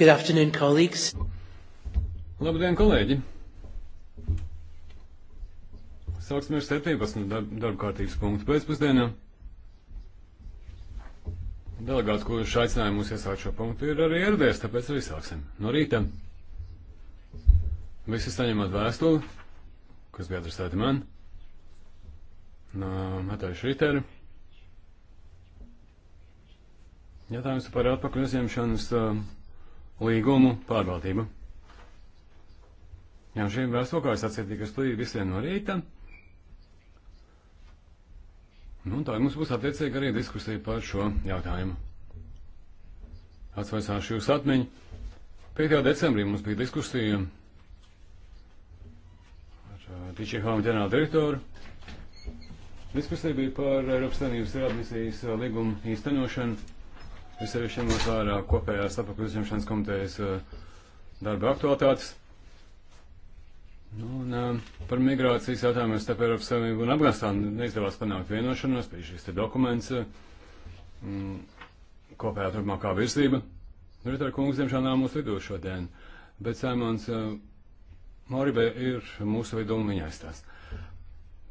Good afternoon, colleagues. Labdien, kolēģi! Sāksim ar 17. darba kārtības punktu pēcpusdienā. Delegāts, kurš aicināja mūs iesākt šo punktu, ir arī ieradies, tāpēc arī sāksim. No rīta visi saņemat vēstuli, kas bija adresēta man, no Matāja Šritēra. Jautājums par atpakaļ uzņemšanas uh, līgumu pārvaldību. Jā, šiem vēstokās atsietīgas studiju visiem no rīta. Nu, tā mums būs attiecīgi arī diskusija par šo jautājumu. Atsvaicāšu jūs atmiņu. 5. decembrī mums bija diskusija ar uh, Tičihām ģenerālu direktoru. Diskusija bija par Eiropas Savienības readmisijas uh, līgumu īstenošanu. Es arī šiem mums vērā kopējās apakšu uzņemšanas komitejas eh, darba aktualitātes. Nu, un, eh, par migrācijas jautājumiem starp Eiropas Savienību un Afganistānu neizdevās panākt vienošanos, bija šis te dokuments, m, eh, kopējā turpmākā virzība. Ritter kungs, diemžēl, nav mūsu vidū šodien, bet Sēmons Moribē ir mūsu vidū un viņa aizstās.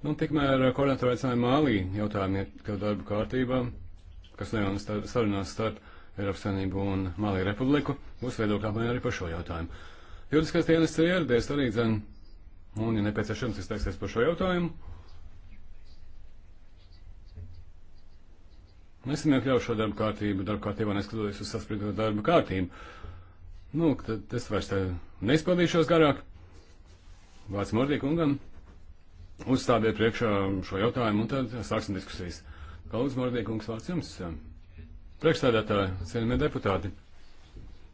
Nu, tikmēr koordinatori aicināja Mālī jautājumi, ka darba kārtībā kas nevienam sarunās starp Eiropas Savienību un Malī Republiku, būs viedokļa apmaiņa arī par šo jautājumu. Juridiskais dienas ir ieradies arī dzen, un, ja nepieciešams, izteiksies par šo jautājumu. Mēs esam iekļaujuši šo darbu kārtību, darbu kārtībā neskatoties uz saspringto darbu kārtību. Nu, tad es vairs neizpildīšos garāk. Vārds Mordīkungam uzstādiet priekšā šo jautājumu, un tad sāksim diskusijas. Kalvis Mordīgums, vārds jums. Priekšstādātāji, cienījamie deputāti,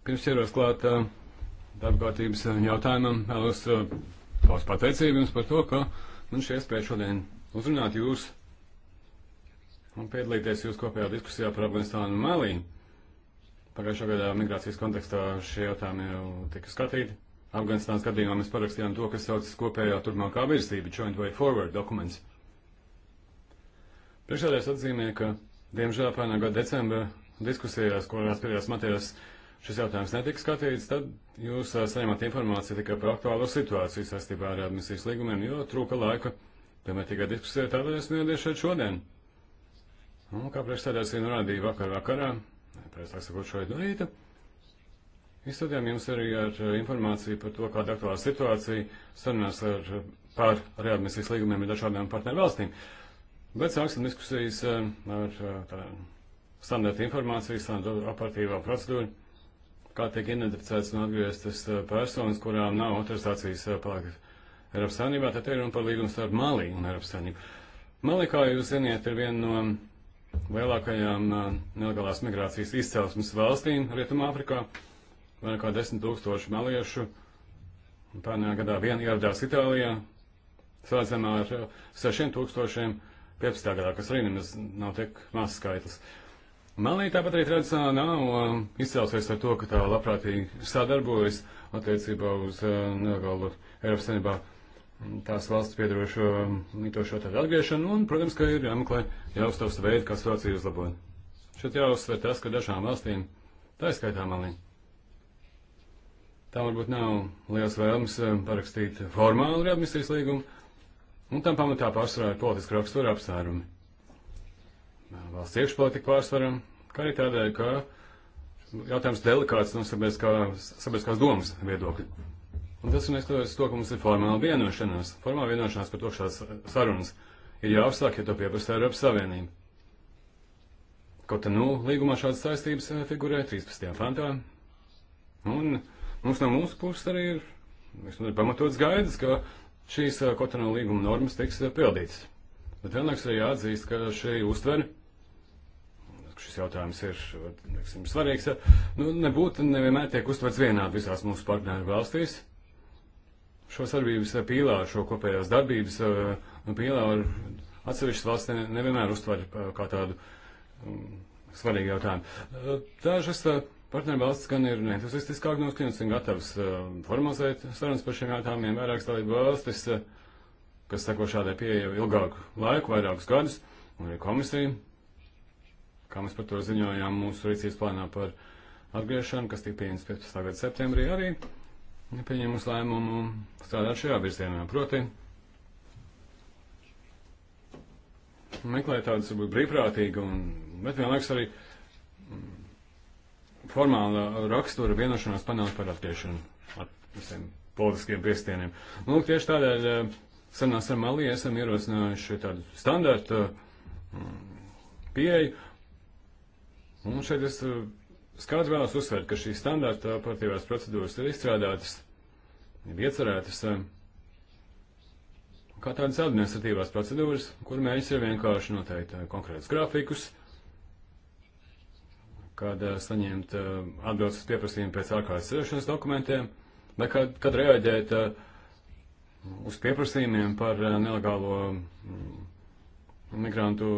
pirms ķeros klāt darbkārtības jautājumam, vēlos paust pateicību jums par to, ka man šī iespēja šodien uzrunāt jūs un piedalīties jūs kopējā diskusijā par Afganistānu un Malī. Pagājušā gadā migrācijas kontekstā šie jautājumi jau tika skatīti. Afganistānas gadījumā mēs parakstījām to, kas saucas kopējā turpmākā virzība, Joint Way Forward dokuments. Priekšsēdājs atzīmē, ka, diemžēl, pērnā gada decembra diskusijās, kurās pēdējās materijās šis jautājums netika skatīts, tad jūs uh, saņemat informāciju tikai par aktuālo situāciju saistībā ar admisijas līgumiem, jo trūka laika. Tomēr tikai diskusijā tādēļ esmu iedies šeit šodien. Un, kā priekšsēdājs vien norādīja vakar vakarā, precīzāk sakot, šodien no rīta, izstādījām jums arī ar uh, informāciju par to, kāda aktuāla situācija sarunās ar, uh, par readmisijas līgumiem ar dažādām partneru valstīm. Uh, Bet sāksim diskusijas eh, ar eh, standarta informāciju, standarta operatīvā procedūra, kā tiek identificēts un atgrieztas eh, personas, kurām nav autorizācijas palikt Eiropas Savienībā, tad ir runa par līgumu starp Malī un Eiropas Savienību. Malī, kā jūs ziniet, ir viena no lielākajām nelegālās migrācijas izcelsmes valstīm Rietumāfrikā. Vairāk kā desmit tūkstoši maliešu pērnajā gadā vien ieradās Itālijā, salīdzinājumā ar sešiem tūkstošiem. Uh, 15. gadā, kas arī nemaz nav tik maz skaitlis. Malī tāpat arī tradicionāli nav izcēlusies ar to, ka tā labprātīgi sadarbojas attiecībā uz nelegālu Eiropas Savienībā tās valsts piedarošo mītošo tādu atgriešanu, un, protams, ka ir jāmeklē jāuztausta veidi, kā situāciju uzlabot. Šeit jāuzsver tas, ka dažām valstīm, tā izskaitā Malī, tā varbūt nav liels vēlms parakstīt formālu readmisijas līgumu, Un nu, tam pamatā pārsvarā ir politiska rakstura apsvērumi. Valsts iekšpolitika pārsvarā, kā arī tādēļ, ka jautājums delikāts no sabiedriskās, sabiedriskās domas viedokļa. Un tas ir neskatoties to, ka mums ir formāla vienošanās, formāla vienošanās par to, ka šādas sarunas ir jāuzsāk, ja to pieprasa Eiropas Savienība. Kaut nu līgumā šādas saistības figurē 13. pantā. Un mums no mūsu puses arī ir, ir pamatots gaidas, ka šīs eh, kotona līguma normas tiks eh, pildītas. Bet vienlaiks arī jāatzīst, ka šī uztvere, šis jautājums ir neksim, svarīgs, eh, nu, nebūtu nevienmēr tiek uztverts vienādi visās mūsu partneru valstīs. Šo sadarbības pīlāru, šo kopējās darbības pīlāru atsevišķas valsts nevienmēr uztver kā tādu mm, svarīgu jautājumu. Dažas tā Partnervalsts gan ir entuziastiskāk noskaņots un gatavs uh, formalizēt sarunas par šiem jautājumiem. Vairākas dalība valstis, uh, kas seko šādai pieeja ilgāku laiku, vairākus gadus, un arī komisija, kā mēs par to ziņojām mūsu rīcības plānā par atgriešanu, kas tika pieņemts 15. gada septembrī, arī pieņēmus lēmumu strādāt šajā virzienā. Proti, meklēt tādus, varbūt, brīvprātīgu un, bet vienlaiks arī. Mm, formāla rakstura vienošanās panākt par attiešanu ar visiem politiskiem piestieniem. Nu, tieši tādēļ eh, sanās ar Malī esam ierosinājuši tādu standartu mm, pieeju. Un šeit es eh, skaidri vēlos uzsvērt, ka šīs standarta operatīvās procedūras ir izstrādātas, ir iecerētas eh, kā tādas administratīvās procedūras, kur mērķis ir vienkārši noteikt konkrētus grafikus, uh, kad eh, saņemt eh, atbildes uz pieprasījumu pēc ārkārtas ceļošanas dokumentiem, vai kad, kad reaģēt eh, uz pieprasījumiem par nelegālo mm, migrantu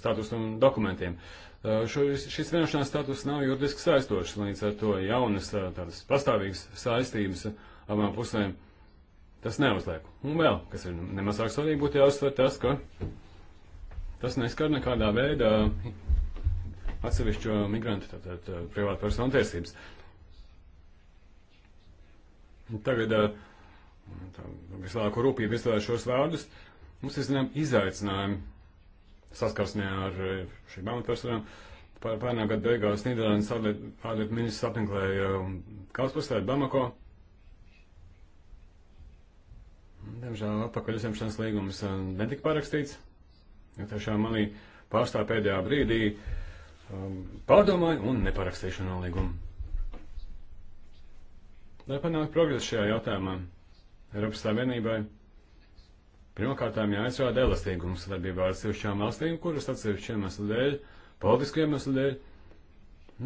statusu un dokumentiem. Šo, šis vienošanās status nav juridiski saistošs, līdz ar to jaunas tādas pastāvīgas saistības abām pusēm tas neuzliek. Un vēl, kas ir nemazāk svarīgi, būtu jāuzsver tas, ka tas neskar nekādā veidā atsevišķo migrantu, tātad eh, privātu personu tiesības. Tagad eh, tā, vislielāko rūpību izvēlēt šos vārdus. Mums ir, zinām, izaicinājumi saskarsmē ar eh, šīm amatpersonām. Pērnā gada beigās Nīderlandes ārlietu ministrs apmeklēja Kauspilsētu um, Bamako. Diemžēl atpakaļ uzņemšanas līgums netika parakstīts, jo tiešām manī pārstāv pēdējā brīdī uh, Um, pārdomāju un neparakstīšu nolīgumu. Lai panāktu progresu šajā jautājumā, Eiropas Savienībai pirmkārtām jāizrāda elastīgums sadarbībā ar sevišķām valstīm, kuras atsevišķiem iemeslu dēļ, politisku iemeslu dēļ,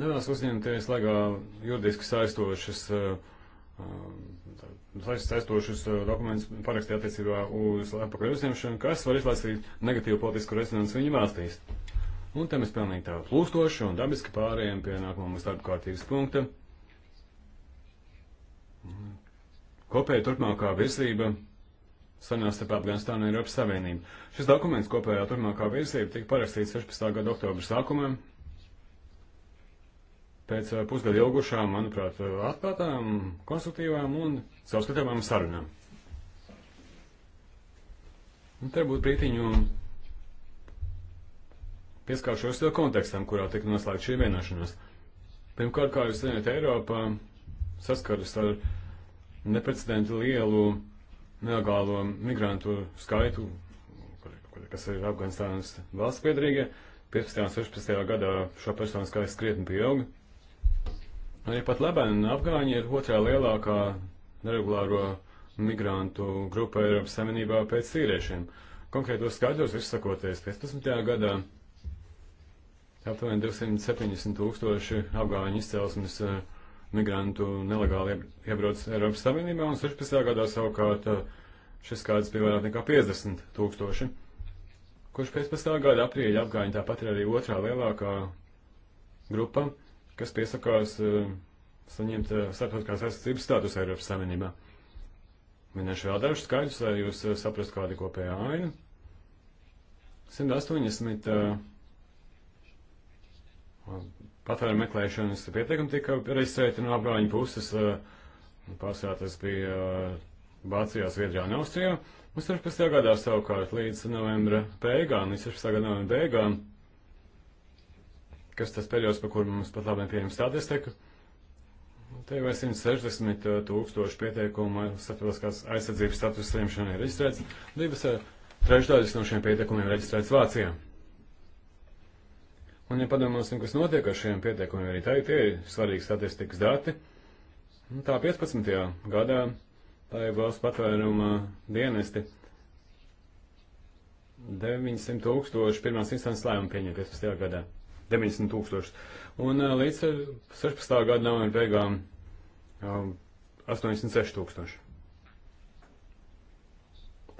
nevēlas uzņemties lagā juridiski saistošas uh, um, saistošus uh, dokumentus parakstīt attiecībā uz atpakaļ uzņemšanu, kas var izlaisīt negatīvu politisku resonansu viņu valstīs. Un tam es pilnīgi tā plūstoši un dabiski pārējiem pie nākamā mūsu darba kārtības punkta. Mm. Kopēja turpmākā virzība sanās starp Afganistānu un Eiropas Savienību. Šis dokuments kopējā turpmākā virzība tika parakstīts 16. gada oktobra sākumā. Pēc eh, pusgada ilgušām, manuprāt, eh, atklātām, konstruktīvām un savskatāmām sarunām. Un te būtu brītiņu pieskāršos kontekstam, kurā tika noslēgta šī vienošanās. Pirmkārt, kā jūs zināt, Eiropā saskaras ar neprecedenti lielu nelegālo migrantu skaitu, kas ir Afganistānas valsts piedrīgie. 15. un 16. gadā šo personu skaits krietni pieauga. Arī pat Lebēna Afgāņi ir otrā lielākā neregulāro migrantu grupa Eiropas Savienībā pēc sīriešiem. Konkrētos skaidros izsakoties 15. gadā aptuveni 270 tūkstoši afgāņu izcelsmes eh, migrantu nelegāli iebrauc Eiropas Savienībā, un 16. gadā savukārt eh, šis skaits bija vairāk nekā 50 tūkstoši. Kurš 15. gada aprīļa afgāņi tāpat ir arī otrā lielākā grupa, kas piesakās eh, saņemt starptautiskās aizsardzības status Eiropas Savienībā. Minēšu vēl dažus skaidrus, lai jūs saprastu kādu kopēju ainu. 180 uh, patvērumu meklēšanas pieteikumi tika reizēti no afgāņu puses. Eh, pārsvarā tas bija eh, Vācijā, Zviedrijā un Austrijā. Mums 16. gadā savukārt līdz novembra beigām, līdz 16. gada novembra beigām, kas tas periods, pa kur mums pat labi pieņem statistiku, te jau ir 160 tūkstoši pieteikumu starptautiskās aizsardzības status saņemšanai reģistrēts, divas eh, trešdaļas no šiem pieteikumiem reģistrēts Vācijā. Un, ja padomāsim, kas notiek ar šiem pieteikumiem, arī tā ir tie svarīgi statistikas dati. Un tā 15. gadā tā ir valsts patvēruma dienesti. 900 tūkstoši pirmās instances lēmumu pieņem 15. gadā. 90 tūkstoši. Un līdz 16. gada novembra beigām 86 tūkstoši.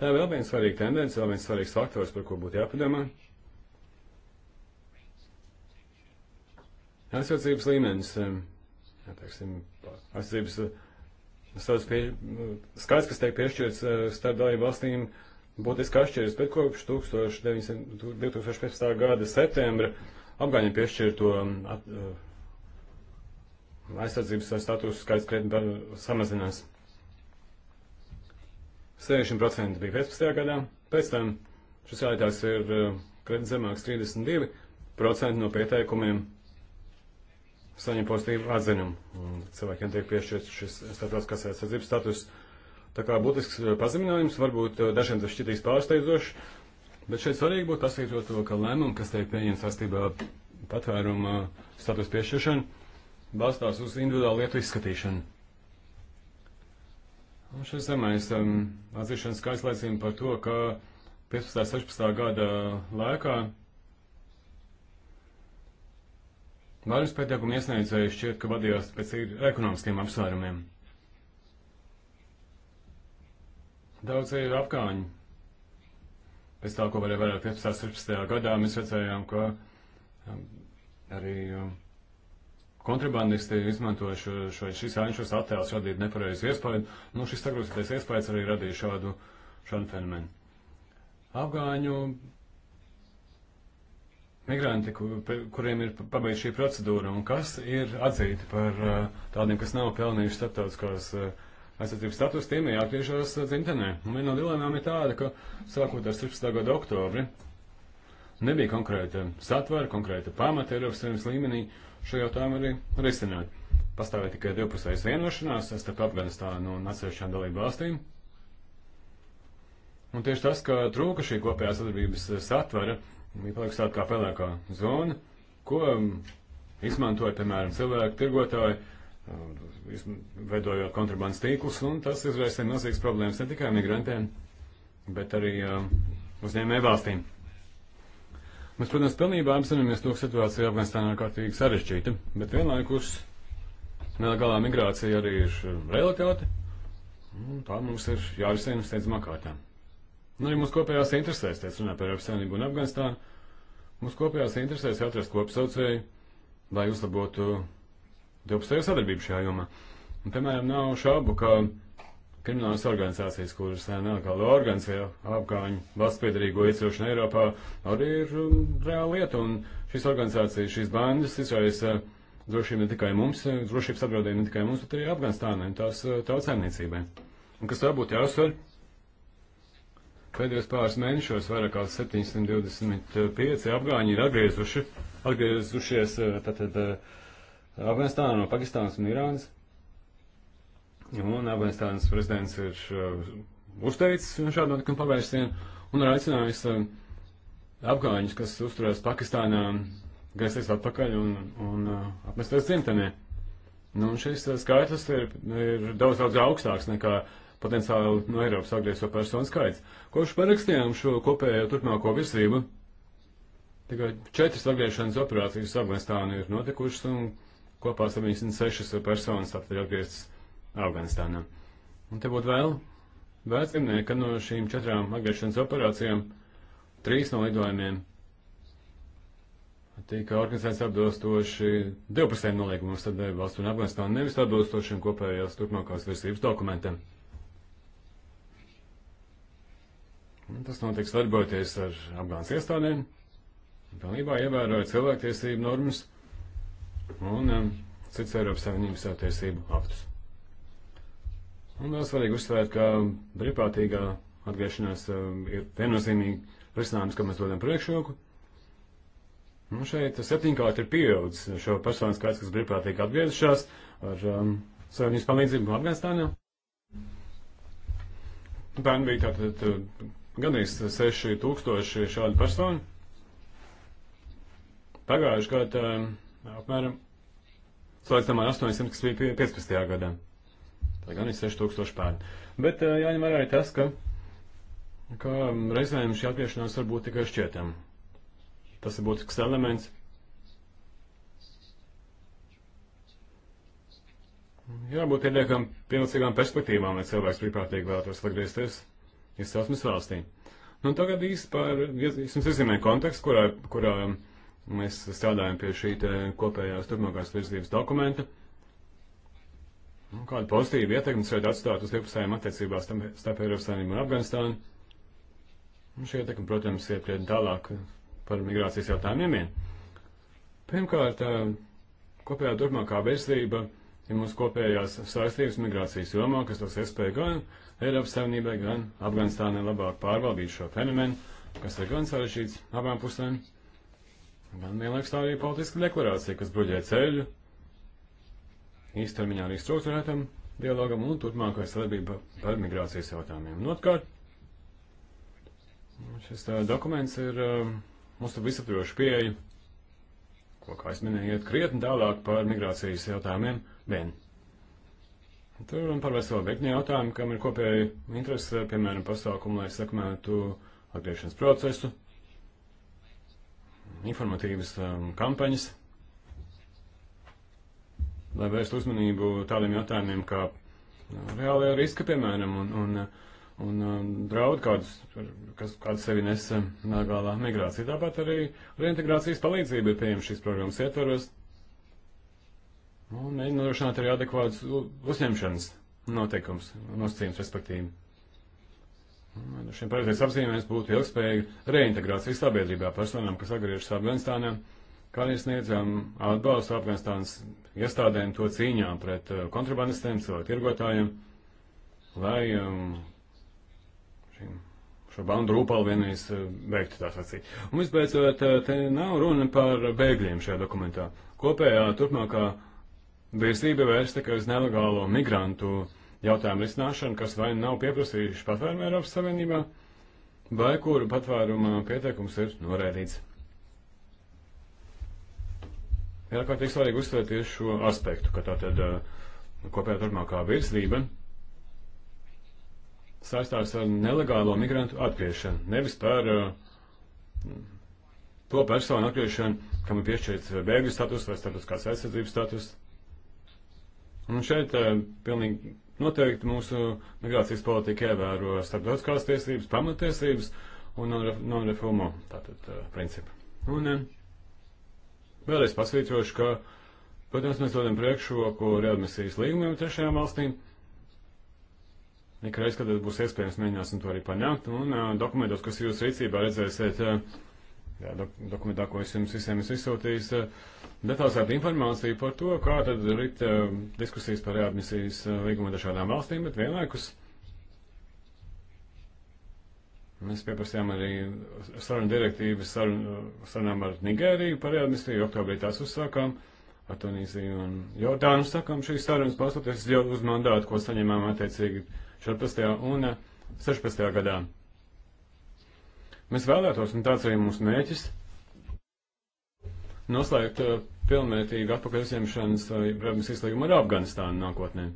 Tā ir vēl viena svarīga tendence, vēl viens svarīgs faktors, par ko būtu jāpadomā. aizsardzības līmenis, teiksim, aizsardzības eh, savas pie, eh, skaits, kas tiek piešķirts eh, starp dalību valstīm, būtiski atšķiras, bet kopš 1900, 2015. gada septembra Afgāņiem piešķirto at, aizsardzības statusu skaits krietni samazinās. 60% bija 15. gadā, pēc tam šis rādītājs ir krietni zemāks 32% no pieteikumiem saņem pozitīvu atziņumu. Un cilvēkiem tiek piešķirts šis starptautiskās aizsardzības status. Tā kā būtisks eh, pazeminājums varbūt eh, dažiem tas šķitīs pārsteidzoši, bet šeit svarīgi būtu pasvītrot to, ka lēmumu, kas tiek pieņemts saistībā patvēruma status piešķiršanu, balstās uz individuālu lietu izskatīšanu. Un šis zemais um, atzīšanas skaits liecina par to, ka 15. un 16. gada laikā Vairums pētījumu iesniedzēju šķiet, ka vadījās pēc ekonomiskiem apsvērumiem. Daudz ir afgāņi. Pēc tā, ko varēja vairāk 15. 16. gadā, mēs redzējām, ka um, arī um, kontrabandisti izmantoja šo, šo, šis ainšos attēls radīt nepareizu iespēju. Nu, šis sagrūsties iespējas arī radīja šādu, šādu fenomenu. Afgāņu migranti, kur, kuriem ir pabeigta šī procedūra, un kas ir atzīti par uh, tādiem, kas nav pelnījuši starptautiskās uh, aizsardzības status, tiem ir jāatgriežas uh, dzimtenē. Un viena no dilemām ir tāda, ka sākot ar 17. gada oktobri nebija konkrēta satvara, konkrēta pamata Eiropas Savienības līmenī šo jautājumu arī risināt. Pastāvēja tikai divpusējas vienošanās starp Afganistānu un atsevišķām dalību valstīm. Un tieši tas, ka trūka šī kopējā sadarbības satvara, Viņi paliks tāda kā pelēkā zona, ko um, izmantoja, piemēram, cilvēku tirgotāji, um, veidojot kontrabandas tīklus, un tas izraisa milzīgas problēmas ne tikai migrantiem, bet arī um, uzņēmēju valstīm. Mēs, protams, pilnībā apzināmies to, ka situācija Afganistānā ir kārtīgi sarežģīta, bet vienlaikus nelegālā migrācija arī ir realitāte, un tā mums ir jārisina steidzamā kārtā. Nu, arī mūsu kopējās interesēs, teicu, runā par Eiropas Savienību un Afganistānu, mūsu kopējās interesēs atrast kopsaucēju, lai uzlabotu divpusēju sadarbību šajā jomā. Un, piemēram, nav šaubu, ka kriminālas organizācijas, kuras eh, nelegāli organizē afgāņu valsts piedarīgo iecerošanu Eiropā, arī ir um, reāla lieta. Un šīs organizācijas, šīs bandas izraisa eh, drošību ne tikai mums, eh, drošības apdraudējumu ne tikai mums, bet arī Afganistānai un tās tautsēmniecībai. Un kas tā būtu jāuzsver? Ja Pēdējos pāris mēnešos vairāk kā 725 afgāņi ir atgriezuši, atgriezušies eh, tātad eh, Afganistānā no Pakistānas un Irānas. Un Afganistānas prezidents ir eh, uzteicis šādu notikumu pavērsienu un ir aicinājis afgāņus, kas uzturēs Pakistānā, griezties atpakaļ un, un apmesties dzimtenē. Nu, un šis skaitlis ir, ir daudz, daudz augstāks nekā potenciāli no Eiropas atgriezo personu skaits. Kopš parakstījām šo kopējo turpmāko virzību, tikai četras atgriešanas operācijas Afganistānu ir notikušas un kopā 76 personas tātad atgrieztas Afganistānā. Un te būtu vēl vērts pieminēt, ka no šīm četrām atgriešanas operācijām trīs no lidojumiem tika organizēts atbilstoši 12 noliegumos starp valstu un Afganistānu, nevis atbilstošiem kopējās turpmākās virsības dokumentiem. Tas notiks sadarbojoties ar Afgānas iestādēm, pilnībā ievērojot cilvēktiesību normas un um, cits Eiropas Savienības tiesību aktus. Un vēl svarīgi uzsvērt, ka brīvprātīgā atgriešanās um, ir viennozīmīgi risinājums, kam mēs dodam priekšroku. Nu, šeit septiņkārt ir pieaudzis šo personu skaits, kas brīvprātīgi atgriezušās ar um, Savienības palīdzību Afganistānā. Bērni bija tātad uh, Ganīs 6000 šādu personu. Pagājuši gadu eh, apmēram slēgtamā 800, kas bija 15. gadā. Tā gan ir 6000 pēdi. Bet eh, jāņem vērā arī tas, ka, ka reizēm šī atgriešanās var būt tikai šķietama. Tas ir būtisks elements. Jābūt pietiekam pienācīgām perspektīvām, lai cilvēks brīvprātīgi vēlētos atgriezties izcelsmes valstī. Nu, tagad īsti par, es jums izzīmēju kontekstu, kurā, kurā mēs strādājam pie šī kopējās turpmākās virzības dokumenta. Nu, kādu pozitīvu ietekmi šeit atstāt uz 12. attiecībās starp Eiropas Savienību un Afganistānu? Nu, šie ietekmi, protams, iet krietni tālāk par migrācijas jautājumiem. Pirmkārt, kopējā turpmākā virzība ir mūsu kopējās saistības migrācijas jomā, kas dos iespēju gan. Ja Eiropas Savienībai, gan Afganistānai labāk pārvaldīt šo fenomenu, kas ir gan sarežģīts abām pusēm. Gan vienlaikus tā arī politiska deklarācija, kas bruģē ceļu īstermiņā arī struktūrētam dialogam un turpmākai sadarbība par migrācijas jautājumiem. Notkārt, nu, šis tā, dokuments ir mums tur visaptvarošu pieeju, ko, kā es minēju, iet krietni tālāk par migrācijas jautājumiem vien. Tur runa par veselu virkni jautājumu, kam ir kopēji interese, piemēram, pasākumu, lai sekmētu atgriešanas procesu, informatīvas um, kampaņas, lai vērstu uzmanību tādiem jautājumiem, kā uh, reālajā riska, piemēram, un, un, un um, draudu, kādus, kas kādu sevi nes um, nāgālā migrācija. Tāpat arī reintegrācijas palīdzība ir pieejama šīs programmas ietvaros. Un nu, mēģina norošināt arī adekvātus uzņemšanas noteikums, nosacījums, respektīvi. Un nu, šiem pareizais apzīmēs būtu ilgspējīga reintegrācija sabiedrībā personām, kas atgriežas Afganistānā, kā arī sniedzam atbalstu Afganistānas iestādēm to cīņā pret uh, kontrabandistiem, cilvēku tirgotājiem, lai um, šim, šo bandu rūpalu vienreiz veiktu uh, tā sacīt. Un visbeidzot, uh, te nav runa par bēgļiem šajā dokumentā. Kopējā turpmākā Viesība vērsta tikai uz nelegālo migrantu jautājumu risināšanu, kas vai nu nav pieprasījuši patvērumu Eiropas Savienībā, vai kuru patvēruma pieteikums ir noraidīts. Ir ārkārtīgi svarīgi uzsvērt tieši šo aspektu, ka tātad uh, kopējā turpmākā virslība saistās ar nelegālo migrantu atgriešanu, nevis par uh, to personu atgriešanu, kam ir piešķirts bēgļu status vai status kāds aizsardzības status. Un šeit eh, pilnīgi noteikti mūsu migrācijas politika ievēro starptautiskās tiesības, pamatiesības un non-reformo tātad eh, principu. Un eh, vēlreiz pasvītrošu, ka, protams, mēs dodam priekšroku readmisijas līgumiem trešajām valstīm. Ik reiz, kad būs iespējams, mēģināsim to arī panākt. Un dokumentos, kas jūsu rīcībā redzēsiet, dokumentā, ko es jums visiem esmu izsūtījis, eh, detalizēta informācija par to, kā tad rit eh, diskusijas par readmisijas eh, līgumu dažādām valstīm, bet vienlaikus mēs pieprasījām arī sarunu direktīvas sarun, sarunām ar Nigēriju par readmisiju, oktobrī tās uzsākām, ar Tunīziju un Jordānu sākām šīs sarunas, balstoties jau uz mandātu, ko saņēmām attiecīgi 14. un 16. gadā. Mēs vēlētos, un tāds arī mūsu mērķis, noslēgt uh, pilnvērtīgu atpakaļ uzņemšanas brēmas uh, izslēgumu ar Afganistānu nākotnē.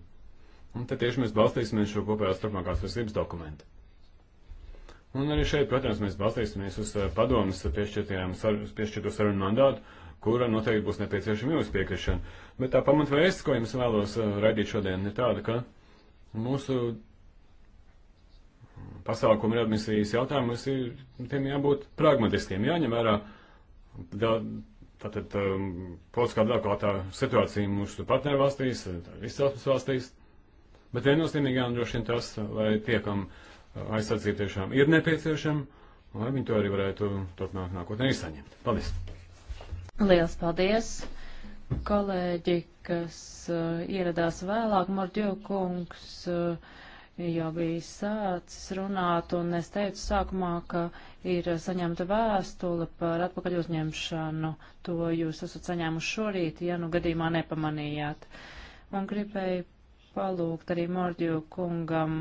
Un te tieši mēs balstīsimies šo kopējās turpmākās virsības dokumentu. Un arī šeit, protams, mēs balstīsimies uz uh, padomas piešķirto sarunu mandātu, kura noteikti būs nepieciešama jūsu piekrišana. Bet tā pamatvēsts, ko jums vēlos raidīt šodien, ir tāda, ka mūsu pasākumi ir admisijas jautājumi, mums ir tiem jābūt pragmatiskiem, jāņem vērā tātad um, politiskā apdāvātā situācija mūsu partnervalstīs, izcelsmes valstīs, bet viennozīmīgi jānodrošina tas, lai tiekam uh, aizsardzība tiešām ir nepieciešama, un lai viņi to arī varētu turpmāk nākotnē izsaņemt. Paldies! Liels paldies! Kolēģi, kas uh, ieradās vēlāk, Mordjo kungs. Uh, jau bija sācis runāt, un es teicu sākumā, ka ir saņemta vēstule par atpakaļ uzņemšanu. To jūs esat saņēmuši šorīt, ja nu gadījumā nepamanījāt. Un gribēju palūgt arī Mordju kungam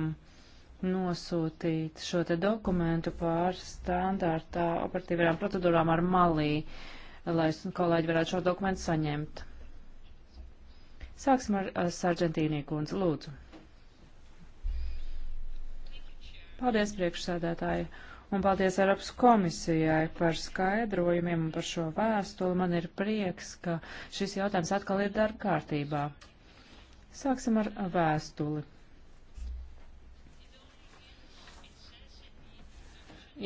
nosūtīt šo te dokumentu pār standārtā operatīvajām procedūrām ar malī, lai kolēģi varētu šo dokumentu saņemt. Sāksim ar, ar Sargentīnī kundzi, lūdzu. Paldies priekšsēdētāji un paldies Eiropas komisijai par skaidrojumiem un par šo vēstuli. Man ir prieks, ka šis jautājums atkal ir darba kārtībā. Sāksim ar vēstuli.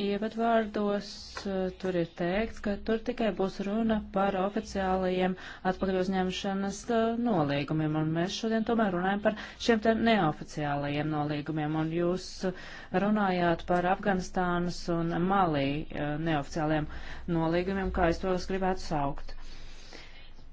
Ievadvārdos eh, tur ir teikts, ka tur tikai būs runa par oficiālajiem atpakaļ uzņemšanas eh, nolīgumiem, un mēs šodien tomēr runājam par šiem te neoficiālajiem nolīgumiem, un jūs eh, runājāt par Afganistānas un Malī neoficiālajiem nolīgumiem, kā es tos gribētu saukt.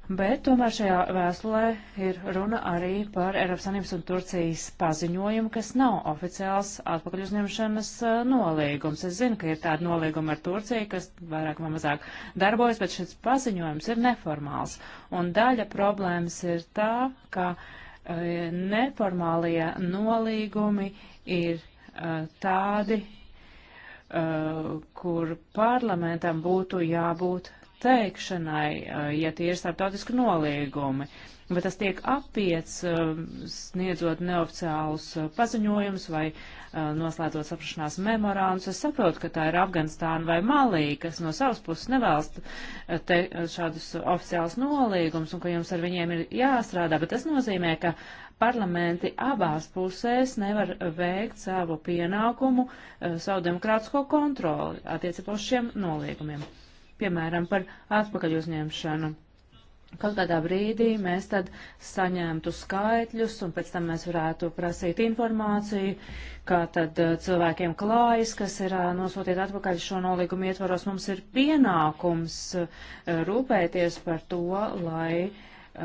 Bet tomēr šajā vēstulē ir runa arī par Eiropas Sanības un Turcijas paziņojumu, kas nav oficiāls atpakaļ uzņemšanas nolīgums. Es zinu, ka ir tāda nolīguma ar Turciju, kas vairāk vai mazāk darbojas, bet šis paziņojums ir neformāls. Un daļa problēmas ir tā, ka neformālie nolīgumi ir tādi, kur parlamentam būtu jābūt teikšanai, eh, ja tie ir starptautiski noliegumi. Bet tas tiek apiets, eh, sniedzot neoficiālus eh, paziņojumus vai noslēdzot saprašanās memorāns. Es saprotu, ka tā ir Afganistāna vai Malī, kas no savas puses nevēlas te, šādus oficiālus nolīgumus un ka jums ar viņiem ir jāstrādā. Bet tas nozīmē, ka parlamenti abās pusēs nevar veikt savu pienākumu, savu demokrātisko kontroli attiecībā uz šiem noliegumiem piemēram, par atpakaļ uzņemšanu. Kaut kādā brīdī mēs tad saņemtu skaitļus, un pēc tam mēs varētu prasīt informāciju, kā tad eh, cilvēkiem klājas, kas ir eh, nosūtīti atpakaļ šo nolīgumu ietvaros. Mums ir pienākums eh, rūpēties par to, lai uh,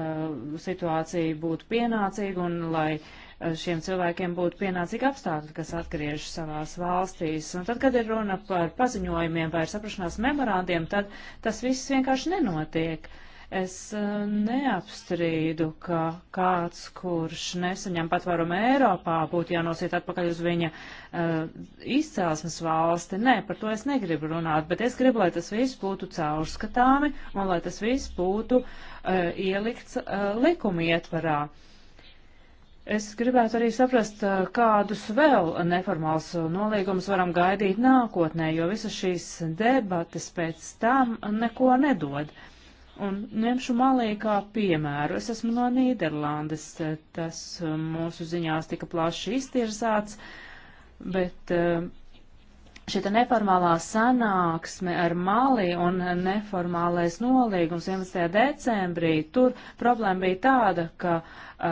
situācija būtu pienācīga un lai uh, šiem cilvēkiem būtu pienācīgi apstākļi, kas atgriežas savās valstīs. Un tad, kad ir runa par paziņojumiem vai saprašanās memorandiem, tad tas viss vienkārši nenotiek. Es eh, neapstrīdu, ka kāds, kurš nesaņem patvērumu Eiropā, būtu jānosiet atpakaļ uz viņa uh, izcelsmes valsti. Nē, par to es negribu runāt, bet es gribu, lai tas viss būtu caurskatāmi un lai tas viss būtu uh, eh, ielikts uh, likuma ietvarā. Uh, Es gribētu arī saprast, kādus vēl neformāls nolīgumus varam gaidīt nākotnē, jo visas šīs debates pēc tam neko nedod. Un ņemšu malī kā piemēru. Es esmu no Nīderlandes, tas mūsu ziņās tika plaši iztirzāts, bet uh, Šī neformālā sanāksme ar Mali un neformālais nolīgums 11. decembrī, tur problēma bija tāda, ka uh,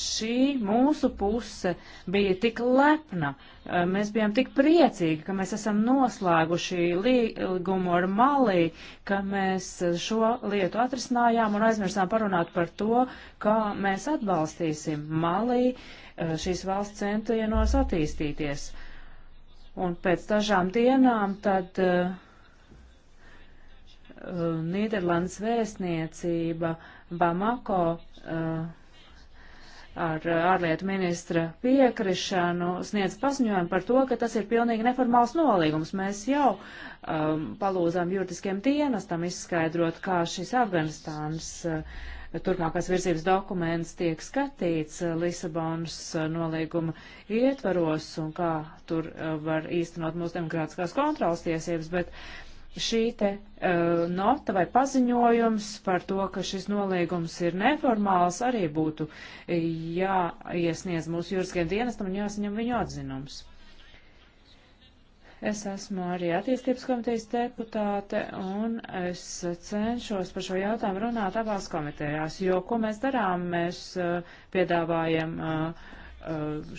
šī mūsu puse bija tik lepna, uh, mēs bijām tik priecīgi, ka mēs esam noslēguši līgumu ar Mali, ka mēs šo lietu atrisinājām un aizmirsām parunāt par to, kā mēs atbalstīsim Mali uh, šīs valsts centienos attīstīties. Uh, Un pēc dažām dienām tad uh, Nīderlandes vēstniecība Bamako uh, ar ārlietu ministra piekrišanu sniedz paziņojumu par to, ka tas ir pilnīgi neformāls nolīgums. Mēs jau um, palūdzām juridiskiem dienestam izskaidrot, kā šis Afganistāns uh, turpmākās virzības dokuments tiek skatīts eh, Lisabonas eh, nolīguma ietvaros un kā tur eh, var īstenot mūsu demokrātiskās kontrolas tiesības, bet šī te uh, nota vai paziņojums par to, ka šis nolīgums ir neformāls, arī būtu jāiesniedz mūsu jūras dienestam un jāsaņem viņu atzinums. Es esmu arī attīstības komitejas deputāte un es cenšos par šo jautājumu runāt abās komitejās, jo ko mēs darām, mēs uh, piedāvājam uh,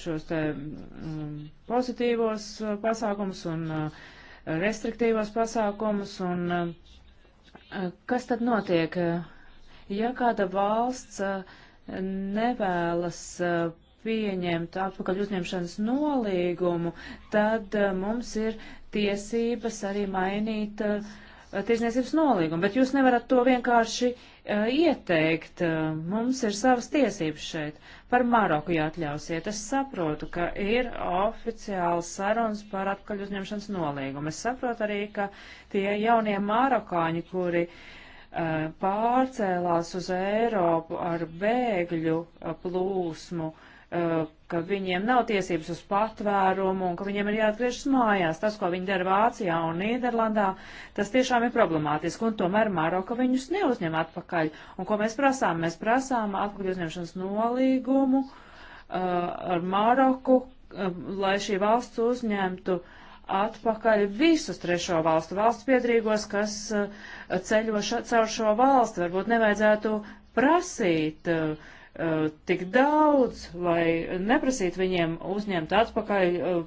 šos te um, pozitīvos pasākumus un uh, restriktīvos pasākumus un kas tad notiek, ja kāda valsts nevēlas pieņemt atpakaļ uzņemšanas nolīgumu, tad eh, mums ir tiesības arī mainīt uh, eh, tirsniecības nolīgumu. Bet jūs nevarat to vienkārši uh, ieteikt. Uh, mums ir savas tiesības šeit. Par Maroku jāatļausiet. Es saprotu, ka ir oficiāls sarunas par atpakaļ uzņemšanas nolīgumu. Es saprotu arī, ka tie jaunie marokāņi, kuri pārcēlās uz Eiropu ar bēgļu plūsmu, uh, Uh, ka viņiem nav tiesības uz patvērumu un ka viņiem ir jāatgriežas mājās. Tas, ko viņi dara Vācijā un Nīderlandā, tas tiešām ir problemātiski, un tomēr Maroka viņus neuzņem atpakaļ. Un ko mēs prasām? Mēs prasām atpakaļ uzņemšanas nolīgumu uh, ar Maroku, uh, lai šī valsts uzņemtu atpakaļ visus trešo valstu valsts piedrīgos, kas uh, ceļo ša, caur šo valstu. Varbūt nevajadzētu prasīt. Uh, uh, tik daudz, lai neprasītu viņiem uzņemt atpakaļ uh,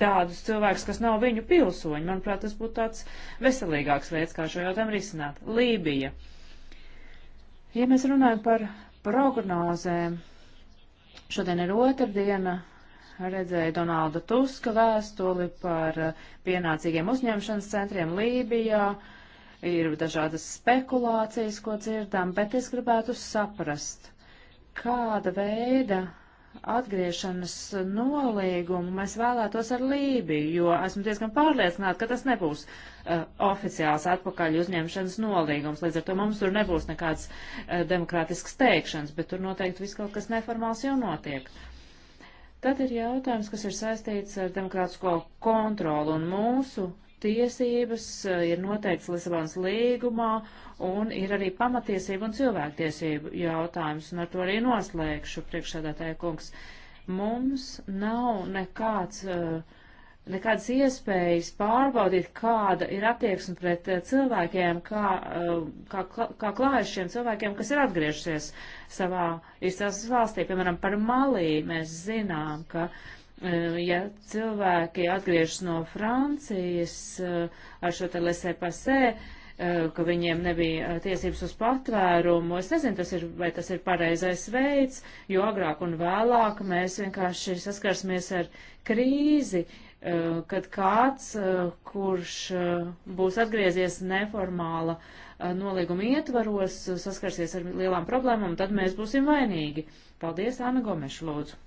tādus cilvēkus, kas nav viņu pilsoņi. Manuprāt, tas būtu tāds veselīgāks veids, kā šo jautājumu risināt. Lībija. Ja mēs runājam par prognozēm, šodien ir otrdiena, redzēju Donalda Tuska vēstuli par eh, pienācīgiem uzņemšanas centriem Lībijā. Uh, ir dažādas spekulācijas, ko dzirdam, bet es gribētu saprast, kāda veida atgriešanas nolīgumu mēs vēlētos ar Lībiju, jo esmu diezgan pārliecināta, ka tas nebūs uh, oficiāls atpakaļ uzņemšanas nolīgums. Līdz ar to mums tur nebūs nekāds uh, demokrātisks teikšanas, bet tur noteikti viss kaut kas neformāls jau notiek. Tad ir jautājums, kas ir saistīts ar demokrātisko kontroli un mūsu tiesības eh, ir noteikts Lisabonas līgumā un ir arī pamatiesība un cilvēktiesību jautājums, un ar to arī noslēgšu priekšsēdētāja kungs. Mums nav nekāds, eh, nekādas iespējas pārbaudīt, kāda ir attieksme pret eh, cilvēkiem, kā, kā, kā klājas šiem cilvēkiem, kas ir atgriežusies savā izcelsmes valstī. Piemēram, par Malī mēs zinām, ka uh, Eh, ja cilvēki atgriežas no Francijas eh, ar šo te lesē pasē, eh, ka viņiem nebija tiesības uz patvērumu. Es nezinu, tas ir, vai tas ir pareizais veids, jo agrāk un vēlāk mēs vienkārši saskarsimies ar krīzi, kad kāds, kurš būs atgriezies neformāla nolīguma ietvaros, saskarsies ar lielām problēmām, tad mēs būsim vainīgi. Paldies, Āna Gomeša, lūdzu.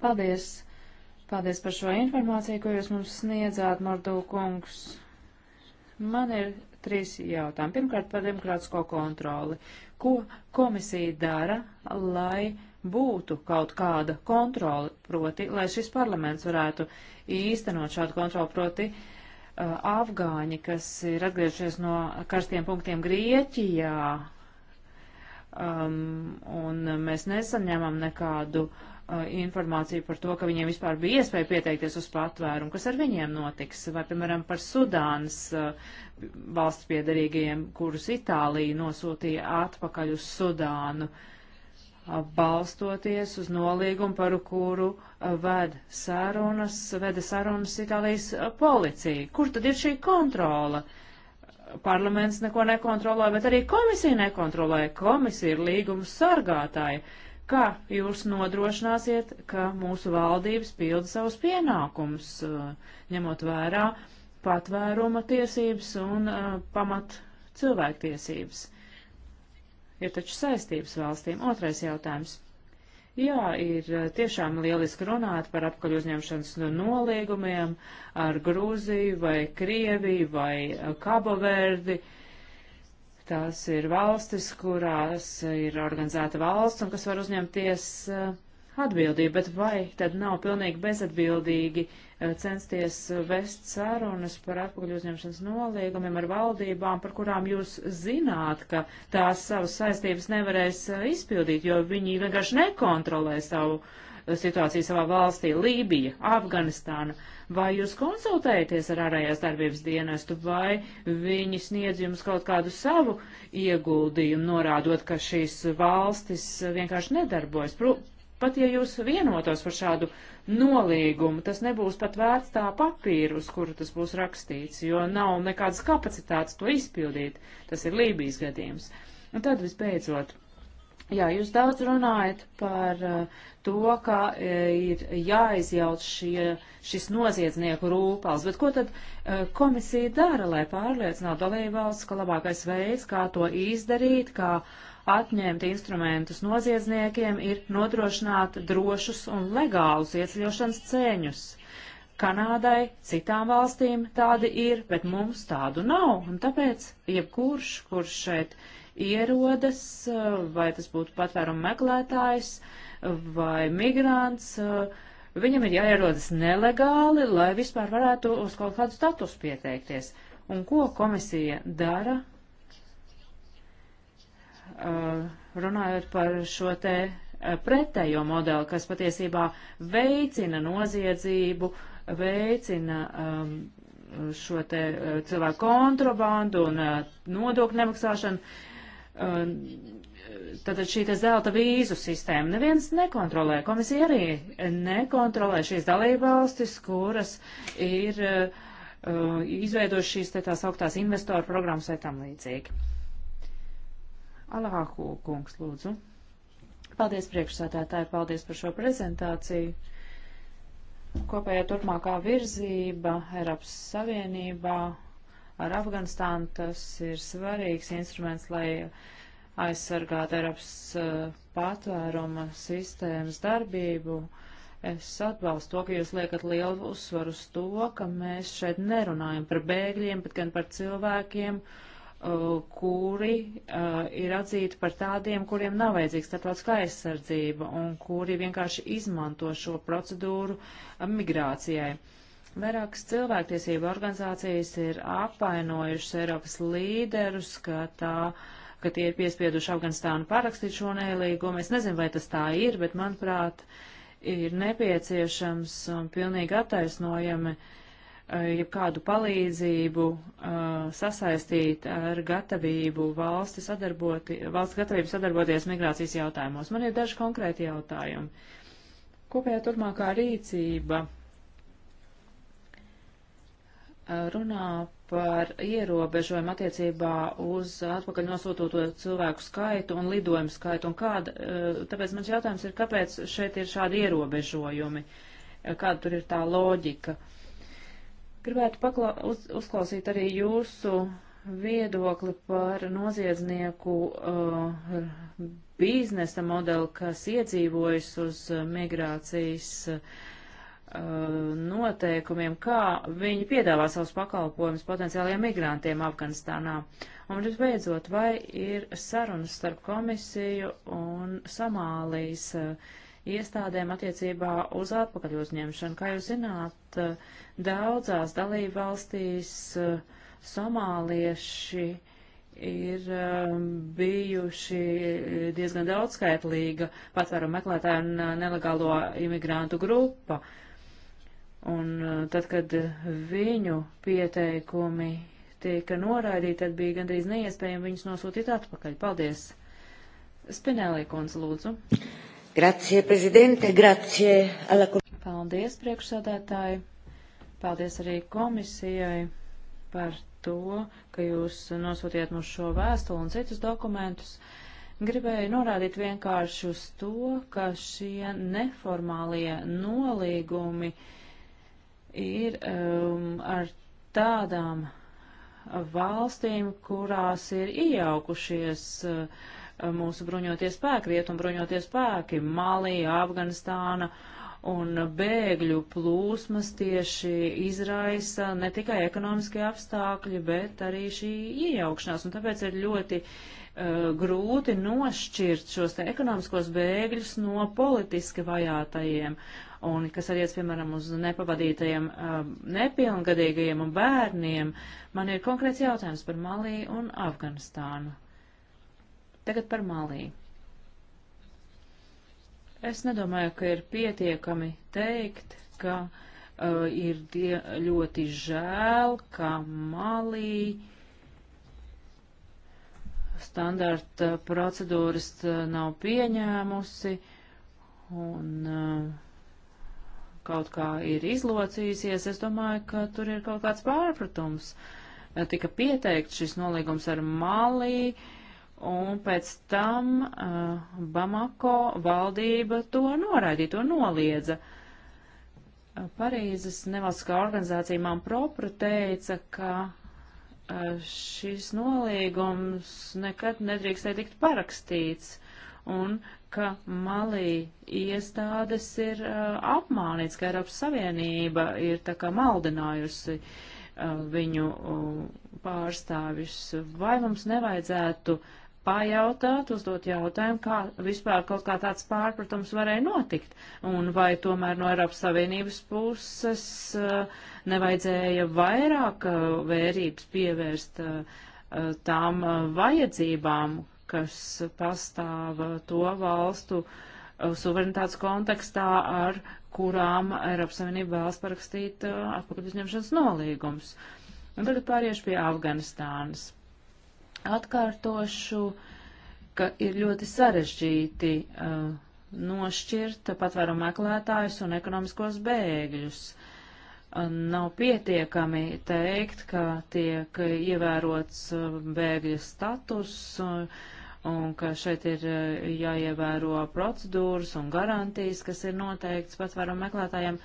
Paldies! Paldies par šo informāciju, ko jūs mums sniedzāt, Mordū kungs. Man ir trīs jautājumi. Pirmkārt, par demokrātisko kontroli. Ko komisija dara, lai būtu kaut kāda kontrola, proti, lai šis parlaments varētu īstenot šādu kontroli, proti, uh, afgāņi, kas ir atgriežies no karstiem punktiem Grieķijā, um, un mēs nesaņemam nekādu uh, informāciju par to, ka viņiem vispār bija iespēja pieteikties uz patvērumu, kas ar viņiem notiks, vai, piemēram, par Sudānas valsts piedarīgajiem, kurus Itālija nosūtīja atpakaļ uz Sudānu, balstoties uz nolīgumu, par kuru ved sarunas, veda sarunas Itālijas policija. Kur tad ir šī kontrola? parlaments neko nekontrolē, bet arī komisija nekontrolē. Komisija ir līguma sargātāja. Kā jūs nodrošināsiet, ka mūsu valdības pilda savus pienākumus, uh, ņemot vērā patvēruma tiesības un uh, pamat cilvēktiesības? Ir taču saistības valstīm. Otrais jautājums. Jā, ir uh, tiešām lieliski runāt par apkaļ uzņemšanas nolīgumiem ar Grūziju vai Krieviju vai Kaboverdi. Uh, Tās ir valstis, kurās ir organizēta valsts un kas var uzņemties eh, atbildību, bet vai tad nav pilnīgi bezatbildīgi eh, censties vest sarunas par atpakaļ uzņemšanas nolīgumiem ar valdībām, par kurām jūs zināt, ka tās savas saistības nevarēs eh, izpildīt, jo viņi vienkārši nekontrolē savu uh, situāciju savā valstī, Lībija, Afganistāna. Vai jūs konsultējaties ar ārējās darbības dienestu, vai viņi sniedz jums kaut kādu savu ieguldījumu, norādot, ka šīs valstis vienkārši nedarbojas? Pru, pat ja jūs vienotos par šādu nolīgumu, tas nebūs pat vērts tā papīra, uz kuru tas būs rakstīts, jo nav nekādas kapacitātes to izpildīt. Tas ir Lībijas gadījums. Un tad visbeidzot, Jā, jūs daudz runājat par eh, to, ka eh, ir jāizjauc šie, šis noziedznieku rūpals, bet ko tad eh, komisija dara, lai pārliecinātu dalībvalsts, ka labākais veids, kā to izdarīt, kā atņemt instrumentus noziedzniekiem, ir nodrošināt drošus un legālus ieceļošanas ceļus? Kanādai, citām valstīm tādi ir, bet mums tādu nav, un tāpēc jebkurš, kurš šeit ierodas, vai tas būtu patvērumu meklētājs vai migrants, viņam ir jāierodas nelegāli, lai vispār varētu uz kaut kādu statusu pieteikties. Un ko komisija dara, runājot par šo te pretējo modeli, kas patiesībā veicina noziedzību, veicina um, šo te cilvēku kontrabandu un uh, nodokļu nemaksāšanu. Tātad šī zelta vīzu sistēma neviens nekontrolē. Komisija arī nekontrolē šīs dalībvalstis, kuras ir uh, izveidojuši šīs tās augtās investoru programmas vai tam līdzīgi. Alahāku kungs, lūdzu. Paldies priekšsādātāji, paldies par šo prezentāciju. Kopējā turpmākā virzība Eiropas Savienībā ar Afganistānu. Tas ir svarīgs instruments, lai aizsargātu Eiropas uh, patvēruma sistēmas darbību. Es atbalstu to, ka jūs liekat lielu uzsvaru uz to, ka mēs šeit nerunājam par bēgļiem, bet gan par cilvēkiem, uh, kuri uh, ir atzīti par tādiem, kuriem nav vajadzīga starptautiskā aizsardzība un kuri vienkārši izmanto šo procedūru migrācijai. Uh, Vairākas cilvēktiesība organizācijas ir apvainojušas Eiropas līderus, ka, tā, ka tie ir piespieduši Afganistānu parakstīt šo nēlīgumu. Es nezinu, vai tas tā ir, bet manuprāt, ir nepieciešams un pilnīgi attaisnojami eh, jebkādu palīdzību uh, sasaistīt ar gatavību valsti sadarboti, valsts gatavību sadarboties migrācijas jautājumos. Man ir daži konkrēti jautājumi. Kopējā turpmākā rīcība runā par ierobežojumu attiecībā uz atpakaļ nosūtoto cilvēku skaitu un lidojumu skaitu. Un kāda, eh, tāpēc mans jautājums ir, kāpēc šeit ir šādi ierobežojumi? Eh, kāda tur ir tā loģika? Gribētu pakla, uz, uzklausīt arī jūsu viedokli par noziedznieku uh, biznesa modeli, kas iedzīvojas uz migrācijas uh, Uh, noteikumiem, kā viņi piedāvā savus pakalpojumus potenciālajiem migrantiem Afganistānā. Un visbeidzot, vai ir sarunas starp komisiju un Somālijas uh, iestādēm attiecībā uz atpakaļ uzņemšanu? Kā jūs zināt, uh, daudzās dalību valstīs somālieši ir um, bijuši diezgan daudzskaitlīga patvērumu meklētāju un nelegālo imigrantu grupa. Uh, Un eh, tad, kad viņu pieteikumi tika noraidīti, tad bija gandrīz neiespējami viņus nosūtīt atpakaļ. Paldies! Spinelī kundze, lūdzu. Grazie, prezidente, grazie. Alla... Paldies, priekšsādātāji. Paldies arī komisijai par to, ka jūs nosūtījāt mums šo vēstuli un citus dokumentus. Gribēju norādīt vienkārši uz to, ka šie neformālie nolīgumi uh, ir um, ar tādām valstīm, kurās ir iejaukušies uh, mūsu bruņoties spēki, rietumu bruņoties spēki, Malija, Afganistāna, un bēgļu plūsmas tieši izraisa ne tikai ekonomiskie apstākļi, bet arī šī iejaukšanās, un tāpēc ir ļoti uh, grūti nošķirt šos te ekonomiskos bēgļus no politiski vajātajiem, un kas arī, piemēram, uz nepavadītajiem um, nepilngadīgajiem un bērniem, man ir konkrēts jautājums par Malī un Afganistānu. Tagad par Malī. Es nedomāju, ka ir pietiekami teikt, ka uh, ir die, ļoti žēl, ka Malī uh, standarta procedūras uh, nav pieņēmusi, un uh, kaut kā ir izlocījusies, es domāju, ka tur ir kaut kāds pārpratums. E, Tika pieteikts šis nolīgums ar Malī, un pēc tam uh, Bamako valdība to noraidīja, to noliedza. E, Parīzes nevalstiskā organizācija man propra teica, ka uh, šis nolīgums nekad nedrīkstēja tikt parakstīts. Un ka Malī iestādes ir uh, apmānīts, ka Eiropas Savienība ir tā kā maldinājusi uh, viņu uh, pārstāvis. Vai mums nevajadzētu pajautāt, uzdot jautājumu, kā vispār kaut kā tāds pārpratums varēja notikt, un vai tomēr no Eiropas Savienības puses uh, nevajadzēja vairāk uh, vērības pievērst uh, uh tām uh, vajadzībām, kas pastāv to valstu uh, suverenitātes kontekstā, ar kurām Eiropas Savienība vēlas parakstīt uh, atpakaļuzņemšanas nolīgums. Un tagad pāriešu pie Afganistānas. Atkārtošu, ka ir ļoti sarežģīti uh, nošķirt patvērumu meklētājus un ekonomiskos bēgļus. Uh, nav pietiekami teikt, ka tiek ievērots uh, bēgļa status uh, un ka šeit ir uh, jāievēro procedūras un garantijas, kas ir noteikts patvērumu meklētājiem.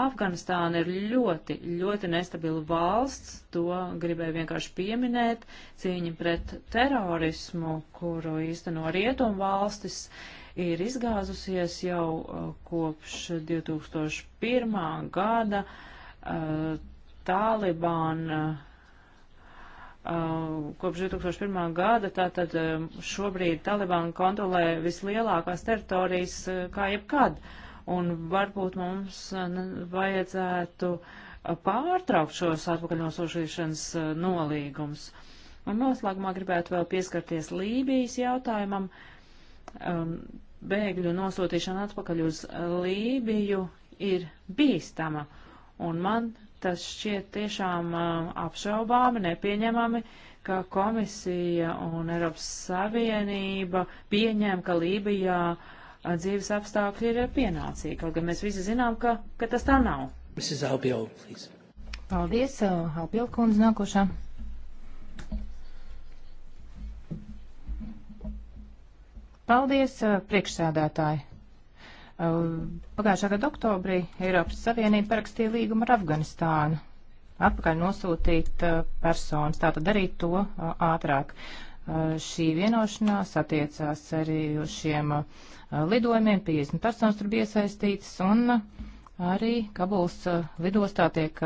Afganistāna ir ļoti, ļoti nestabila valsts, to gribēju vienkārši pieminēt, cīņa pret terorismu, kuru īsteno rietumu valstis, ir izgāzusies jau kopš 2001. gada. Tālibāna uh, kopš 2001. gada, tātad um, šobrīd Talibāna kontrolē vislielākās teritorijas uh, kā jebkad. Un varbūt mums uh, vajadzētu pārtraukt šos atpakaļnosūtīšanas nolīgumus. Un noslēgumā gribētu vēl pieskarties Lībijas jautājumam. Um, bēgļu nosūtīšana atpakaļ uz Lībiju ir bīstama. Uh, Un man tas šķiet tiešām apšaubāmi, nepieņemami, ka komisija un Eiropas Savienība pieņem, ka Lībijā dzīves apstākļi ir pienācīgi, kaut gan mēs visi zinām, ka, ka tas tā nav. Mrs. Albiol, please. Paldies, Albiol kundze nākošā. Paldies, priekšsēdētāji. Ehm, pagājušā gada oktobrī Eiropas Savienība parakstīja līgumu ar Afganistānu atpakaļ nosūtīt eh, personas, tātad darīt to eh, ātrāk. Eh, šī vienošanās attiecās arī uz šiem lidojumiem, 50 personas tur bija iesaistītas, un arī Kabuls lidostā tiek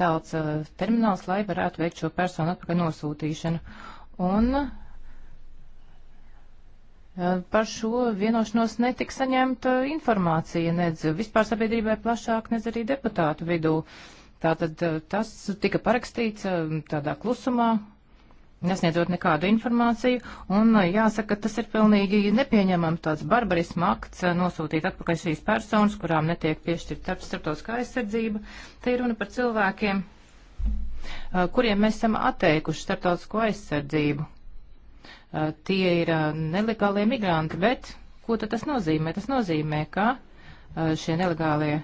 celts termināls, lai varētu veikt šo personu atpakaļ nosūtīšanu. Un Eh, par šo vienošanos netika saņemta informācija nedz vispār sabiedrībai plašāk, nedz arī deputātu vidū. Tātad eh, tas tika parakstīts eh, tādā klusumā, nesniedzot nekādu informāciju, un jāsaka, tas ir pilnīgi nepieņemam tāds barbarismu akts nosūtīt atpakaļ šīs personas, kurām netiek piešķirta starptautiskā aizsardzība. Te ir runa par cilvēkiem, kuriem mēs esam atteikuši starptautisko aizsardzību tie ir nelegālie migranti, bet ko tad tas nozīmē? Tas nozīmē, ka šie nelegālie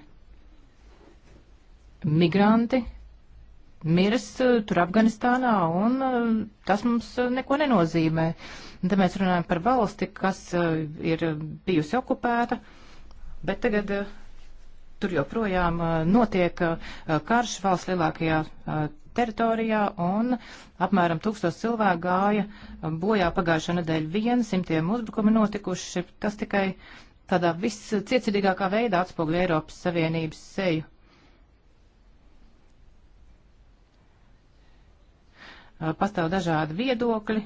migranti mirs tur Afganistānā, un tas mums neko nenozīmē. Tad mēs runājam par valsti, kas ir bijusi okupēta, bet tagad tur joprojām notiek karš valsts lielākajā teritorijā, un apmēram tūkstos cilvēku gāja bojā pagājušā nedēļa vien, simtiem uzbrukumi notikuši. Tas tikai tādā viscietsirdīgākā veidā atspoguļo Eiropas Savienības seju. Pastāv dažādi viedokļi,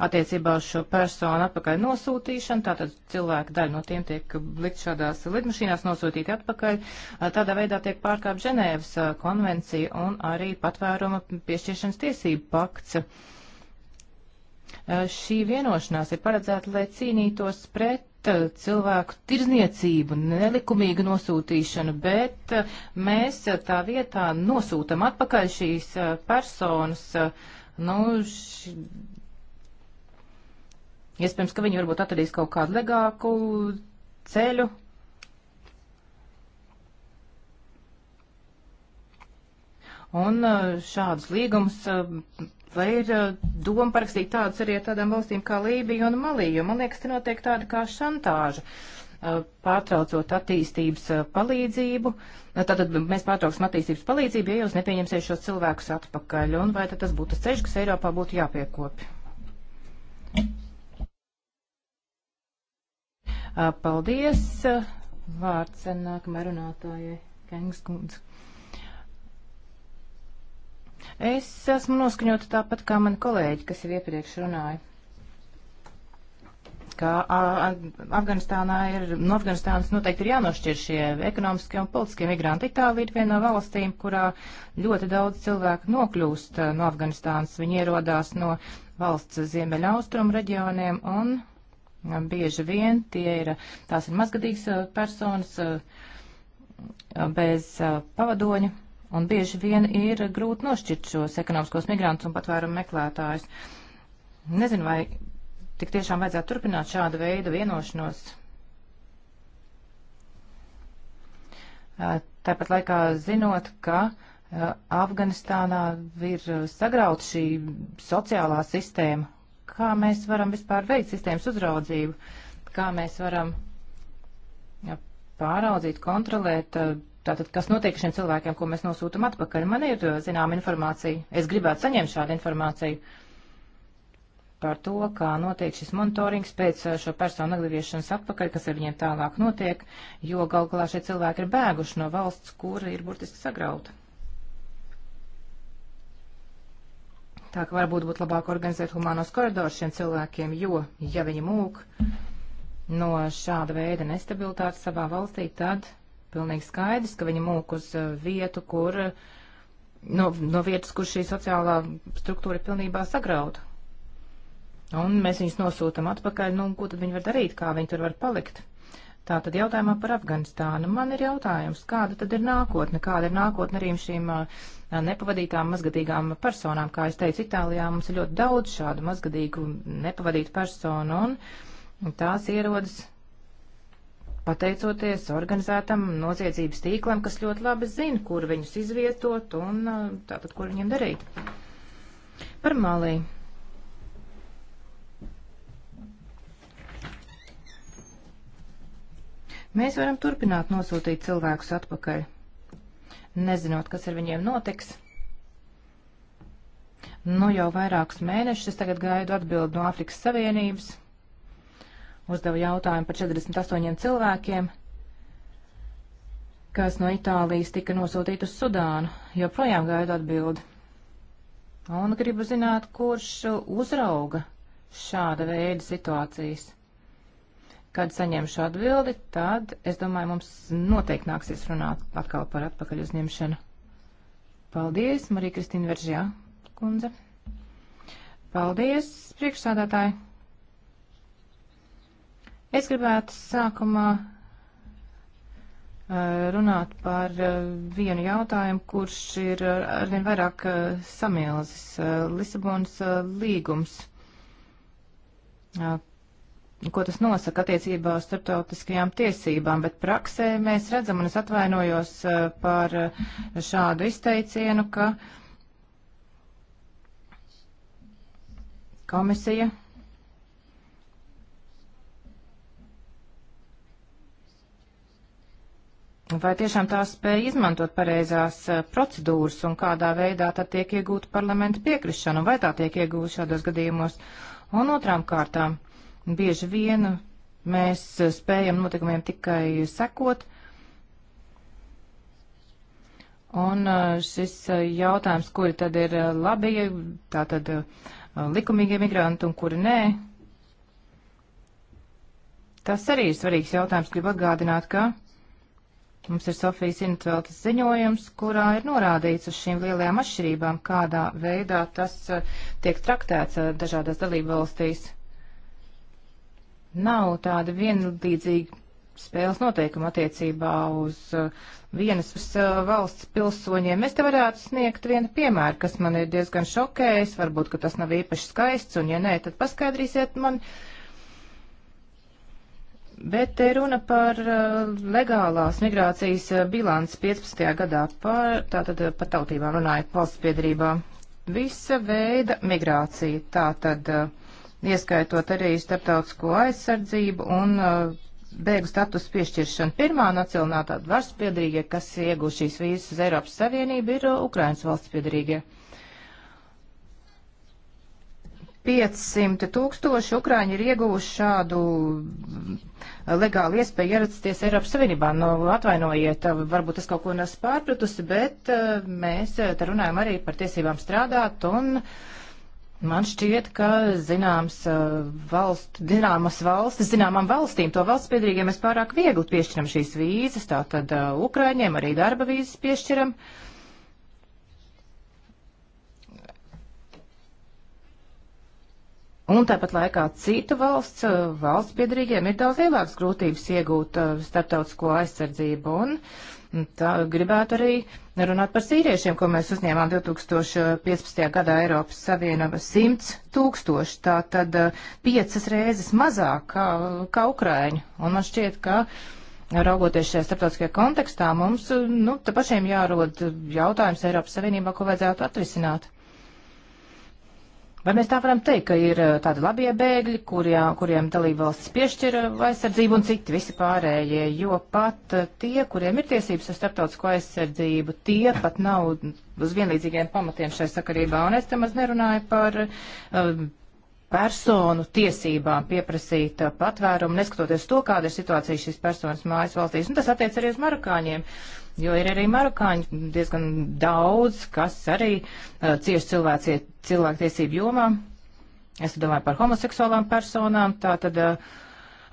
attiecībā uz šo personu atpakaļ nosūtīšanu. Tātad cilvēki daļa no tiem tiek likt šādās lidmašīnās nosūtīti atpakaļ. Tādā veidā tiek pārkāpt Ženēvas konvencija un arī patvēruma piešķiršanas tiesību pakts. Šī vienošanās ir paredzēta, lai cīnītos pret cilvēku tirzniecību, nelikumīgu nosūtīšanu, bet mēs tā vietā nosūtam atpakaļ šīs personas. Nu, š Iespējams, ka viņi varbūt atradīs kaut kādu legāku ceļu. Un šādus līgumus vai ir doma parakstīt tādus arī ar tādām valstīm kā Lībija un Malija, jo man liekas, te notiek tāda kā šantāža pārtraucot attīstības palīdzību. Tātad mēs pārtrauksim attīstības palīdzību, ja jūs nepieņemsiet šos cilvēkus atpakaļ. Un vai tad tas būtu tas ceļš, kas Eiropā būtu jāpiekopja? Paldies! Vārds nākamā runātājai Kengas kundze. Es esmu noskaņota tāpat kā mani kolēģi, kas jau iepriekš runāja. Kā Afganistānā ir, no Afganistānas noteikti ir jānošķir šie ekonomiskie un politiskie migranti. Itālija ir viena no valstīm, kurā ļoti daudz cilvēku nokļūst no Afganistānas. Viņi ierodās no valsts ziemeļa austrumu reģioniem un Bieži vien tie ir, tās ir mazgadīgas eh, personas eh, bez eh, pavadoņa, un bieži vien ir grūti nošķirt šos ekonomiskos migrantus un patvērumu meklētājus. Nezinu, vai tik tiešām vajadzētu turpināt šādu veidu vienošanos. Tāpat laikā zinot, ka Afganistānā ir sagrauta šī sociālā sistēma kā mēs varam vispār veikt sistēmas uzraudzību, kā mēs varam ja, pāraudzīt, kontrolēt, eh, tātad, kas notiek šiem cilvēkiem, ko mēs nosūtam atpakaļ. Man ir eh, zinām informācija, es gribētu saņemt šādu informāciju par to, kā notiek šis monitorings pēc eh, šo personu atgriešanas atpakaļ, kas ar viņiem tālāk notiek, jo gal galā šie cilvēki ir bēguši no valsts, kura ir burtiski sagrauta. Tā ka varbūt būtu labāk organizēt humānos koridorus šiem cilvēkiem, jo, ja viņi mūk no šāda veida nestabilitātes savā valstī, tad pilnīgi skaidrs, ka viņi mūk uz eh, vietu, kur, eh, no, no vietas, kur šī sociālā struktūra ir pilnībā sagrauta. Un mēs viņus nosūtam atpakaļ, nu, ko tad viņi var darīt, kā viņi tur var palikt. Tātad jautājumā par Afganistānu. Man ir jautājums, kāda tad ir nākotne, kāda ir nākotne arī šīm nepavadītām mazgadīgām personām. Kā es teicu, Itālijā mums ir ļoti daudz šādu mazgadīgu nepavadītu personu, un tās ierodas pateicoties organizētam noziedzības tīklam, kas ļoti labi zina, kur viņus izvietot un tātad, kur viņiem darīt. Par Maliju. Mēs varam turpināt nosūtīt cilvēkus atpakaļ, nezinot, kas ar viņiem notiks. Nu, jau vairākus mēnešus es tagad gaidu atbildi no Āfrikas Savienības. Uzdevu jautājumu par 48 cilvēkiem, kas no Itālijas tika nosūtīti uz Sudānu. Joprojām gaidu atbildi. Un gribu zināt, kurš uzrauga šāda veida situācijas. Kad saņemšu atbildi, tad es domāju, mums noteikti nāksies runāt atkal par atpakaļ uzņemšanu. Paldies, Marija Kristīna Veržjā, kundze. Paldies, priekšsādātāji. Es gribētu sākumā runāt par vienu jautājumu, kurš ir arvien vairāk samilzis. Lisabonas līgums ko tas nosaka attiecībā uz starptautiskajām tiesībām, bet praksē mēs redzam, un es atvainojos eh, par eh, šādu izteicienu, ka komisija Vai tiešām tās spēja izmantot pareizās eh, procedūras un kādā veidā tad tiek iegūta parlamenta piekrišana, vai tā tiek iegūta šādos gadījumos? Un otrām kārtām, uh, Bieži vien mēs eh, spējam notikumiem tikai sekot. Un eh, šis eh, jautājums, kuri tad ir labie, tātad likumīgie migranti un kuri nē, tas arī ir svarīgs jautājums. Gribu atgādināt, ka mums ir Sofijas Intveltas ziņojums, kurā ir norādīts uz šīm lielajām atšķirībām, kādā veidā tas tiek traktēts dažādās dalībvalstīs. valstīs nav tāda vienlīdzīga spēles noteikuma attiecībā uz uh, vienas uz uh, valsts pilsoņiem. Es te varētu sniegt vienu piemēru, kas man ir diezgan šokējis, varbūt, ka tas nav īpaši skaists, un ja nē, tad paskaidrīsiet man. Bet te runa par uh, legālās migrācijas bilants 15. gadā, par, tātad par tautībām runājot valsts piedrībā. Visa veida migrācija, tātad. Uh, ieskaitot arī starptautisko aizsardzību un uh, bēgu status piešķiršanu. Pirmā nacionālā varas piedarīgie, kas ieguvuši šīs vīzas uz Eiropas Savienību, ir uh, Ukrainas valsts piedarīgie. 500 tūkstoši ukrāņi ir ieguvuši šādu legālu iespēju ierasties Eiropas Savienībā. Nu, atvainojiet, uh, varbūt es kaut ko nesu pārpratusi, bet mēs te runājam arī par tiesībām strādāt un uh, Man šķiet, ka zināms, uh, valst, zināmas valstis, zināmām valstīm, to valsts piedrīgiem mēs pārāk viegli piešķiram šīs vīzas, tātad uh, Ukraiņiem arī darba vīzas piešķiram. Un tāpat laikā citu valsts, uh, valsts piedrīgiem ir daudz lielākas grūtības iegūt uh, starptautisko aizsardzību. Un, uh, Tā gribētu arī runāt par sīriešiem, ko mēs uzņēmām 2015. gadā Eiropas Savienība 100 tūkstoši, tā tad eh, piecas reizes mazāk kā, kā Ukraiņu. Un man šķiet, ka raugoties šajā starptautiskajā kontekstā, mums nu, pašiem jārod jautājums Eiropas Savienībā, ko vajadzētu atrisināt. Vai mēs tā varam teikt, ka ir tādi labie bēgļi, kurie, kuriem dalībvalstis piešķir aizsardzību un citi visi pārējie, jo pat tie, kuriem ir tiesības ar starptautisko aizsardzību, tie pat nav uz vienlīdzīgiem pamatiem šai sakarībā. Un es te maz nerunāju par um, personu tiesībām pieprasīt patvērumu, neskatoties to, kāda ir situācija šīs personas mājas valstīs. Un tas attiec arī uz marokāņiem. Uh, jo ir arī marokāņi diezgan daudz, kas arī uh, cieši cilvēktiesību jomā. Es domāju par homoseksuālām personām, tā tad, uh,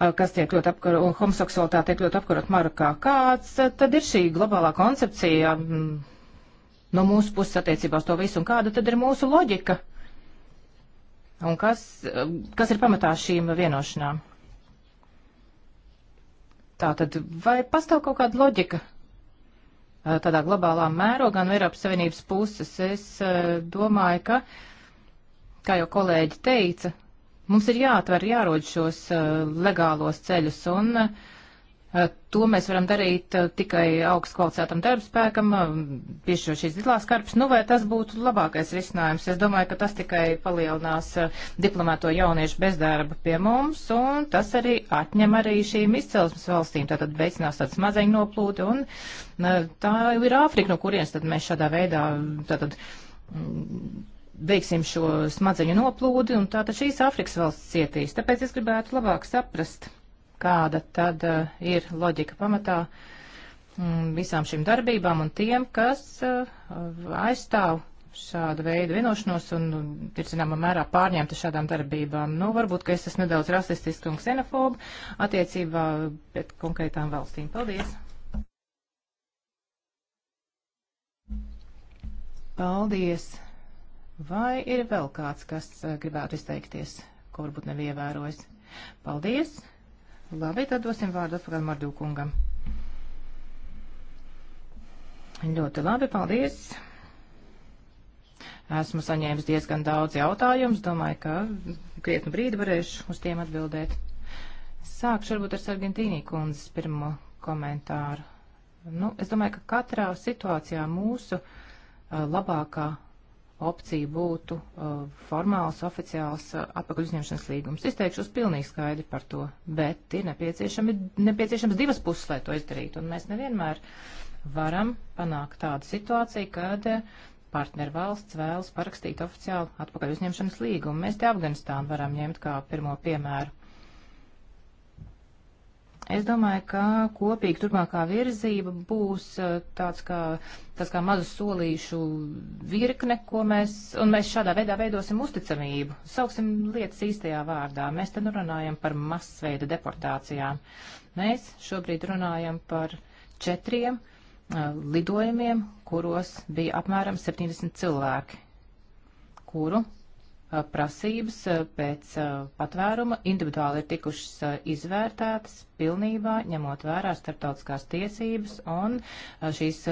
uh kas tiek ļoti apkarot, un homoseksualitāte tiek ļoti apkarot Marokā. Kāds uh, tad ir šī globālā koncepcija mm, no mūsu puses attiecībā uz to visu, un kāda tad ir mūsu loģika? Un kas, um, kas ir pamatā šīm vienošanām? Tātad, vai pastāv kaut kāda loģika Eh, tādā globālā mērogā no Eiropas Savienības puses. Es eh, domāju, ka, kā jau kolēģi teica, mums ir jāatver, jāroģ šos eh, legālos ceļus un uh, Eh, to mēs varam darīt eh, tikai augstu kvalificētam darbspēkam, eh, piešķirot šīs zilās karpes. Nu, vai tas būtu labākais risinājums? Es domāju, ka tas tikai palielinās diplomēto jauniešu bezdarba pie mums, un tas arī atņem arī šīm izcelsmes valstīm. Tātad veicinās tāds mazeņu noplūdi, un tā ir Āfrika, no kurienes tad mēs šādā veidā tātad mm, veiksim šo smadzeņu noplūdi, un tātad šīs Āfrikas valsts cietīs. Tāpēc es gribētu labāk saprast kāda tad uh, ir loģika pamatā mm, visām šīm darbībām un tiem, kas uh, aizstāv šādu veidu vienošanos un ir zināmā mērā pārņemta šādām darbībām. Nu, varbūt, ka es esmu nedaudz rasistiski un ksenofobi attiecībā pret konkrētām valstīm. Paldies! Paldies! Vai ir vēl kāds, kas eh, gribētu izteikties, ko varbūt nebija ievērojis? Paldies! Labi, tad dosim vārdu atpakaļ Mardu kungam. Ļoti labi, paldies. Esmu saņēmis diezgan daudz jautājumus, domāju, ka krietnu brīdi varēšu uz tiem atbildēt. Sākšu varbūt ar Sargentīnī kundzes pirmo komentāru. Nu, es domāju, ka katrā situācijā mūsu labākā opcija būtu uh, formāls, oficiāls uh, atpakaļ uzņemšanas līgums. Es teikšos pilnīgi skaidri par to, bet ir nepieciešams divas puses, lai to izdarītu. Un mēs nevienmēr varam panākt tādu situāciju, kad uh, partneru valsts vēlas parakstīt oficiālu atpakaļ uzņemšanas līgumu. Mēs te Afganistānu varam ņemt kā pirmo piemēru. Es domāju, ka kopīgi turpmākā virzība būs eh, tāds kā, tāds kā mazu solīšu virkne, ko mēs, un mēs šādā veidā veidosim uzticamību. Sauksim lietas īstajā vārdā. Mēs te nu runājam par masveida deportācijām. Mēs šobrīd runājam par četriem uh, lidojumiem, kuros bija apmēram 70 cilvēki, kuru Eh, prasības eh, pēc eh, patvēruma individuāli ir tikušas izvērtētas pilnībā, ņemot vērā starptautiskās tiesības, un šīs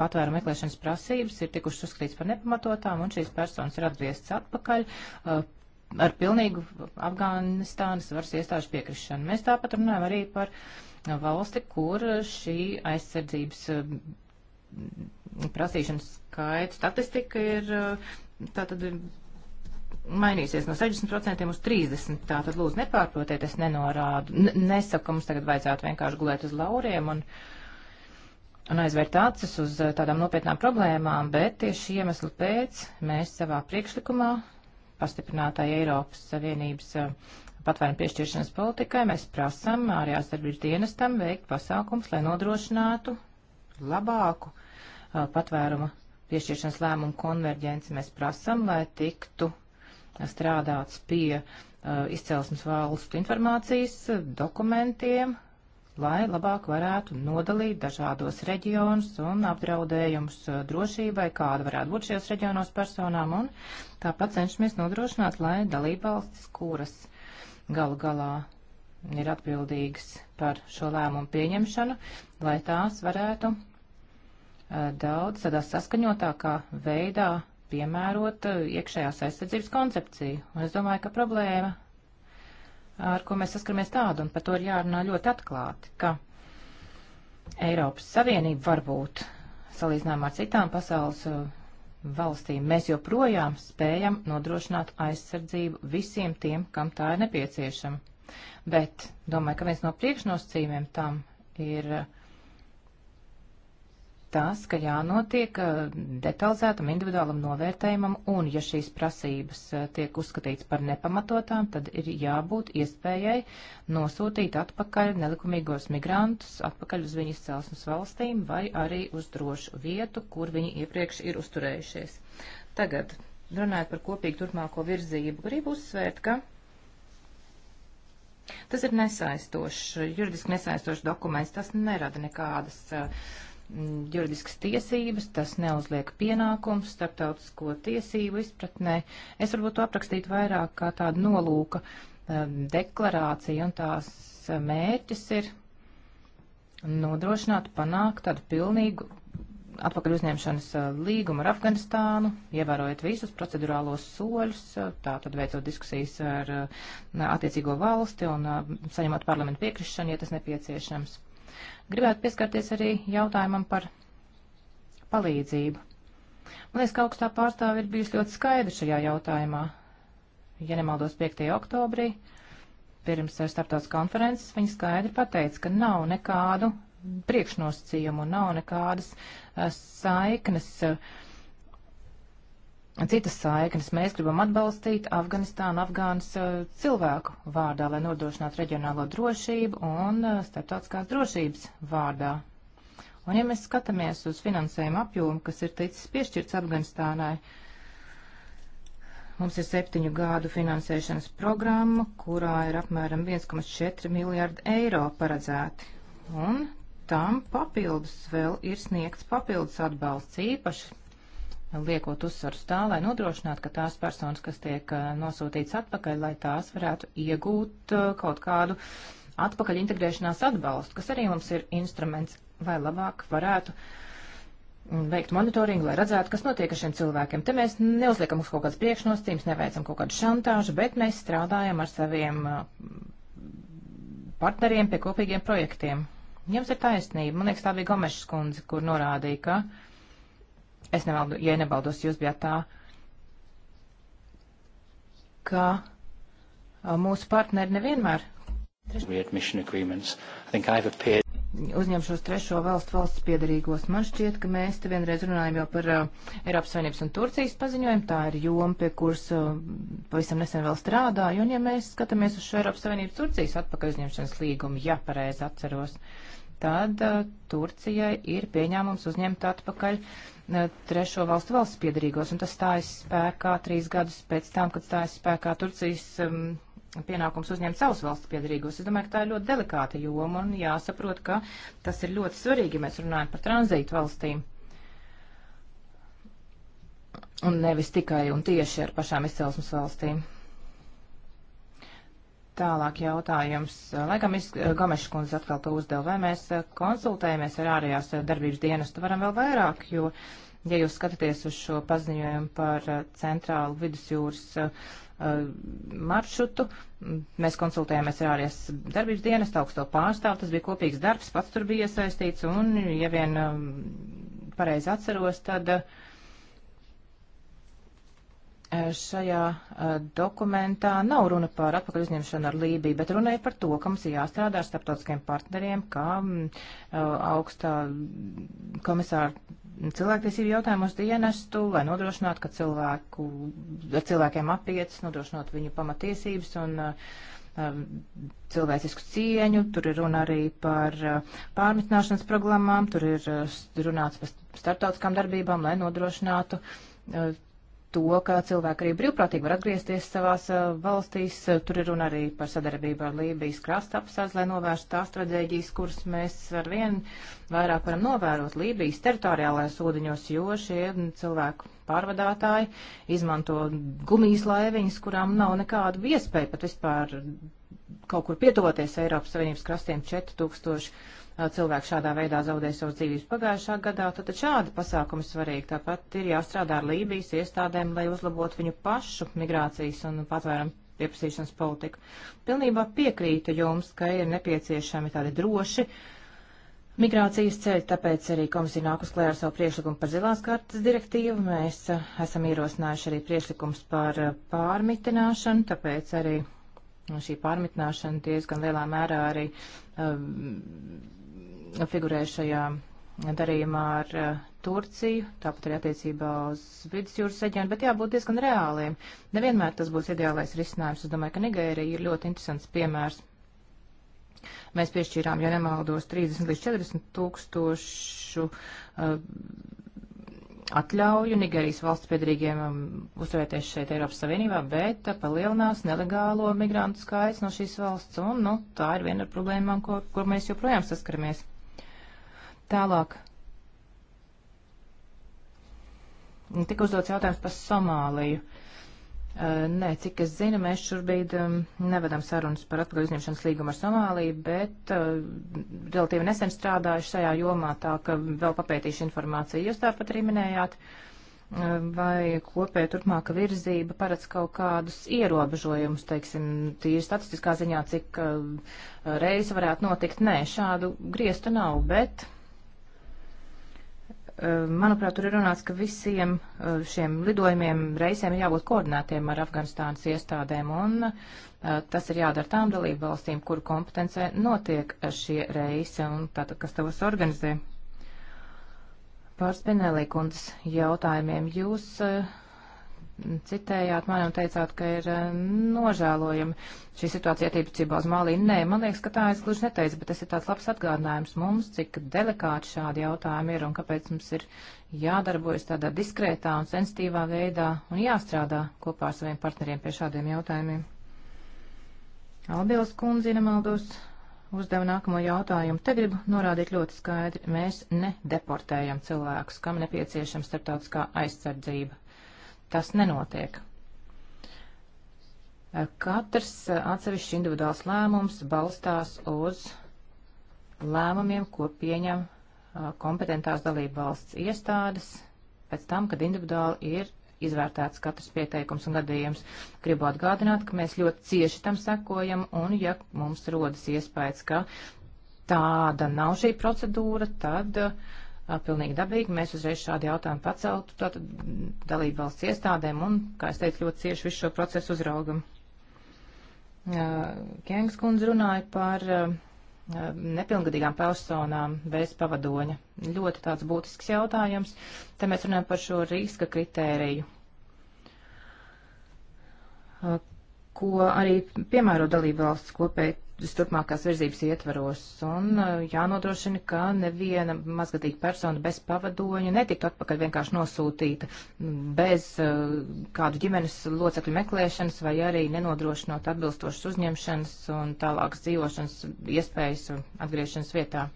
patvēruma meklēšanas prasības ir tikušas uzskatīts par nepamatotām, un šīs personas ir atgrieztas atpakaļ ar pilnīgu Afganistānas varas iestāžu piekrišanu. Mēs tāpat runājam arī par valsti, kur šī aizsardzības prasīšanas skaita statistika ir tātad mainīsies no 60% uz 30%. Tā tad lūdzu nepārprotiet, es nenorādu, N nesaku, ka mums tagad vajadzētu vienkārši gulēt uz lauriem un, un aizvērt acis uz eh, tādām nopietnām problēmām, bet tieši iemeslu pēc mēs savā priekšlikumā pastiprinātāja Eiropas Savienības eh, patvērumu piešķiršanas politikai mēs prasam ārējās darbības dienestam veikt pasākums, lai nodrošinātu labāku eh, patvērumu piešķiršanas lēmumu konverģenci. Mēs prasam, lai tiktu strādāts pie uh, izcelsmes valstu informācijas uh, dokumentiem, lai labāk varētu nodalīt dažādos reģionus un apdraudējumus uh, drošībai, kāda varētu būt šajos reģionos personām, un tāpat cenšamies nodrošināt, lai dalībvalstis, kuras galu galā ir atbildīgas par šo lēmumu pieņemšanu, lai tās varētu uh, daudz tādā saskaņotākā veidā piemērot uh, iekšējās aizsardzības koncepciju. Un es domāju, ka problēma, ar ko mēs saskaramies tādu, un par to ir jārunā ļoti atklāti, ka Eiropas Savienība varbūt salīdzinājumā ar citām pasaules uh, valstīm mēs joprojām spējam nodrošināt aizsardzību visiem tiem, kam tā ir nepieciešama. Bet domāju, ka viens no priekšnosacījumiem tam ir uh, tas, ka jānotiek detalizētam individuālam novērtējumam, un ja šīs prasības tiek uzskatīts par nepamatotām, tad ir jābūt iespējai nosūtīt atpakaļ nelikumīgos migrantus, atpakaļ uz viņu izcelsmes valstīm vai arī uz drošu vietu, kur viņi iepriekš ir uzturējušies. Tagad, runājot par kopīgu turpmāko virzību, gribu uzsvērt, ka. Tas ir nesaistošs, juridiski nesaistošs dokuments, tas nerada nekādas uh, juridiskas tiesības, tas neuzliek pienākums starptautisko tiesību izpratnē. Es varbūt to aprakstītu vairāk kā tādu nolūka um, deklarāciju, un tās uh, mērķis ir nodrošināt, panākt tādu pilnīgu atpakaļ uzņemšanas uh, līgumu ar Afganistānu, ievērojot visus procedurālos soļus, uh, tā tad veicot diskusijas ar attiecīgo valsti un saņemot parlamentu piekrišanu, ja tas nepieciešams. Gribētu pieskarties arī jautājumam par palīdzību. Man liekas, ka augstā pārstāve ir bijusi ļoti skaidra šajā jautājumā. Ja nemaldos 5. oktobrī, pirms starptautas konferences, viņa skaidri pateica, ka nav nekādu priekšnosacījumu, nav nekādas uh, saiknes. Uh, citas saiknes. Mēs gribam atbalstīt Afganistānu, Afgānas eh, cilvēku vārdā, lai nodrošinātu reģionālo drošību un eh, starptautiskās drošības vārdā. Un ja mēs skatāmies uz finansējumu apjomu, kas ir ticis piešķirts Afganistānai, mums ir septiņu gādu finansēšanas programma, kurā ir apmēram 1,4 miljārdi eiro paredzēti. Un tam papildus vēl ir sniegts papildus atbalsts īpaši liekot uzsvarus tā, lai nodrošinātu, ka tās personas, kas tiek nosūtītas atpakaļ, lai tās varētu iegūt kaut kādu atpakaļ integrēšanās atbalstu, kas arī mums ir instruments, lai labāk varētu mm, veikt monitoringu, lai redzētu, kas notiek ar šiem cilvēkiem. Te mēs neuzliekam uz kaut kādas priekšnosacījumus, neveicam kaut kādu šantāžu, bet mēs strādājam ar saviem partneriem pie kopīgiem projektiem. Jums ir taisnība. Man liekas, tā bija Gomešas kundze, kur norādīja, ka es nevaldu, ja nebaldos, jūs bijāt tā, ka mūsu partneri nevienmēr. Uzņemšos trešo valstu valsts piedarīgos. Man šķiet, ka mēs te vienreiz runājam jau par uh, Eiropas Savienības un Turcijas paziņojumu. Tā ir joma, pie kuras uh, pavisam nesen vēl strādāju. Un ja mēs skatāmies uz šo Eiropas Savienības Turcijas atpakaļ uzņemšanas līgumu, ja pareizi atceros, uh, tad uh, Turcijai ir pieņēmums uzņemt atpakaļ uh, trešo valstu valsts piedarīgos, un tas stājas spēkā trīs gadus pēc tam, kad stājas spēkā Turcijas um, pienākums uzņemt savus valsts piedarīgos. Es domāju, ka tā ir ļoti delikāta joma un jāsaprot, ka tas ir ļoti svarīgi, ja mēs runājam par tranzītu valstīm. Un nevis tikai un tieši ar pašām izcelsmes valstīm. Tālāk jautājums, laikam Gameša kundze atkal to uzdeva, vai mēs konsultējamies ar ārējās darbības dienestu, varam vēl vairāk, jo, ja jūs skatāties uz šo paziņojumu par eh, centrālu vidusjūras eh, maršrutu. Mēs konsultējāmies ar ārējās darbības dienas augsto pārstāvu. Tas bija kopīgs darbs, pats tur bija iesaistīts. Un, ja vien eh, pareizi atceros, tad uh, šajā dokumentā nav runa par atpakaļ uzņemšanu ar Lībiju, bet runa ir par to, ka mums ir jāstrādā ar starptautiskiem partneriem, kā augstā komisāra cilvēktiesību jautājumos dienestu, lai nodrošinātu, ka cilvēku, ar cilvēkiem apietas, nodrošinot viņu pamatiesības un cilvēcisku cieņu, tur ir runa arī par pārmitināšanas programmām, tur ir runāts par starptautiskām darbībām, lai nodrošinātu to, ka cilvēki arī brīvprātīgi var atgriezties savās valstīs. Tur ir runa arī par sadarbību ar Lībijas krasta apsardz, lai novērstu tās traģēdijas, kuras mēs ar vien vairāk varam novērot Lībijas teritoriālajās ūdeņos, jo šie cilvēku pārvadātāji izmanto gumijas laiviņas, kurām nav nekādu iespēju pat vispār kaut kur pietuvoties Eiropas Savienības krastiem 4000 cilvēki šādā veidā zaudēja savas dzīvības pagājušā gadā, tad šādi pasākumi svarīgi. Tāpat ir jāstrādā ar Lībijas iestādēm, lai uzlabotu viņu pašu migrācijas un patvērumu pieprasīšanas politiku. Pilnībā piekrītu jums, ka ir nepieciešami tādi droši migrācijas ceļi, tāpēc arī komisija nāk uz klēru savu priekšlikumu par zilās kartas direktīvu. Mēs a, esam ierosinājuši arī priekšlikums par pārmitināšanu, tāpēc arī šī pārmitināšana diezgan lielā mērā arī um, figurē šajā darījumā ar eh, Turciju, tāpat arī attiecībā uz vidusjūras reģionu, bet jābūt diezgan reāliem. Nevienmēr tas būs ideālais risinājums. Es domāju, ka Nigērija ir ļoti interesants piemērs. Mēs piešķīrām, ja nemaldos, 30 līdz 40 tūkstošu uh, atļauju Nigērijas valsts piedarīgiem um, uzturēties šeit Eiropas Savienībā, bet uh, palielinās nelegālo migrantu skaits no šīs valsts, un nu, tā ir viena no problēmām, ko, kur mēs joprojām saskaramies. Tālāk. Tik uzdots jautājums par Somāliju. Nē, cik es zinu, mēs šobrīd nevedam sarunas par atpakaļ uzņemšanas līgumu ar Somāliju, bet relatīvi nesen strādājuši šajā jomā, tā ka vēl papētīšu informāciju. Jūs tāpat arī minējāt, vai kopēja turpmāka virzība paredz kaut kādus ierobežojumus, teiksim, tīri statistiskā ziņā, cik reizi varētu notikt. Nē, šādu griestu nav, bet Eh, manuprāt, tur ir runāts, ka visiem eh, šiem lidojumiem reisēm ir jābūt koordinētiem ar Afganistānas iestādēm, un eh, tas ir jādara tām dalību valstīm, kuru kompetencē notiek šie reisi, un tātad, kas tavas organizē. Pārspinēlī kundzes jautājumiem jūs uh, citējāt mani un teicāt, ka ir eh, nožēlojami šī situācija attiecībā uz Malī. Nē, man liekas, ka tā es gluži neteicu, bet tas ir tāds labs atgādinājums mums, cik delikāti šādi jautājumi ir un kāpēc mums ir jādarbojas tādā diskrētā un sensitīvā veidā un jāstrādā kopā ar saviem partneriem pie šādiem jautājumiem. Albielas kundze, nemaldos, uzdeva nākamo jautājumu. Te gribu norādīt ļoti skaidri, mēs nedeportējam cilvēkus, kam nepieciešama starptautiskā aizsardzība tas nenotiek. Katrs atsevišķi individuāls lēmums balstās uz lēmumiem, ko pieņem kompetentās dalība valsts iestādes pēc tam, kad individuāli ir izvērtēts katrs pieteikums un gadījums. Gribu atgādināt, ka mēs ļoti cieši tam sekojam, un ja mums rodas iespējas, ka tāda nav šī procedūra, tad uh, pilnīgi dabīgi mēs uzreiz šādu jautājumu paceltu tātad dalību valsts iestādēm un, kā es teicu, ļoti cieši visu šo procesu uzraugam. Kengs kundze runāja par nepilngadīgām personām bez pavadoņa. Ļoti tāds būtisks jautājums. Te mēs runājam par šo riska kritēriju, ko arī piemēro dalību valsts kopēji turpmākās virzības ietvaros un eh, jānodrošina, ka neviena mazgadīga persona bez pavadoņa netiktu atpakaļ vienkārši nosūtīta bez eh, kādu ģimenes locekļu meklēšanas vai arī nenodrošinot atbilstošas uzņemšanas un tālākas dzīvošanas iespējas atgriešanas vietā.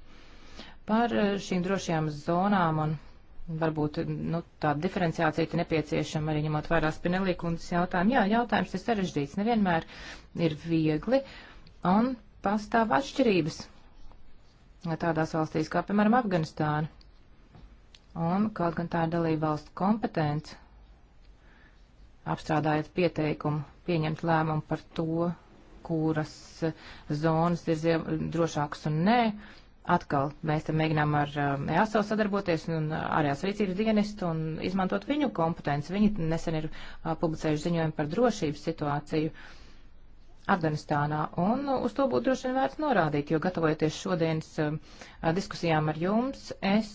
Par eh, šīm drošajām zonām un varbūt nu, tāda diferenciācija ir nepieciešama arī ņemot vērā Spinelī kundzes jautājumu. Jā, jautājums ir sarežģīts, nevienmēr ir viegli. Uh, Un pastāv atšķirības tādās valstīs kā, piemēram, Afganistāna. Un kaut gan tā ir dalība valsts kompetence, apstrādājot pieteikumu, pieņemt lēmumu par to, kuras zonas ir ziem, drošākas un nē. Atkal mēs te mēģinām ar um, EASO sadarboties un ārējās rīcības dienestu un izmantot viņu kompetenci. Viņi nesen ir uh, publicējuši ziņojumu par drošības situāciju. Uh, Afganistānā. Un uz to būtu droši vien vērts norādīt, jo gatavojoties šodienas um, diskusijām ar jums, es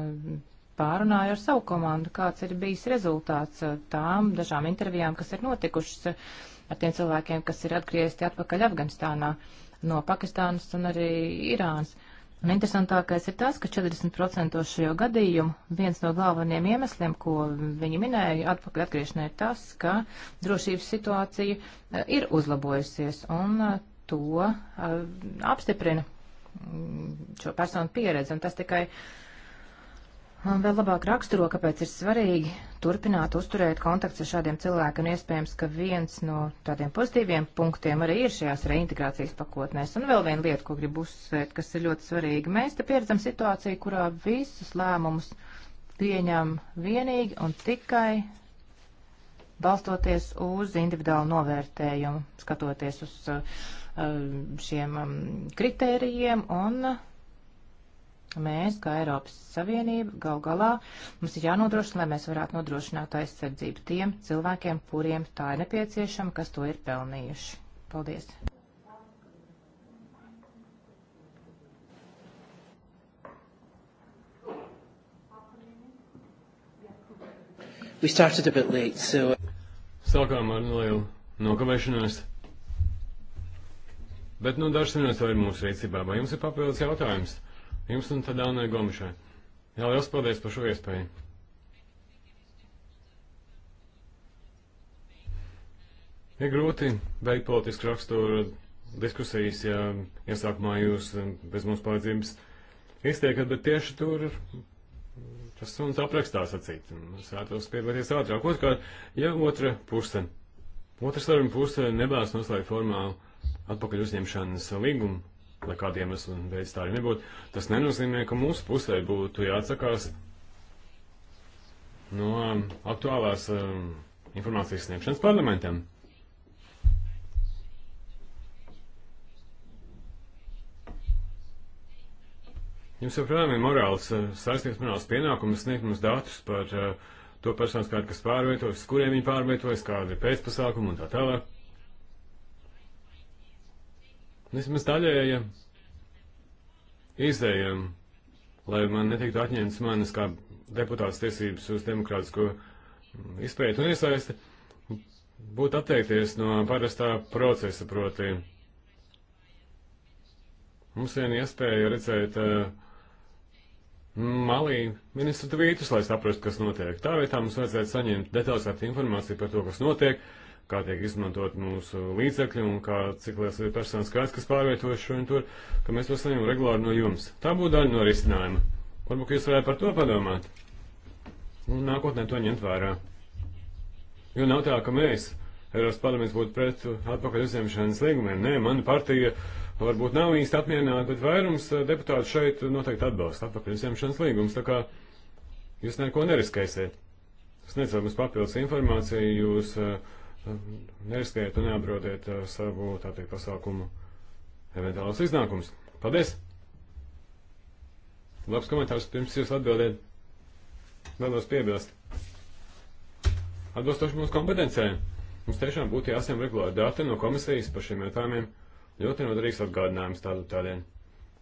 um, pārunāju ar savu komandu, kāds ir bijis rezultāts uh, tām dažām intervijām, kas ir notikušas uh, ar tiem cilvēkiem, kas ir atgriezti atpakaļ Afganistānā no Pakistānas un arī Irānas. Uh, Un interesantākais ir tas, ka 40% šajā gadījumu viens no galvenajiem iemesliem, ko viņi minēja atpakaļ atgriešanai, ir tas, ka drošības situācija eh, ir uzlabojusies un eh, to eh, apstiprina mm, šo personu pieredzi. Un tas tikai uh, vēl labāk raksturo, kāpēc ir svarīgi turpināt uzturēt kontakts ar šādiem cilvēkiem. Un iespējams, ka viens no tādiem pozitīviem punktiem arī ir šajās reintegrācijas pakotnēs. Un vēl viena lieta, ko gribu uzsvērt, kas ir ļoti svarīga. Mēs te pieredzam situāciju, kurā visus lēmumus pieņem vienīgi un tikai balstoties uz individuālu novērtējumu, skatoties uz uh, šiem um, kritērijiem un Mēs, kā Eiropas Savienība, gal galā mums ir jānodrošina, lai mēs varētu nodrošināt aizsardzību tiem cilvēkiem, kuriem tā ir nepieciešama, kas to ir pelnījuši. Paldies! We started a bit late, so... Uh, Sākām ar nelielu nokavēšanos. Bet, nu, dažs minūtes vēl ir mūsu rīcībā. Vai jums ir papildus jautājums? Jums un tad Annai Gomišai. Jā, liels paldies par šo iespēju. Ir grūti veikt politisku raksturu diskusijas, ja iesākumā jūs eh, bez mums palīdzības iztiekat, bet tieši tur tas un tā aprakstā sacīt. Es vētos piedalīties ātrāk. Otrkārt, ja otra puse, otra saruna puse nebās noslēgt formālu atpakaļ uzņemšanas līgumu, nekādiem iemesliem dēļ tā arī nebūtu. Tas nenozīmē, ka mūsu pusē būtu jāatsakās no um, aktuālās um, informācijas sniegšanas parlamentam. Jums joprojām ir morāls uh, saistīts morāls pienākums sniegt mums datus par uh, to personu skaitu, kas pārvietojas, kuriem viņi pārvietojas, kāda ir pēcpasākuma un tā tālāk vismaz daļēja izējām, lai man netiktu atņemts manas kā deputāts tiesības uz demokrātisko izpēti un iesaisti, būtu atteikties no parastā procesa, proti. Mums vien iespēja redzēt uh, malī ministru tvītus, lai saprastu, kas notiek. Tā vietā mums vajadzētu saņemt detalizētu informāciju par to, kas notiek, uh, kā tiek izmantot mūsu līdzekļi un kā, cik liels ir personas skaits, kas pārvietojas šo un tur, ka mēs to saņemam regulāri no jums. Tā būtu daļa no risinājuma. Varbūt jūs varētu par to padomāt. Un nākotnē to ņemt vērā. Jo nav tā, ka mēs, Eiropas parlaments, būtu pret atpakaļ uzņemšanas līgumiem. Nē, mana partija varbūt nav īsti apmierināta, bet vairums eh, deputātu šeit noteikti atbalsta atpakaļ uzņemšanas līgumus. Tā kā jūs neko neriskēsiet. Sniedzot mums papildus informāciju, jūs uh, neriskējiet un neapdraudiet uh, savu tātad pasākumu eventuālos iznākums. Paldies! Labs komentārs pirms jūs atbildēt. Vēlos piebilst. Atbilstoši mūsu kompetencē. Mums tiešām būtu jāsiem regulāri dati no komisijas par šiem jautājumiem. Ļoti noderīgs atgādinājums tādu tādien.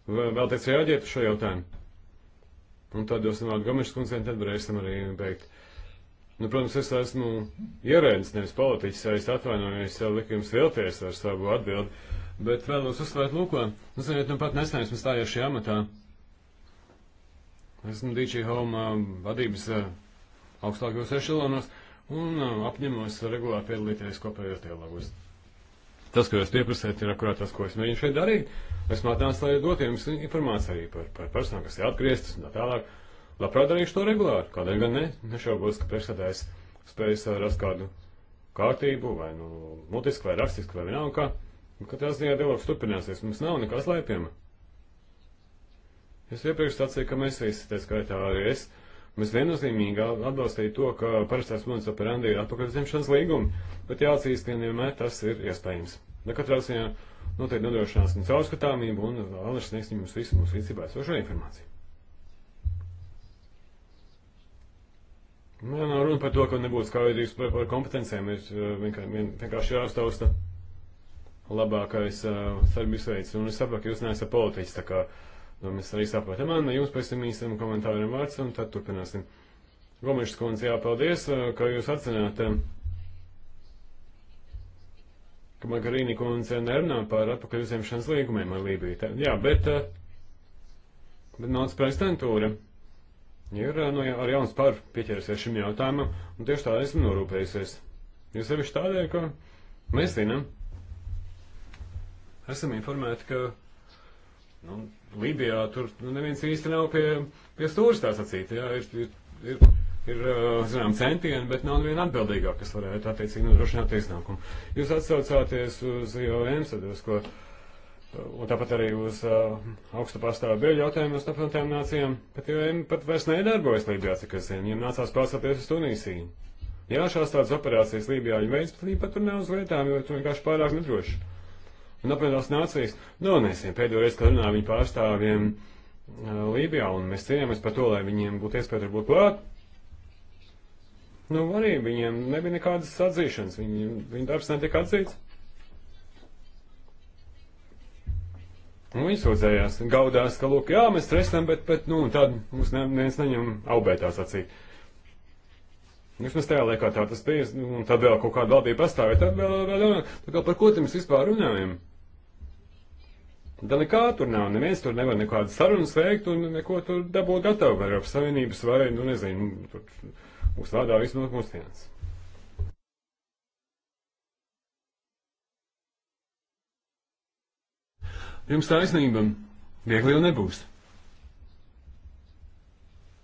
Vēlties reaģēt uz šo jautājumu? Un tad dosim vārdu Gomeša kundzei, tad varēsim arī beigt. Nu, protams, es esmu ierēdnis, nevis politiķis, es atvainojos, ja liku jums vilties ar savu atbildi, bet vēlos uzsvērt lūko. Nu, ziniet, nu pat nesen esmu stājies šajā amatā. Esmu DJ Home vadības augstākajos ešelonos un apņemos regulāri piedalīties kopējos dialogos. Tas, ko jūs pieprasāt, ir akurāt tas, ko es mēģinu šeit darīt. Esmu atnācis, lai dotu jums informāciju par, par personām, kas ir atgrieztas un tā tālāk. Labprāt darīšu to regulāri. Kādēļ gan ne? Nešaubos, ka priekšsēdājs spējas eh, rast kādu kārtību, vai nu mutisku, vai rakstisku, vai vienalga kā. Katrā ziņā dialogs turpināsies. Mums nav nekas laipjama. Es iepriekš sacīju, ka mēs visi, tā skaitā arī es, Mēs viennozīmīgi atbalstīju to, ka parastās monētas operandi ir atpakaļuzņemšanas līgumi, bet jāatzīst, ka vienmēr tas ir iespējams. Ne katrā ziņā noteikti nodrošinās un caurskatāmību, un Alešs sniegs jums visu mūsu rīcībā esošo informāciju. Man nav runa par to, ka nebūtu skaidrības par, par kompetencijām, ir uh, vienkārši jāuztausta labākais uh, sarbības veids. Un es saprotu, ka jūs neesat politiķis, tā kā nu, mēs arī saprotam. Man jums pēc tam īstam komentāram vārds, un tad turpināsim. Gomešs kundze, jāpaldies, uh, ka jūs atcināt, uh, um, ka Magarīni kundze nerunā par atpakaļ uzņemšanas līgumiem ar Lībiju. Tā, jā, bet, uh, bet nāc prezidentūra ir eh, nu, ar jauns par pieķersies šim jautājumam, un tieši tā esmu norūpējusies. Jo sevišķi tādēļ, ka mēs zinām, esam informēti, ka, nu, Libijā tur nu, neviens īsti nav pie, pie stūra tā sacīt, jā, ir, ir, ir ir, eh, zinām, centieni, bet nav viena atbildīgā, kas varētu attiecīgi nodrošināt iznākumu. Jūs atsaucāties uz jau e EMSADOS, ko Un tāpat arī uz uh, augstu pastāvu bēļu jautājumu uz apvienotām nācijām, bet viņiem pat vairs nedarbojas Lībijā, cik es zinu, viņiem nācās pārstāties uz Tunīsiju. Jā, šās tādas operācijas Lībijā viņi veids, bet viņi pat tur nav uz vietām, jo tur vienkārši pārāk nedroši. Un apvienotās nācijas, nu, nesiem pēdējo reizi, kad runāju viņu pārstāvjiem uh, Lībijā, un mēs cīnījāmies par to, lai viņiem būtu iespēja tur būt klāt. Nu, arī viņiem nebija nekādas atzīšanas, viņi, viņu darbs netika atzīts. Un nu, viņi sūdzējās, gaudās, ka, lūk, jā, mēs stresam, bet, bet nu, tad mums ne, neviens neņem aubētās acī. Vismaz tajā laikā tā tas bija, nu, un tad vēl kaut kāda vēl bija pastāvē, tad vēl, vēl, vēl, tā kā par ko te mēs vispār runājam? Da nekā tur nav, neviens tur nevar nekādas sarunas veikt un neko tur dabūt gatavu vai Eiropas Savienības vai, nu nezinu, tur uzlādā visu no mūsdienas. Jums taisnība viegli jau nebūs.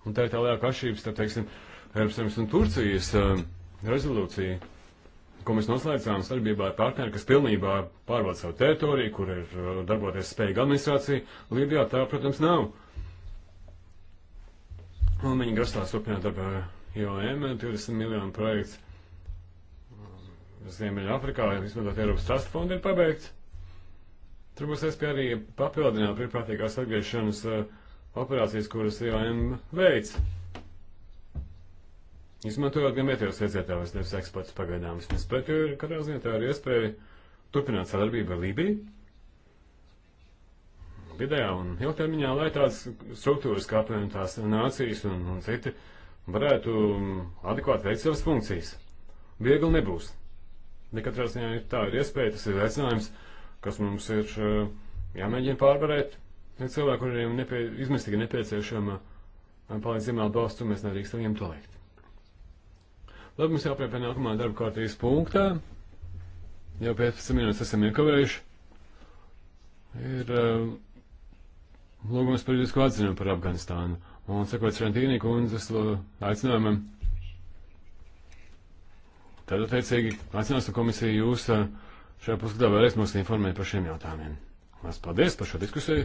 Un tā ir tā lielākā atšķirība starp, teiksim, Eiropas Savienības un Turcijas uh, rezolūciju, ko mēs noslēdzām starpībā ar partneri, kas pilnībā pārvalda savu teritoriju, kur ir uh, darboties spējīga administrācija. Lībijā tā, protams, nav. Un viņi grasās turpināt ar IOM 20 miljonu projekts eh, Ziemeļa Afrikā, izmantot Eiropas trust fondu, ir pabeigts. Tur būs iespēja arī papildināt brīvprātīgās atgriešanas uh, operācijas, kuras IOM e veids. Izmantojot gan vietējos iedzīvotājus, nevis eksports pagaidām. Vismaz, bet ir katrā ziņā tā ir iespēja turpināt sadarbību ar Lībiju. Vidējā un ilgtermiņā, lai tās struktūras, kā piemēram tās nācijas un, un citi, varētu mm, adekvāti veikt savas funkcijas. Viegli nebūs. Nekatrā ziņā ir tā ir iespēja, tas ir veicinājums kas mums ir eh, jāmēģina pārvarēt. Ir cilvēki, kuriem nepie, izmestīgi nepieciešama eh, palīdzība atbalstu, mēs nedrīkstam viņiem to likt. Labi, mums jāpie pie nākamā darba kārtības punktā. Jau 15 minūtes esam iekavējuši. Ir uh, lūgums par jūsu atziņu par Afganistānu. Un sekot Šrentīnī kundzes aicinājumam, tad attiecīgi aicināsim komisiju jūs uh, šajā pusgadā vēlreiz mūs informēt par šiem jautājumiem. Mēs paldies par šo diskusiju.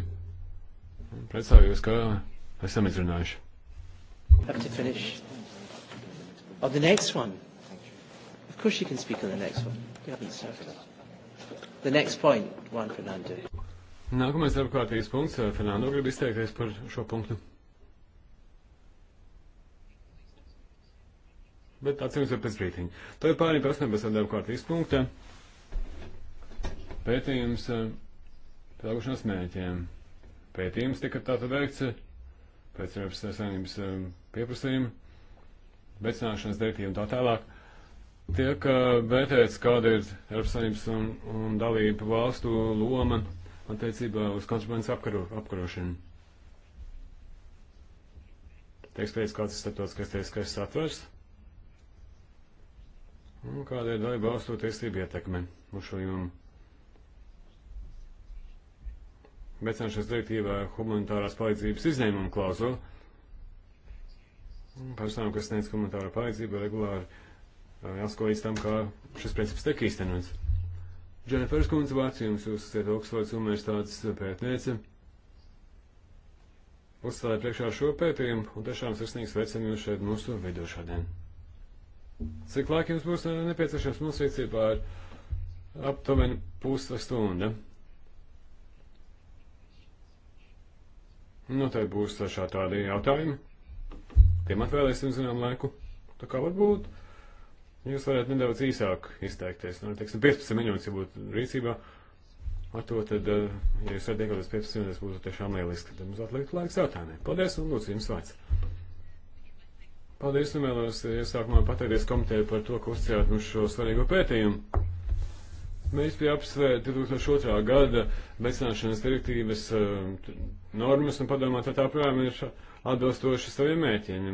Priecājos, ka esam izrunājuši. Have to finish. On the next one. Of course you can speak on the next one. You haven't started. The next point, Juan Fernando. Nākamais apkārtējais punkts. Eh, Fernando grib izteikties par šo punktu. Bet atcīm redzot pēc brītiņa. Tā ir pārējiem prasmēm bez apkārtējais punkta pētījums eh, pelēkušanas mēķiem. Pētījums tika tātad veikts eh, pēc Eiropas Savienības eh, pieprasījuma, veicināšanas direktīva un tā tālāk. Tiek vērtēts, kāda ir Eiropas Savienības un, un dalību valstu loma attiecībā uz kontrabandas apkaro, apkarošanu. Tiek spēc, kāds ir starptautiskais tiesiskais satvers un kāda ir dalību valstu tiesība ietekme uz šo jomu. veicināšanas direktīvā humanitārās palīdzības izņēmuma klauzulu. Personām, kas sniedz humanitāro palīdzību, regulāri jāsako līdz tam, kā šis princips tiek īstenots. Dženiferis Kunze vārds jums, jūs esat Oksfords universitātes pētniece. Uzstādāt priekšā šo pētījumu un tiešām sirsnīgi sveicam jūs šeit mūsu vidū šodien. Cik laika jums būs nepieciešams mums rīcībā ar aptuveni pusstunda? Nu, tad būs šā tādi jautājumi. Tiem atvēlēsim zinām laiku. Tā kā varbūt jūs varētu nedaudz īsāk izteikties. Nu, teiksim, 15 minūtes, ja būtu rīcībā. Ar to tad, eh, ja jūs varat iekļauties 15 minūtes, būtu tiešām lieliski. Tad mums atliektu laiks jautājumiem. Paldies un lūdzu jums vārds. Paldies, nu vēlos iesākumā pateikties komiteju par to, ka uzcēlāt mums šo svarīgo pētījumu. Mēs pie apsvērt 2002. gada veicināšanas direktīvas eh, normas un padomāt, vai tā projām ir atbilstoši saviem mēķiem.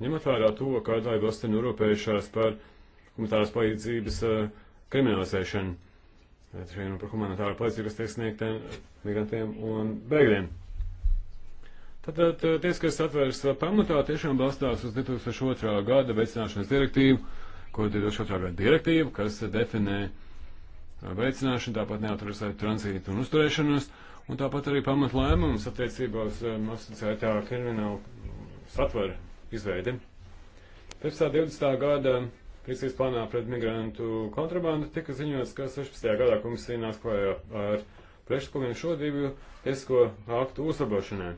Ņemot vērā to, kā dalībvalsts ir norūpējušās par humanitāras palīdzības eh, kriminalizēšanu, šeit par humanitāru palīdzību, kas tiek sniegta migrantiem un bēgļiem. Tātad eh, tieskais atvērs eh, pamatā tiešām balstās uz 2002. gada veicināšanas direktīvu, ko 2002. gada direktīvu, kas definē veicināšanu, tāpat neautorizētu tranzītu un uzturēšanos. Uh, Un tāpat arī pamat lēmums attiecībā uz um, asociētā krimināla satvara izveidi. Pēc tā 20. gada Rīsīs plānā pret migrantu kontrabandu tika ziņots, ka 16. gadā komisija nāks klājā ar priekšlikumiem šodību tiesisko aktu uzlabošanai.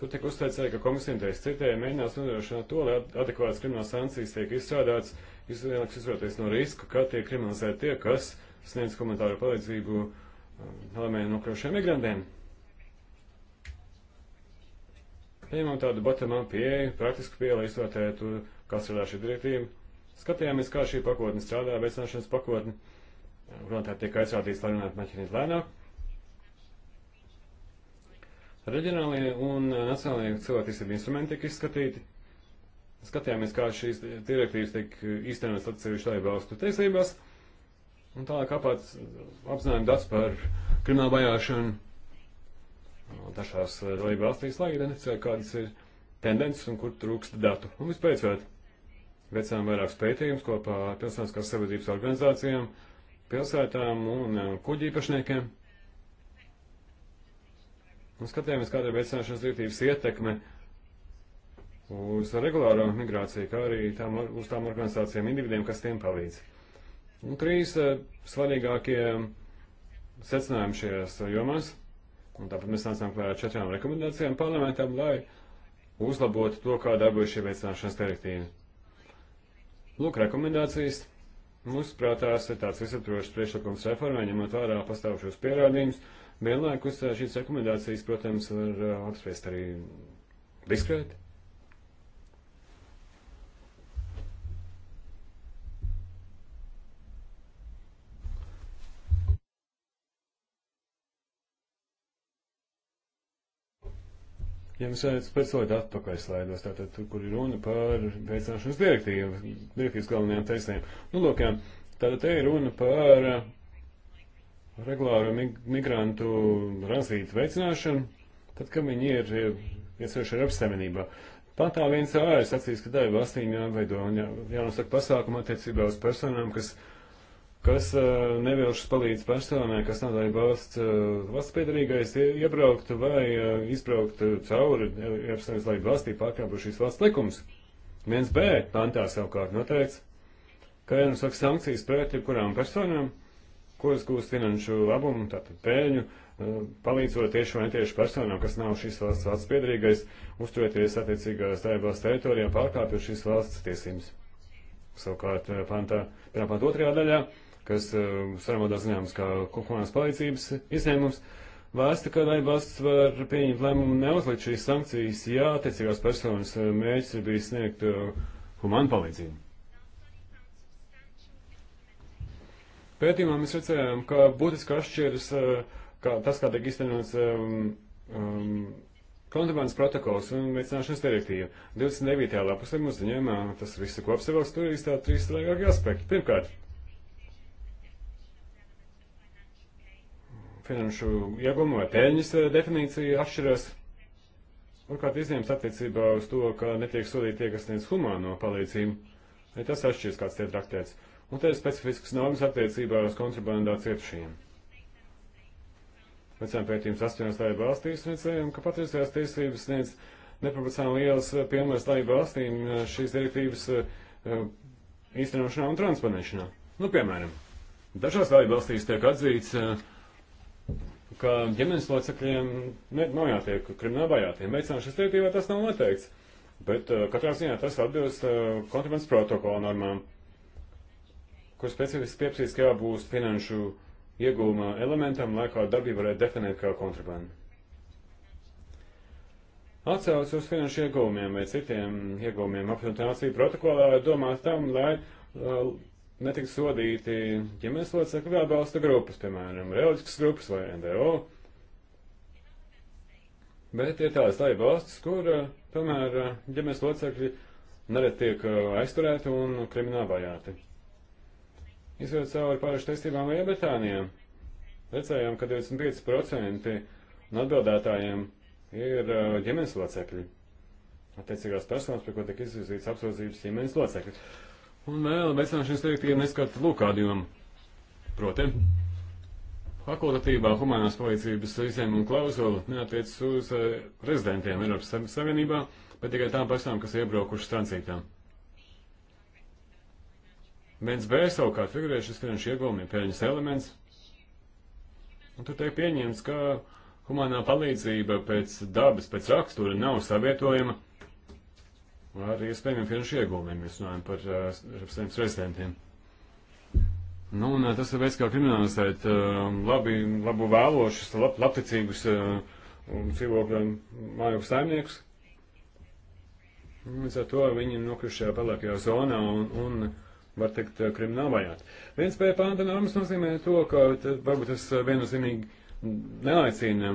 Tur tika uzteicē, ka komisija, tā es citēju, mēģinās nodrošināt to, lai adekvātas kriminālas sankcijas tiek izstrādāts, izvēlēks izvēlēties no riska, ka tiek kriminalizēti tie, kas sniedz komentāru palīdzību uh, Nolēmēju nokļaušiem migrantiem. Pieņemam tādu batamā pieeju, praktisku pieeju, lai izvērtētu, kas ir šī direktīva. Skatījāmies, kā šī pakotne strādā, veicināšanas pakotne. Runātāji tiek aizrādīts, lai runātu maķinīt lēnāk. Reģionālie un nacionālie cilvēktiesību instrumenti tika izskatīti. Skatījāmies, kā šīs direktīvas tiek īstenotas atsevišķi dalībvalstu tiesībās. Un tālāk apāc apzinājumi dats par kriminālu vajāšanu dažās eh, dalību valstīs, lai identificētu, kādas ir tendences un kur trūkst datu. Un vispēcot, veicām vairākus pētījumus kopā ar pilsētiskās sabiedrības organizācijām, pilsētām un eh, kuģi īpašniekiem. Un skatījāmies, kāda ir veicināšanas direktīvas ietekme uz regulāro migrāciju, kā arī tām, uz tām organizācijām, individiem, kas tiem palīdz. Un nu, trīs eh, svarīgākie secinājumi šajās jomās, un tāpat mēs nācām klājā četrām rekomendācijām parlamentam, lai uzlabotu to, kā darbojas šī veicināšanas direktīva. Lūk, rekomendācijas. Mums prātās ir tāds visaptrošs priekšlikums reformai, ņemot vērā pastāvušos pierādījumus. Vienlaikus eh, šīs rekomendācijas, protams, var eh, apspriest arī diskrēti. Ja mēs redzam, pēc slēdz atpakaļ slēdos, tātad tur, kur ir runa par veicināšanas direktīvu, direktīvas galvenajām teistēm. Nu, lūk, jā, tātad te ir runa par eh, regulāru mig migrantu razītu veicināšanu, tad, kad viņi ir eh, ieceruši ar apstemenībā. Patā viens ārējais acīs, ka tai valstīm jāveido un jā, jānosaka pasākuma attiecībā uz personām, kas kas eh, nevilšas palīdz personai, kas nav daļa valsts, eh, valsts piedarīgais, iebraukt vai eh, izbraukt cauri Eiropas Savienības laika valstī pārkāpuši šīs valsts likums. 1B pantā savukārt noteikts, ka ir nosaka nu sankcijas pret jebkurām personām, kuras gūst finanšu labumu, tātad pēļņu, palīdzot tieši vai netieši personām, kas nav šīs valsts valsts piedarīgais, uzturēties attiecīgās darbās teritorijā, pārkāpjot šīs valsts tiesības. Savukārt, pantā, pirmā pantā otrajā daļā kas eh, sarunādā zināms kā humanās palīdzības izņēmums, vēsta, ka valsts var pieņemt lēmumu neuzlikt šīs sankcijas, ja attiecīgās personas eh, mērķis ir bijis sniegt eh, humanu palīdzību. Pētījumā mēs redzējām, ka būtiski atšķiras kā tas, kā tiek iztenots um, um, kontrabandas protokols un veicināšanas direktīva. 29. lapusē mums ziņojumā tas viss, ko apsevēlst, tur ir tā trīs svarīgākie aspekti. Pirmkārt, finanšu ieguma vai peļņas eh, definīcija atšķiras. Turklāt izņēmums attiecībā uz to, ka netiek sodīti tie, kas sniedz humāno palīdzību. Ja tas atšķiras, kāds tiek traktēts. Un te ir specifisks naudas attiecībā uz kontrabandā cietušajiem. Veicām pētījums astoņās dalību valstīs un redzējām, ka patiesajās tiesības sniedz neproporcionāli liels eh, piemērs dalību valstīm eh, šīs direktīvas īstenošanā un transponēšanā. Nu, piemēram, dažās dalību valstīs tiek atzīts uh, ka ģimenes locekļiem nav jātiek krimināli vajātiem. Veicināšanas direktīvā tas nav noteikts, bet uh, katrā ziņā tas atbilst uh, kontrabandas protokola normām, kur specifiski pieprasīts, ka jābūt finanšu iegūma elementam, lai kā darbība varētu definēt kā kontrabandu. Atcaucas uz finanšu iegūmiem vai citiem iegūmiem apvienotā nācija protokolā domās tam, lai uh, netiks sodīti ģimenes ja locekļi vai atbalsta grupas, piemēram, reliģiskas grupas vai NDO. Bet ir tādas laiba valstis, kur eh, tomēr eh, ģimenes locekļi nereti tiek eh, aizturēti un krimināli vajāti. Izvedot cauri pārēšu testībām Lielbritānijā, redzējām, ka 25% no atbildētājiem ir ģimenes locekļi. Attiecīgās personas, pie ko tiek izvirzīts apsūdzības ģimenes locekļi. Un vēl veicināšanas direktīva neskata lūk kādu jomu. Proti, fakultatīvā humanās palīdzības izņēmuma klauzula neatiecas uz eh, rezidentiem Eiropas Savienībā, bet tikai tām personām, kas iebraukušas tranzītā. Viens B savukārt figurē šis finanšu ieguvumi pēļņas elements. Un tur tiek pieņemts, ka humanā palīdzība pēc dabas, pēc rakstura nav savietojama ar iespējamiem finanšu ieguldījumiem, mēs runājam par Eiropas eh, Savienības rezidentiem. Nu, un eh, tas ir veids, kā kriminalizēt eh, labi, labu vēlošus, lab, labticīgus dzīvokļu mājokļu saimniekus. Līdz ar to viņi ir nokļuvuši šajā pelēkajā zonā un, un var teikt, krimināli vajāti. Viens pie pānta normas nozīmē to, ka varbūt tas viennozīmīgi neaicina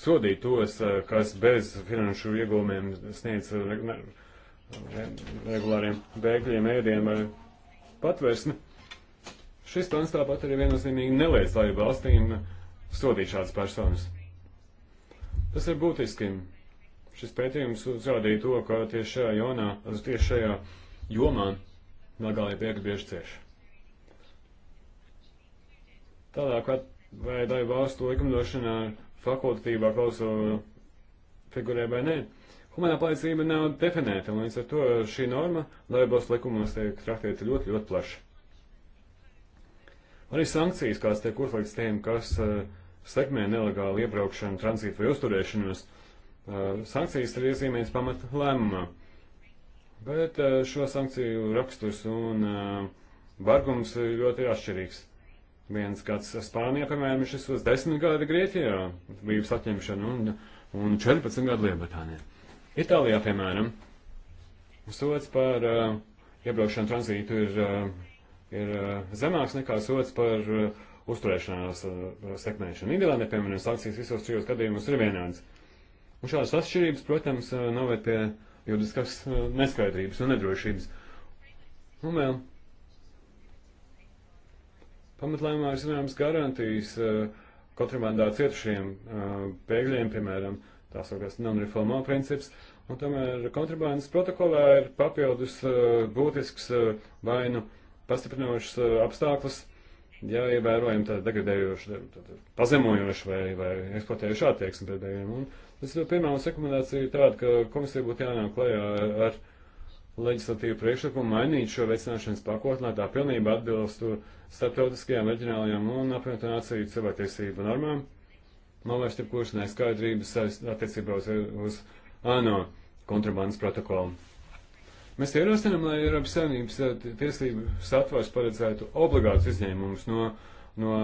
sodīt tos, eh, kas bez finanšu iegūmiem sniedz eh, regulāriem bēgļiem ēdienu vai patvērsni. Šis pants tāpat arī viennozīmīgi neliedz dalību valstīm sodīt šādas personas. Tas ir būtiski. Šis pētījums uzrādīja to, ka tieši šajā jonā, tieši šajā jomā nagālie bēgļi bieži cieši. Tādā, kā vai daļa valstu likumdošanā fakultatīvā klausula figurē vai nē. Humanā palīdzība nav definēta, un līdz ar to šī norma laibos likumos tiek traktēta ļoti, ļoti plaši. Arī sankcijas, kāds tiek uzlikts tiem, kas uh, sekmē nelegāli iebraukšanu, tranzītu vai uzturēšanos, uh, sankcijas ir iezīmētas pamata lēmumā. Bet uh, šo sankciju raksturs un vargums ir ļoti atšķirīgs. Viens gads Spānijā, piemēram, šis uz desmit gadi Grieķijā, brīvības atņemšana, un, un 14 gadu Lielbritānijā. Itālijā, piemēram, sots par uh, iebraukšanu tranzītu ir, uh, ir uh, zemāks nekā sots par uh, uzturēšanās uh, sekmēšanu. Nīderlandē, piemēram, sankcijas visos trijos gadījumos ir vienādas. Un šādas atšķirības, protams, uh, noved pie juridiskās uh, neskaidrības un nedrošības. Un vēl Pamatlēmumā ir zināmas garantijas eh, kontrabandā cietušiem eh, bēgļiem, piemēram, tā saukās non-refoulement princips, un tomēr kontrabandas protokolā ir papildus eh, būtisks vainu pastiprinošs apstākļus, ja ievērojam tādu degradējošu, pazemojošu vai, vai eksploatējušu attieksmi pret bēgļiem. Un tas ir pirmā rekomendācija tāda, ka komisija būtu jānāk klajā ar, ar leģislatīvu priekšlikumu mainīt šo veicināšanas pakotni, lai tā pilnībā atbilstu starptautiskajām, reģionālajām un apvienotu nāciju cilvēktiesību normām. Novērst jebkuras neskaidrības attiecībā uz, uz ANO kontrabandas protokolu. Mēs ierosinām, lai Eiropas Savienības eh, tieslību satvars paredzētu obligātus izņēmumus no, no,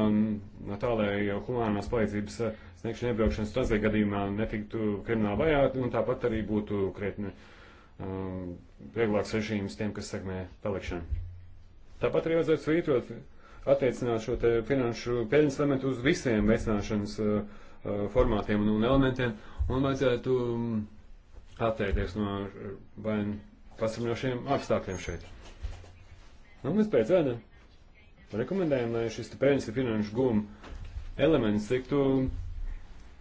no tā, lai humanās palīdzības eh, sniegšana iebraukšanas tranzīta gadījumā netiktu krimināli vajāti, un tāpat arī būtu krietni um, vieglāks režīms tiem, kas segmē palikšanu. Tāpat arī vajadzētu svītrot, attiecināt šo te finanšu peļņas elementu uz visiem veicināšanas uh, uh formātiem un, un elementiem, un vajadzētu mm, atteikties no uh, vainu pasargājošiem apstākļiem šeit. Nu, mēs pēc ēda rekomendējam, lai šis peļņas un finanšu guma elements tiktu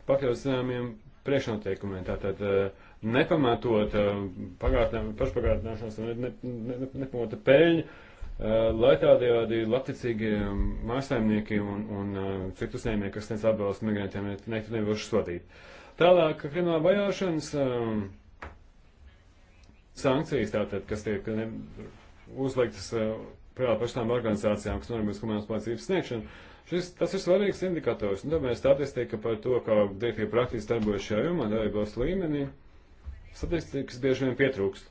pakļauts zināmiem priekšnoteikumiem. Tātad uh, nepamatot eh, pašpagātināšanās un ne, ne, ne, nepamata peļņa, eh, lai tādējādi labticīgi mājasaimniekiem un, un eh, citu uzņēmējiem, kas sniedz atbalstu migrantiem, nekad nevar sodīt. Tālāk, krimināla vajāšanas sankcijas, tātad, kas tiek uzliktas prātā pašām organizācijām, kas norisinās komunālas palīdzības sniegšanu. Šis, tas ir svarīgs indikators, un nu, tāpēc statistika par to, kā direktīva praktiski darbojas šajā jomā, darbības līmenī, uh, Statistikas bieži vien pietrūkst.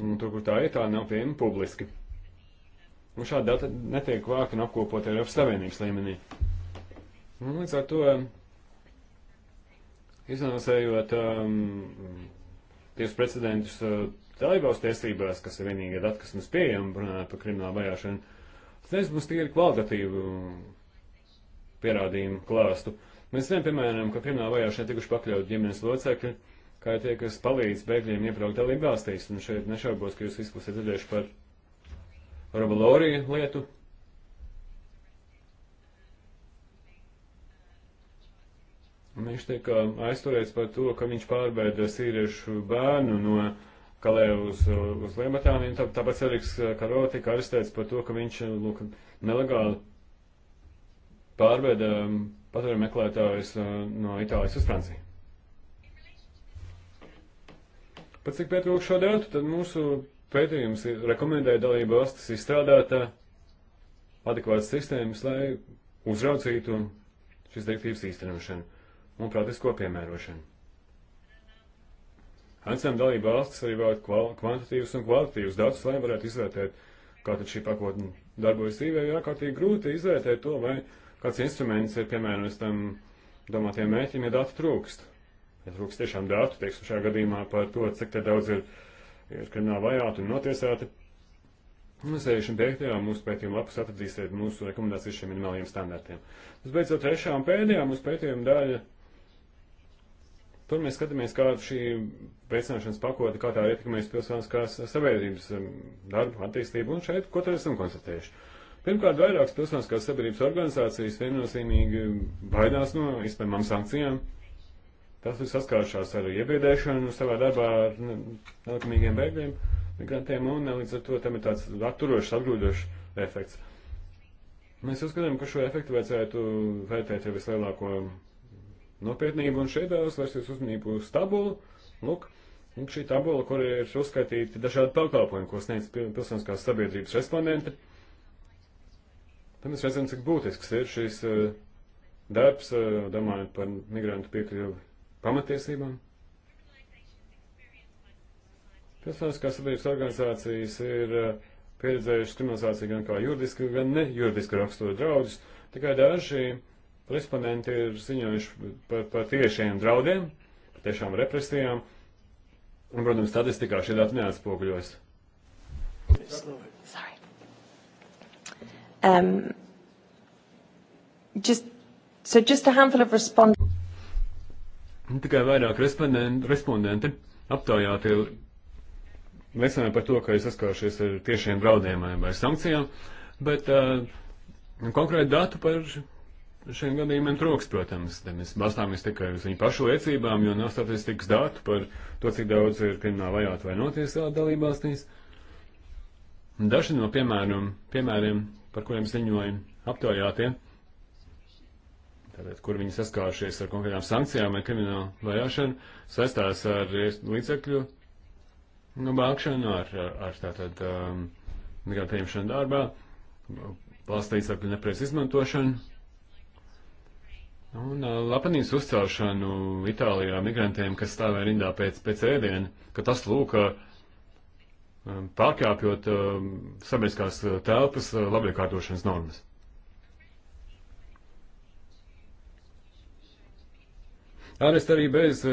Un tur, kur tā ir, tā nav pieejama publiski. Un šāda data netiek vākta un apkopota Eiropas Savienības līmenī. Un līdz ar to um, izanalizējot um, tiesu precedentus uh, dalībās tiesībās, kas ir vienīgie dati, kas mums pieejami, runājot par kriminālu vajāšanu, tas nezinu, mums tie ir kvalitatīvu pierādījumu klāstu. Mēs zinām, piemēram, ka krimināla vajāšanai tikuši pakļaut ģimenes locekļi kā tie, kas palīdz bēgļiem iebraukt dalību valstīs. Un šeit nešaubos, ka jūs izklasiet dzirdējuši par Robaloriju lietu. Un viņš tiek uh, aizturēts par to, ka viņš pārbēda sīriešu bērnu no Kalē uz, uh, uz Liematām. Un tā, tāpēc Eriks uh, Karo tika arestēts par to, ka viņš lūk, nelegāli pārbēda um, patvērumu meklētājus no Itālijas uz Franciju. Pēc cik pietrūkst šo datu, tad mūsu pētījums rekomendēja dalību valstis izstrādāt uh, adekvātas sistēmas, lai uzraucītu šīs direktīvas īstenošanu un praktisko piemērošanu. Aicinām dalību valstis arī vēl kvantitīvus un kvalitatīvus datus, lai varētu izvērtēt, kā tad šī pakotne darbojas dzīvē, jo ārkārtīgi grūti izvērtēt to, vai kāds instruments ir piemērojams tam domātiem mērķim, ja datu trūkst. Ja trūks tiešām datu, teiksim, šajā gadījumā par to, cik te daudz ir, ir krimināli vajāti un notiesāti. Un 65. mūsu pētījuma lapus atradīsiet mūsu rekomendācijas šiem minimālajiem standartiem. Visbeidzot, trešā un pēdējā mūsu pētījuma daļa. Tur mēs skatāmies, kā šī veicināšanas pakota, kā tā ietekmēs pilsoniskās sabiedrības um, darbu, attīstību, un šeit, ko tad esam konstatējuši. Pirmkārt, vairākas pilsoniskās sabiedrības organizācijas viennozīmīgi baidās no izpējamām sankcijām. Tas ir saskāršās ar iebiedēšanu savā darbā ar nu, nelikumīgiem bēgļiem, migrantiem, un uh, līdz ar to tam ir tāds atturošs, atgrūdošs efekts. Mēs uzskatām, ka šo efektu vajadzētu vērtēt jau vislielāko nopietnību, un šeit vēlos vērst jūsu uzmanību uz tabulu. Lūk, un šī tabula, kur ir uzskaitīti dažādi pakalpojumi, ko sniedz pilsoniskās sabiedrības respondenti. Tad mēs redzam, cik būtisks ir šis uh, darbs, uh, domājot par migrantu piekļuvi pamatiesībām. Pilsoniskās sabiedrības organizācijas ir eh, pieredzējušas kriminalizāciju gan kā juridiski, gan ne juridiski raksturu draudus. Tikai daži respondenti ir ziņojuši par, par tiešiem draudiem, par tiešām represijām. Un, protams, statistikā šie dati neatspoguļojas. Um, just, so just a handful of response. Nu, tikai vairāk respondenti, respondenti aptaujāti liecināja par to, ka ir saskārušies ar tiešiem draudiem vai sankcijām, bet uh, konkrēti datu par šiem gadījumiem trūks, protams. Te mēs balstāmies tikai uz viņu pašu liecībām, jo nav statistikas datu par to, cik daudz ir krimināli vajāti vai notiesāti dalībvalstīs. Daži no piemēram, piemēriem, par kuriem ziņoja aptaujātie, ja? tātad, kur viņi saskāršies ar konkrētām sankcijām vai kriminālu vajāšanu, saistās ar līdzekļu nu, bākšanu, ar, ar, ar tātad um, migrāntu pieņemšanu darbā, valsts līdzekļu nepreiz izmantošanu. Un uh, lapanīs uzcelšanu Itālijā migrantiem, kas stāvēja rindā pēc, pēc ēdiena, ka tas lūk, uh, um, pārkāpjot um, uh, sabiedriskās telpas uh, labiekārtošanas normas. Ārest arī bez eh,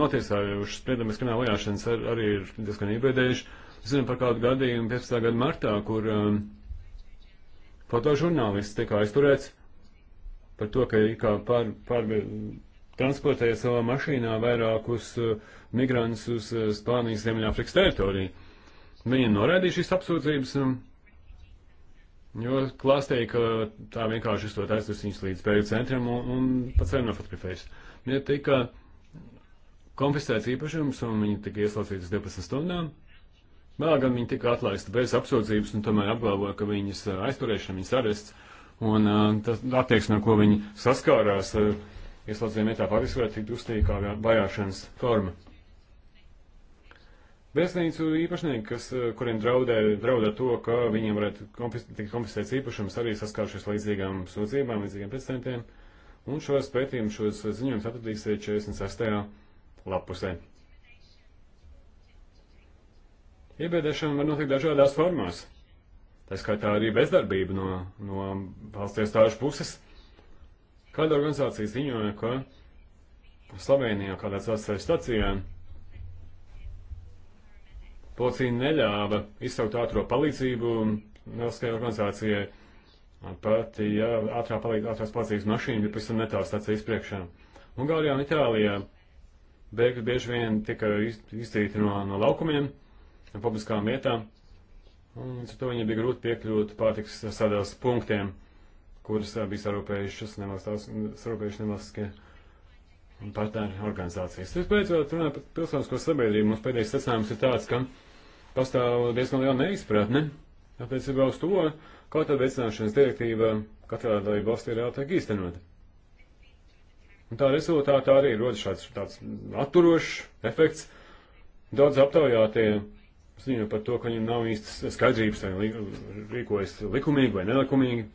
notiesājušas spriedumas krimināla vajāšanas ar, arī ir diezgan iebēdējuši. Es zinu par kādu gadījumu 15. gada martā, kur um, fotožurnālists tika aizturēts par to, ka kā pār, pār, transportēja savā mašīnā vairākus uh, eh, migrantus uz uh, Spānijas Ziemeļāfrikas teritoriju. Viņa noraidīja šīs apsūdzības, um, jo klāstīja, ka tā vienkārši izstot aizvest viņus līdz pēļu centram un, un pats vien nofotografējas. Uh, Viņai tika konfiscēts īpašums un viņa tika ieslaucīta uz 12 stundām. Vēl gan viņa tika atlaista bez apsūdzības un tomēr apgalvoja, ka viņas eh, aizturēšana, viņas arests un eh, tas attieksme, ar ko viņi saskārās, eh, ieslaucījuma vietā faktiski varētu tikt uztīta kā vajāšanas forma. Vēstnīcu īpašnieki, kas, kuriem draudē, draudē to, ka viņiem varētu konfis, tikt konfiscēts īpašums, arī saskāršies līdzīgām sūdzībām, līdzīgiem precedentiem. Un šos pētījumus, šos ziņojumus atradīsiet 46. lapusē. Iebēdēšana var notikt dažādās formās. Tā skaitā arī bezdarbība no, no valsts iestāžu puses. Kāda organizācija ziņoja, ka Slovenijā kādā atsevišķā stacijā policija neļāva izsaukt ātro palīdzību valstiskai organizācijai Pat, ja ātrā palīdz, ātrās palīdzības mašīna ir pavisam netālu stācijas priekšā. Ungārijā un Itālijā bēgļi bieži vien tika izcīti no, no laukumiem, no publiskām vietām, un līdz ar to viņiem bija grūti piekļūt pārtiks sadās punktiem, kuras bija sarūpējušas nevalstiskie partneri organizācijas. Vispēcot, runājot par pilsonisko sabiedrību, mums pēdējais secinājums ir tāds, ka pastāv diezgan liela neizpratne attiecībā uz to, Kā tad veicināšanas direktīva katrā dalība valstī reāli tiek īstenota? Un tā rezultātā arī rodas šāds tāds atturošs efekts. Daudz aptaujātie ziņo par to, ka viņiem nav īstas skaidrības, vai rīkojas likumīgi vai nelikumīgi.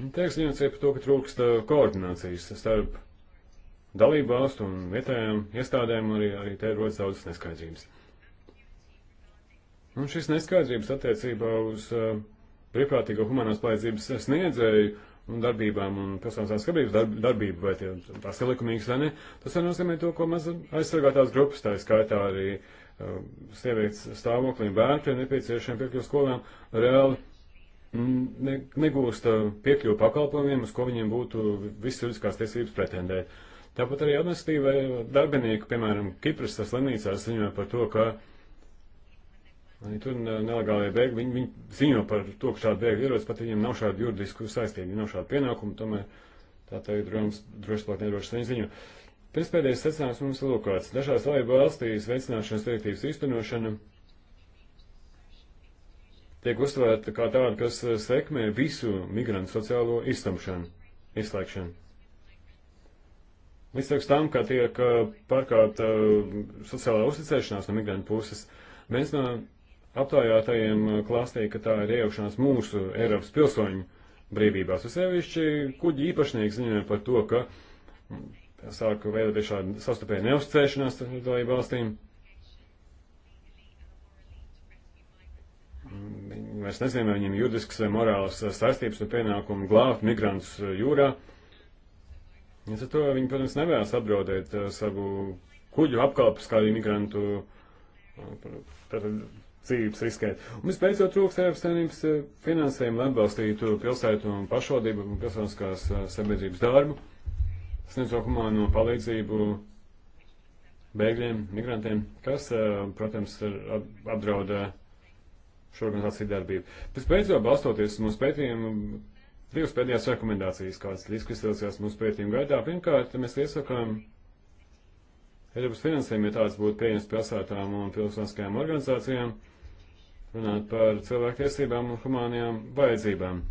Tiek ziņots arī par to, ka trūkst uh, koordinācijas starp dalību valstu un vietējām iestādēm, arī, arī te rodas daudzas neskaidrības. Un šis neskaidrības attiecībā uz uh, brīvprātīgo humanās palīdzības sniedzēju un darbībām un pilsoniskās sabiedrības darb, darbību, vai tie, tās ir likumīgas vai ne, tas arī nozīmē to, ko maz aizsargātās grupas, tā skaitā arī uh, sievietes stāvoklim bērni nepieciešiem piekļuvu skolām reāli ne, negūst uh, piekļuvu pakalpojumiem, uz ko viņiem būtu visas juridiskās tiesības pretendēt. Tāpat arī amnestīva darbinieku, piemēram, Kipras slimnīcās ziņoja par to, ka uh, Arī tur nelegālie bēgļi, viņi, viņi ziņo par to, ka šādi bēgļi ierodas, pat viņiem nav šādu juridisku saistību, viņiem nav šādu pienākumu, tomēr tā teikt, drošs, drošs plāk nedrošs viņi ziņo. Pirmspēdējais secinājums mums ir lūkots. Dažās laiba valstīs veicināšanas direktīvas īstenošana tiek uztvērta kā tāda, kas eh, sekmē visu migrantu sociālo izstumšanu, izslēgšanu. Līdz tam, kā tiek eh, pārkārt eh, sociālā uzticēšanās no migrantu puses, viens no aptaujātajiem eh, klāstīja, ka tā ir iejaukšanās mūsu Eiropas pilsoņu brīvībās. Es sevišķi kuģi īpašnieks ziņoja par to, ka mm, sāka veidoties šāda sastapēja neuzcēšanās dalību valstīm. Mm, viņi vairs nezina, vai viņiem juridisks vai morāls saistības vai pienākumu glābt migrantus jūrā. Līdz ar to viņi, protams, nevēlas apdraudēt eh, savu kuģu apkalpes, kā arī migrantu eh, dzīves riskēt. Un visbeidzot trūkst Eiropas Savienības eh, finansējumu, lai atbalstītu pilsētu un pašvaldību un pilsoniskās eh, sabiedrības darbu, sniedzot humāno palīdzību bēgļiem, migrantiem, kas, eh, protams, apdraud šo organizāciju darbību. Visbeidzot, balstoties uz mūsu pētījumu, divas pēdējās rekomendācijas, kādas izkristalizējās mūsu pētījuma gaidā, pirmkārt, mēs iesakām Eiropas finansējumi, ja tāds būtu pieejams pilsētām un pilsoniskajām organizācijām, runāt par cilvēktiesībām un humānajām vajadzībām.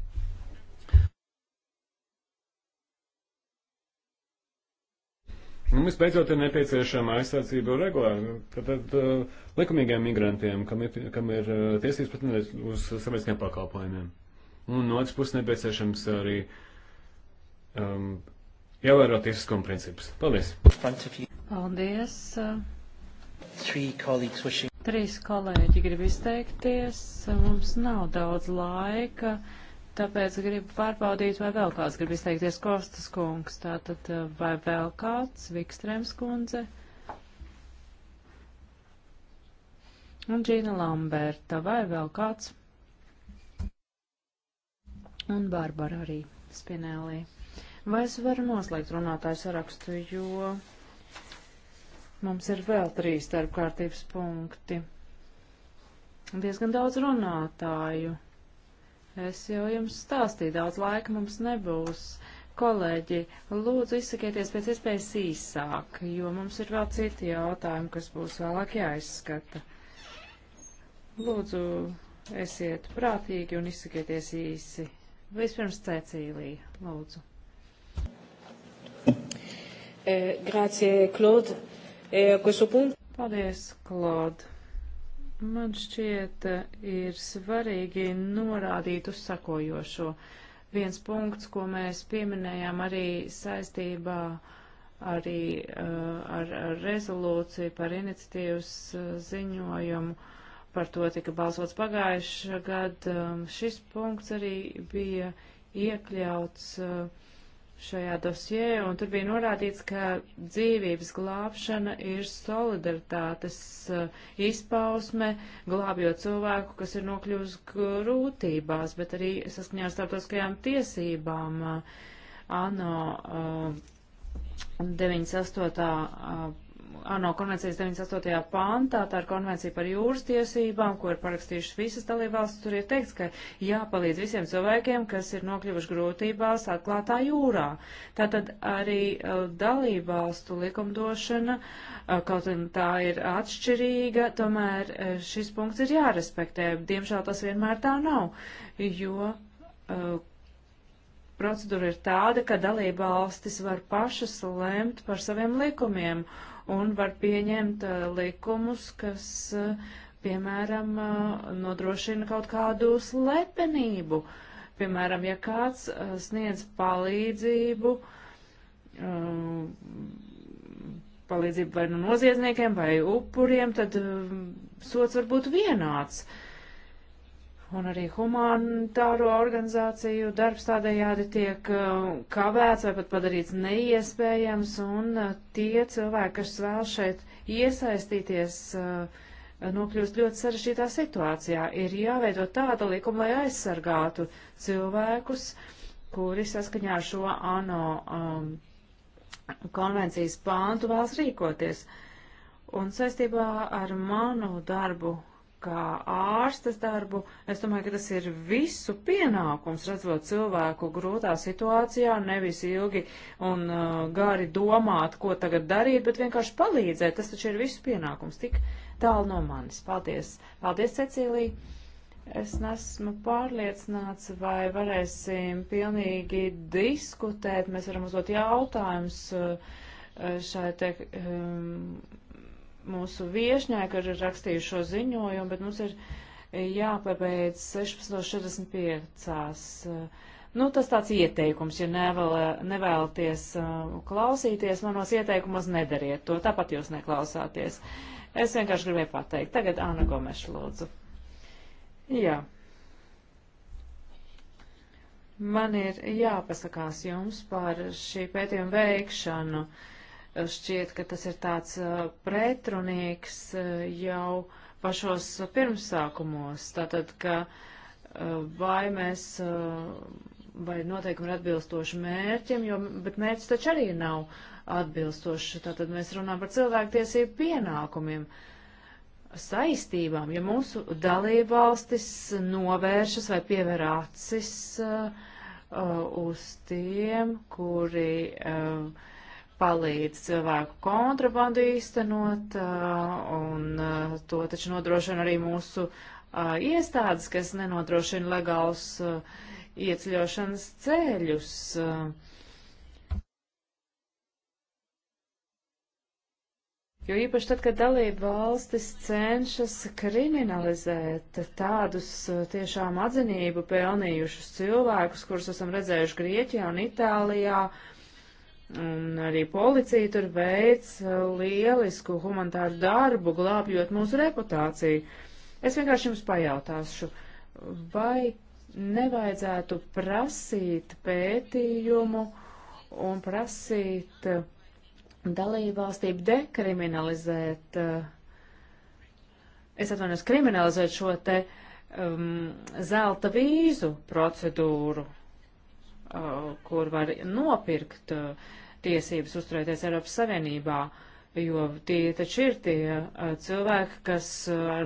Nu, mums beidzot ir nepieciešama aizsardzība regulāri. Tad, tad uh, likumīgiem migrantiem, kam ir, kam ir uh, tiesības pretendēt uz sabiedriskiem pakalpojumiem. Un no otras puses nepieciešams arī um, ievērot tiesiskuma principus. Paldies! Paldies! Uh... Three colleagues wishing. Trīs kolēģi grib izteikties, mums nav daudz laika, tāpēc gribu pārbaudīt, vai vēl kāds grib izteikties Kostas kungs, tātad vai vēl kāds, Vikstrēms kundze. Un Džīna Lamberta, vai vēl kāds? Un Barbara arī, Spinelli. Vai es varu noslēgt runātāju sarakstu, jo Mums ir vēl trīs darbkārtības punkti. Diezgan daudz runātāju. Es jau jums stāstīju, daudz laika mums nebūs. Kolēģi, lūdzu izsakieties pēc iespējas īsāk, jo mums ir vēl citi jautājumi, kas būs vēlāk jāizskata. Lūdzu, esiet prātīgi un izsakieties īsi. Vispirms Cecīlija, lūdzu. Eh, Grācie, Klod. E, questo punto. Paldies, Klod. Man šķiet, eh, ir svarīgi norādīt uz sakojošo. Viens punkts, ko mēs pieminējām arī saistībā arī uh, ar, ar rezolūciju par iniciatīvas uh, ziņojumu, par to tika balsots pagājušā gada. Um, šis punkts arī bija iekļauts uh, šajā dosjē, un tur bija norādīts, ka dzīvības glābšana ir solidaritātes eh, izpausme, glābjot cilvēku, kas ir nokļuvis grūtībās, bet arī saskaņā ar starptautiskajām tiesībām eh, ANO 98. Eh, ANO konvencijas 98. pantā, tā ir konvencija par jūras tiesībām, ko ir parakstījušas visas dalībvalstis, tur ir teikts, ka jāpalīdz visiem cilvēkiem, kas ir nokļuvuši grūtībās atklātā jūrā. Tātad arī uh, dalībvalstu likumdošana, uh, kaut gan tā ir atšķirīga, tomēr uh, šis punkts ir jārespektē. Diemžēl tas vienmēr tā nav, jo procedūra ir tāda, ka dalība valstis var pašas lemt par saviem likumiem, un var pieņemt eh, likumus, kas, eh, piemēram, eh, nodrošina kaut kādu slepenību. Piemēram, ja kāds sniedz palīdzību, palīdzību vai nu noziedzniekiem vai upuriem, tad sots var būt vienāds. Uh, un arī humanitāro organizāciju darbs tādējādi tiek uh, kavēts vai pat padarīts neiespējams, un uh, tie cilvēki, kas vēl šeit iesaistīties, uh, nokļūst ļoti sarežģītā situācijā. Ir jāveido tāda likuma, lai aizsargātu cilvēkus, kuri saskaņā ar šo ANO um, konvencijas pāntu vēlas rīkoties. Un saistībā ar manu darbu kā ārstas darbu, es domāju, ka tas ir visu pienākums, redzot cilvēku grūtā situācijā, nevis ilgi un uh, gari domāt, ko tagad darīt, bet vienkārši palīdzēt. Tas taču ir visu pienākums, tik tālu no manis. Paldies! Paldies, Cecīlija! Es nesmu pārliecināts, vai varēsim pilnīgi diskutēt. Mēs varam uzdot jautājumus uh, šai te. Um, mūsu viešņai, kas ir rakstījuši šo ziņojumu, bet mums ir jāpabeidz 16.45. Nu, tas tāds ieteikums, ja nevēl, nevēlaties uh, klausīties, manos ieteikumos nedariet to, tāpat jūs neklausāties. Es vienkārši gribēju pateikt. Tagad Āna Gomeša lūdzu. Jā. Man ir jāpasakās jums par šī pētījuma veikšanu. Uh, šķiet, ka tas ir tāds uh, pretrunīgs uh, jau pašos pirmsākumos. Tātad, ka uh, vai mēs, vai noteikumi ir atbilstoši mērķim, jo, bet mērķis taču arī nav atbilstoši. Tātad mēs runājam par cilvēktiesību pienākumiem, saistībām. Ja mūsu dalībvalstis novēršas vai piever acis uh, uz tiem, kuri uh, palīdz cilvēku kontrabandu īstenot, un to taču nodrošina arī mūsu iestādes, kas nenodrošina legālus ieceļošanas ceļus. Jo īpaši tad, kad dalība valstis cenšas kriminalizēt tādus tiešām atzinību pelnījušus cilvēkus, kurus esam redzējuši Grieķijā un Itālijā, uh, Un arī policija tur veic uh, lielisku humanitāru darbu, glābjot mūsu reputāciju. Es vienkārši jums pajautāšu, vai nevajadzētu prasīt pētījumu un prasīt uh, dalībvalstību dekriminalizēt, uh, es atvainojos, kriminalizēt šo te um, zelta vīzu procedūru, Uh, kur var nopirkt uh, tiesības uzturēties Eiropas Savienībā, jo tie taču ir tie uh, cilvēki, kas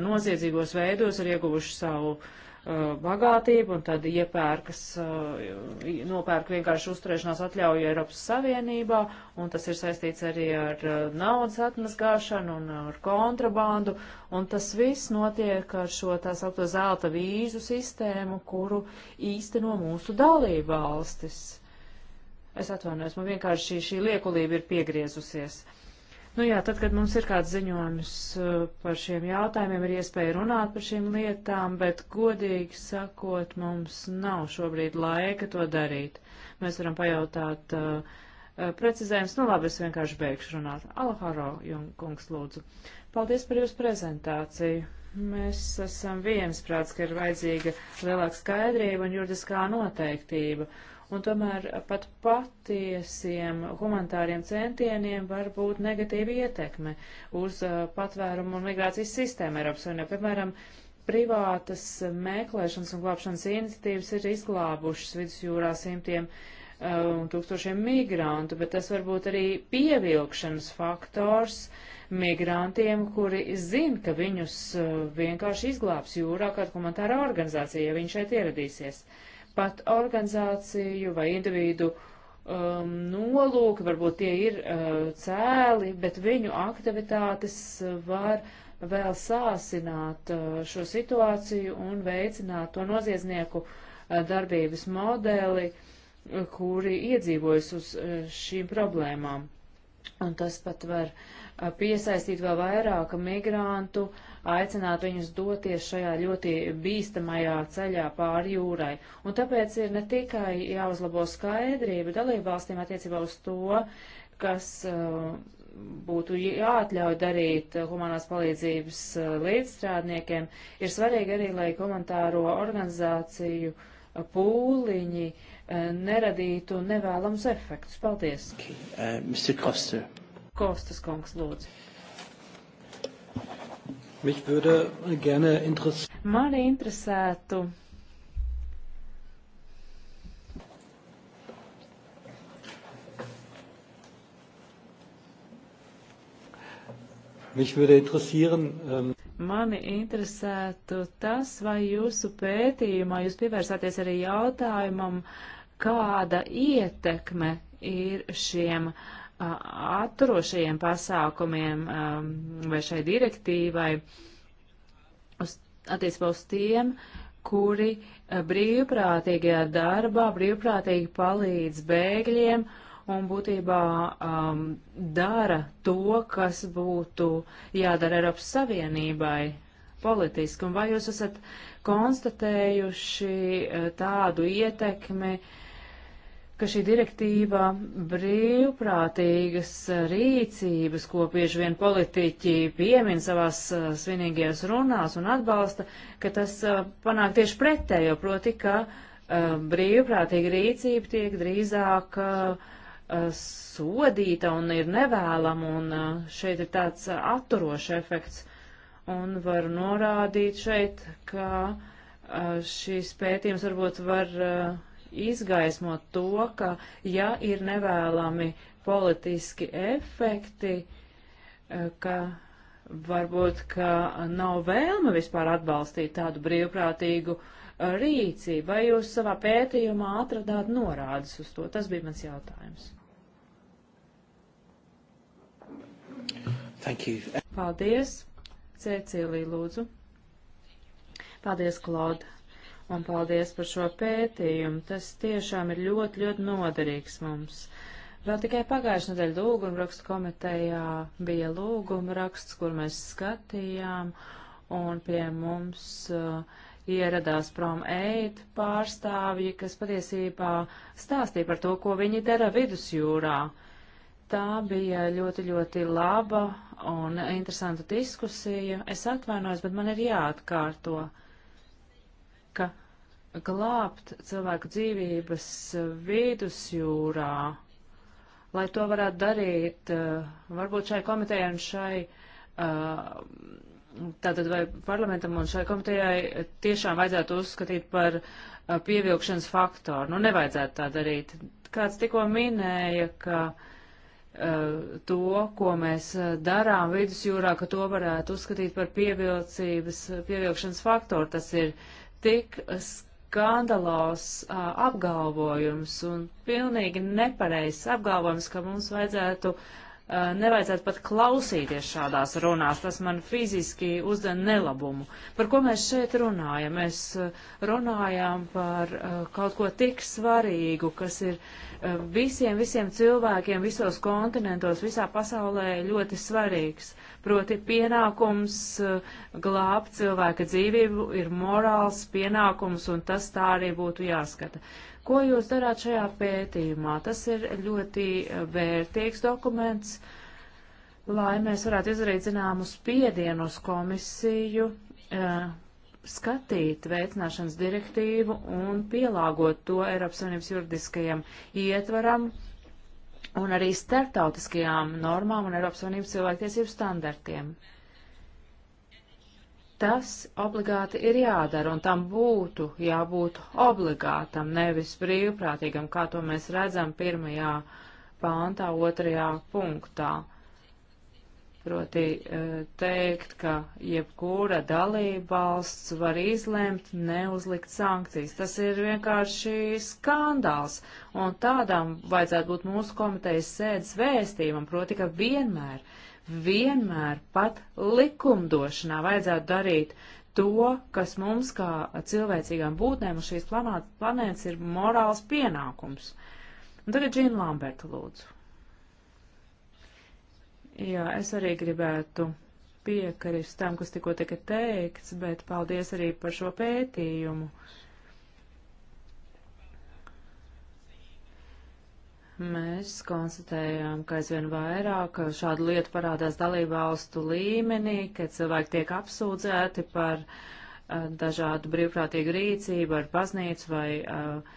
noziedzīgos veidos ir ieguvuši savu uh, Uh, bagātību un tad iepērkas, uh, nopērk vienkārši uzturēšanās atļauju Eiropas Savienībā, un tas ir saistīts arī ar uh, naudas atmazgāšanu un ar kontrabandu, un tas viss notiek ar šo tā saukto zelta vīzu sistēmu, kuru īsteno mūsu dalība valstis. Es atvainojos, man vienkārši šī, šī liekulība ir piegriezusies. Uh, Nu jā, tad, kad mums ir kāds ziņojums uh, par šiem jautājumiem, ir iespēja runāt par šīm lietām, bet godīgi sakot, mums nav šobrīd laika to darīt. Mēs varam pajautāt uh, uh precizējums. Nu labi, es vienkārši beigšu runāt. Alaharo, kungs, lūdzu. Paldies par jūsu prezentāciju. Mēs esam viensprāts, ka ir vajadzīga lielāka skaidrība un juridiskā noteiktība. Uh, un tomēr pat patiesiem humanitāriem centieniem var būt negatīva ietekme uz uh, patvērumu un migrācijas sistēmu Eiropas Savienībā. Piemēram, privātas meklēšanas un glābšanas iniciatīvas ir izglābušas vidusjūrā simtiem uh, un uh, tūkstošiem migrantu, bet tas var būt arī pievilkšanas faktors migrantiem, kuri zina, ka viņus uh, vienkārši izglābs jūrā kāda humanitāra organizācija, ja viņš šeit ieradīsies. Uh, pat organizāciju vai individu um, nolūki, varbūt tie ir uh, cēli, bet viņu aktivitātes var vēl sāsināt uh, šo situāciju un veicināt to noziedznieku uh, darbības modeli, uh, kuri iedzīvojas uz uh, šīm problēmām. Un tas pat var uh, piesaistīt vēl vairāk migrantu uh, aicināt viņus doties šajā ļoti bīstamajā ceļā pāri jūrai. Un tāpēc ir ne tikai jāuzlabo skaidrība dalībvalstīm attiecībā uz to, kas uh, būtu jāatļauj darīt humanās palīdzības uh, līdzstrādniekiem, ir svarīgi arī, lai komentāro organizāciju uh, pūliņi uh, neradītu nevēlams efektus. Paldies! Okay. Uh, Mr. Koster. Kostas kungs, lūdzu. Mich würde gerne interessieren. Mani interesētu. Mich würde interessieren. Um... Mani interesētu tas, vai jūsu pētījumā jūs pievērsāties arī jautājumam, kāda ietekme ir šiem uh, atturošajiem pasākumiem vai šai direktīvai uz, attiecībā uz tiem, kuri brīvprātīgajā darbā brīvprātīgi palīdz bēgļiem un būtībā um, dara to, kas būtu jādara Eiropas Savienībai politiski. Un vai jūs esat konstatējuši tādu ietekmi uh, ka šī direktīva brīvprātīgas rīcības, ko bieži vien politiķi piemin savās eh, svinīgajās runās un atbalsta, ka tas eh, panāk tieši pretējo, proti, ka eh, brīvprātīga rīcība tiek drīzāk sodīta un ir nevēlama, un šeit ir tāds atturošs efekts. Un var norādīt šeit, ka šīs pētījums varbūt var uh, izgaismot to, ka ja ir nevēlami politiski efekti, eh, ka varbūt, ka nav vēlme vispār atbalstīt tādu brīvprātīgu eh, rīcību, vai jūs savā pētījumā atradāt norādes uz to? Tas bija mans jautājums. Thank you. Paldies, Cecīlija, lūdzu. Paldies, Klauda un paldies par šo pētījumu. Tas tiešām ir ļoti, ļoti noderīgs mums. Vēl tikai pagājušajā nedēļā lūgumrakstu komitejā bija lūgumraksts, kur mēs skatījām, un pie mums uh, ieradās prom eit pārstāvji, kas patiesībā stāstīja par to, ko viņi dara vidusjūrā. Tā bija ļoti, ļoti laba un interesanta diskusija. Es atvainojos, bet man ir jāatkārto. Uh, ka glābt cilvēku dzīvības vidusjūrā, lai to varētu darīt, uh, varbūt šai komitejai un šai, uh, tātad vai parlamentam un šai komitejai tiešām vajadzētu uzskatīt par uh, pievilkšanas faktoru. Nu, nevajadzētu tā darīt. Kāds tikko minēja, ka to, ko mēs darām vidusjūrā, ka to varētu uzskatīt par pievilcības, pievilkšanas faktoru. Tas ir uh, tik skandalos uh, apgalvojums un pilnīgi nepareizs apgalvojums, ka mums vajadzētu uh, Eh, nevajadzētu pat klausīties šādās runās. Tas man fiziski uzdara nelabumu. Par ko mēs šeit runājam? Mēs eh, runājām par eh, kaut ko tik svarīgu, kas ir visiem, visiem cilvēkiem visos kontinentos, visā pasaulē ļoti svarīgs. Proti pienākums glābt cilvēka dzīvību ir morāls pienākums, un tas tā arī būtu jāskata. Uh, Ko jūs darāt šajā pētījumā? Tas ir ļoti eh, vērtīgs dokuments, lai mēs varētu izdarīt zināmu spiedienu uz komisiju, eh, skatīt veicināšanas direktīvu un pielāgot to Eiropas Savienības juridiskajam ietvaram un arī starptautiskajām normām un Eiropas Savienības cilvēktiesību standartiem tas obligāti ir jādara, un tam būtu jābūt obligātam, nevis brīvprātīgam, kā to mēs redzam pirmajā pāntā, otrajā punktā. Proti eh, teikt, ka jebkura dalībvalsts var izlemt neuzlikt sankcijas. Tas ir vienkārši skandāls, un tādām vajadzētu būt mūsu komitejas sēdes vēstījumam, proti, ka vienmēr uh, vienmēr pat likumdošanā vajadzētu darīt to, kas mums kā cilvēcīgām būtnēm uz šīs planētas ir morāls pienākums. Un tagad Džīna Lamberta lūdzu. Jā, es arī gribētu piekarist tam, kas tikko tika teikts, bet paldies arī par šo pētījumu. Uh, Mēs konstatējām, ka aizvien vairāk šādu lietu parādās dalību valstu līmenī, kad cilvēki tiek apsūdzēti par uh, dažādu brīvprātīgu rīcību ar baznīcu vai uh,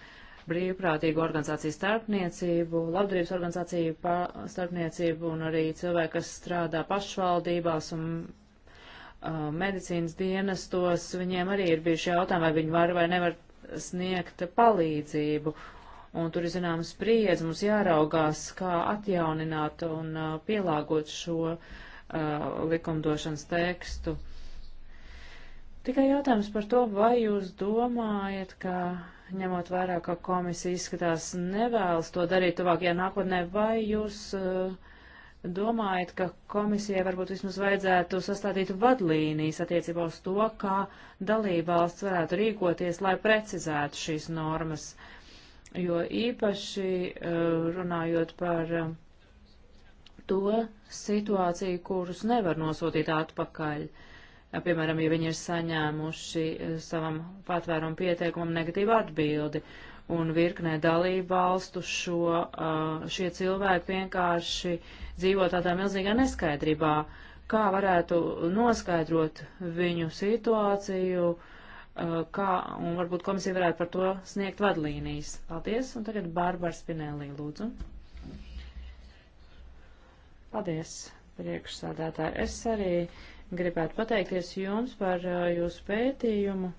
brīvprātīgu organizāciju starpniecību, labdarības organizāciju starpniecību un arī cilvēki, kas strādā pašvaldībās un uh, medicīnas dienestos, viņiem arī ir bijuši jautājumi, vai viņi var vai nevar sniegt palīdzību un tur ir zināma spriedze, mums jāraugās, kā atjaunināt un uh, pielāgot šo uh, likumdošanas tekstu. Tikai jautājums par to, vai jūs domājat, ka ņemot vērā, ka komisija izskatās nevēlas to darīt tuvākajā nākotnē, vai jūs uh, domājat, ka komisijai varbūt vismaz vajadzētu sastādīt vadlīnijas attiecībā uz to, kā dalībvalsts varētu rīkoties, lai precizētu šīs normas? Uh, jo īpaši eh, runājot par eh, to situāciju, kurus nevar nosūtīt atpakaļ. Piemēram, ja viņi ir saņēmuši eh, savam patvērumu pieteikumam negatīvu atbildi, un virknē dalību valstu šo, šie cilvēki vienkārši dzīvo tādā milzīgā neskaidrībā, kā varētu noskaidrot viņu situāciju, uh, Uh, kā, un varbūt komisija varētu par to sniegt vadlīnijas. Paldies, un tagad Bārbara Spinēlī, lūdzu. Paldies, priekšsādātāji. Es arī gribētu pateikties jums par uh, jūsu pētījumu.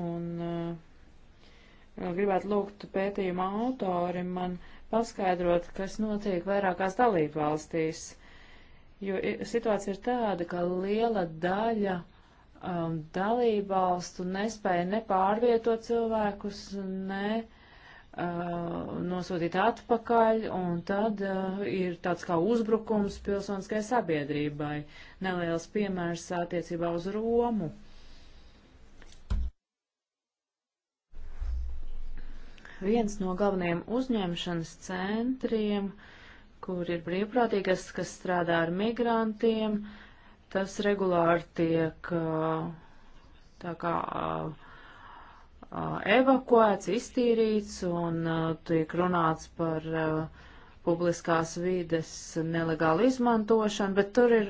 Un uh, gribētu lūgt pētījuma autori man paskaidrot, kas notiek vairākās dalību valstīs. Jo situācija ir tāda, ka liela daļa uh, um, dalībvalstu nespēja ne pārvietot cilvēkus, ne uh, nosūtīt atpakaļ, un tad uh, ir tāds kā uzbrukums pilsoniskai sabiedrībai. Neliels piemērs attiecībā uz Romu. Viens no galvenajiem uzņemšanas centriem, kur ir brīvprātīgas, kas strādā ar migrantiem, uh, Tas regulāri tiek tā kā evakuēts, iztīrīts un tiek runāts par publiskās vides nelegālu izmantošanu, bet tur ir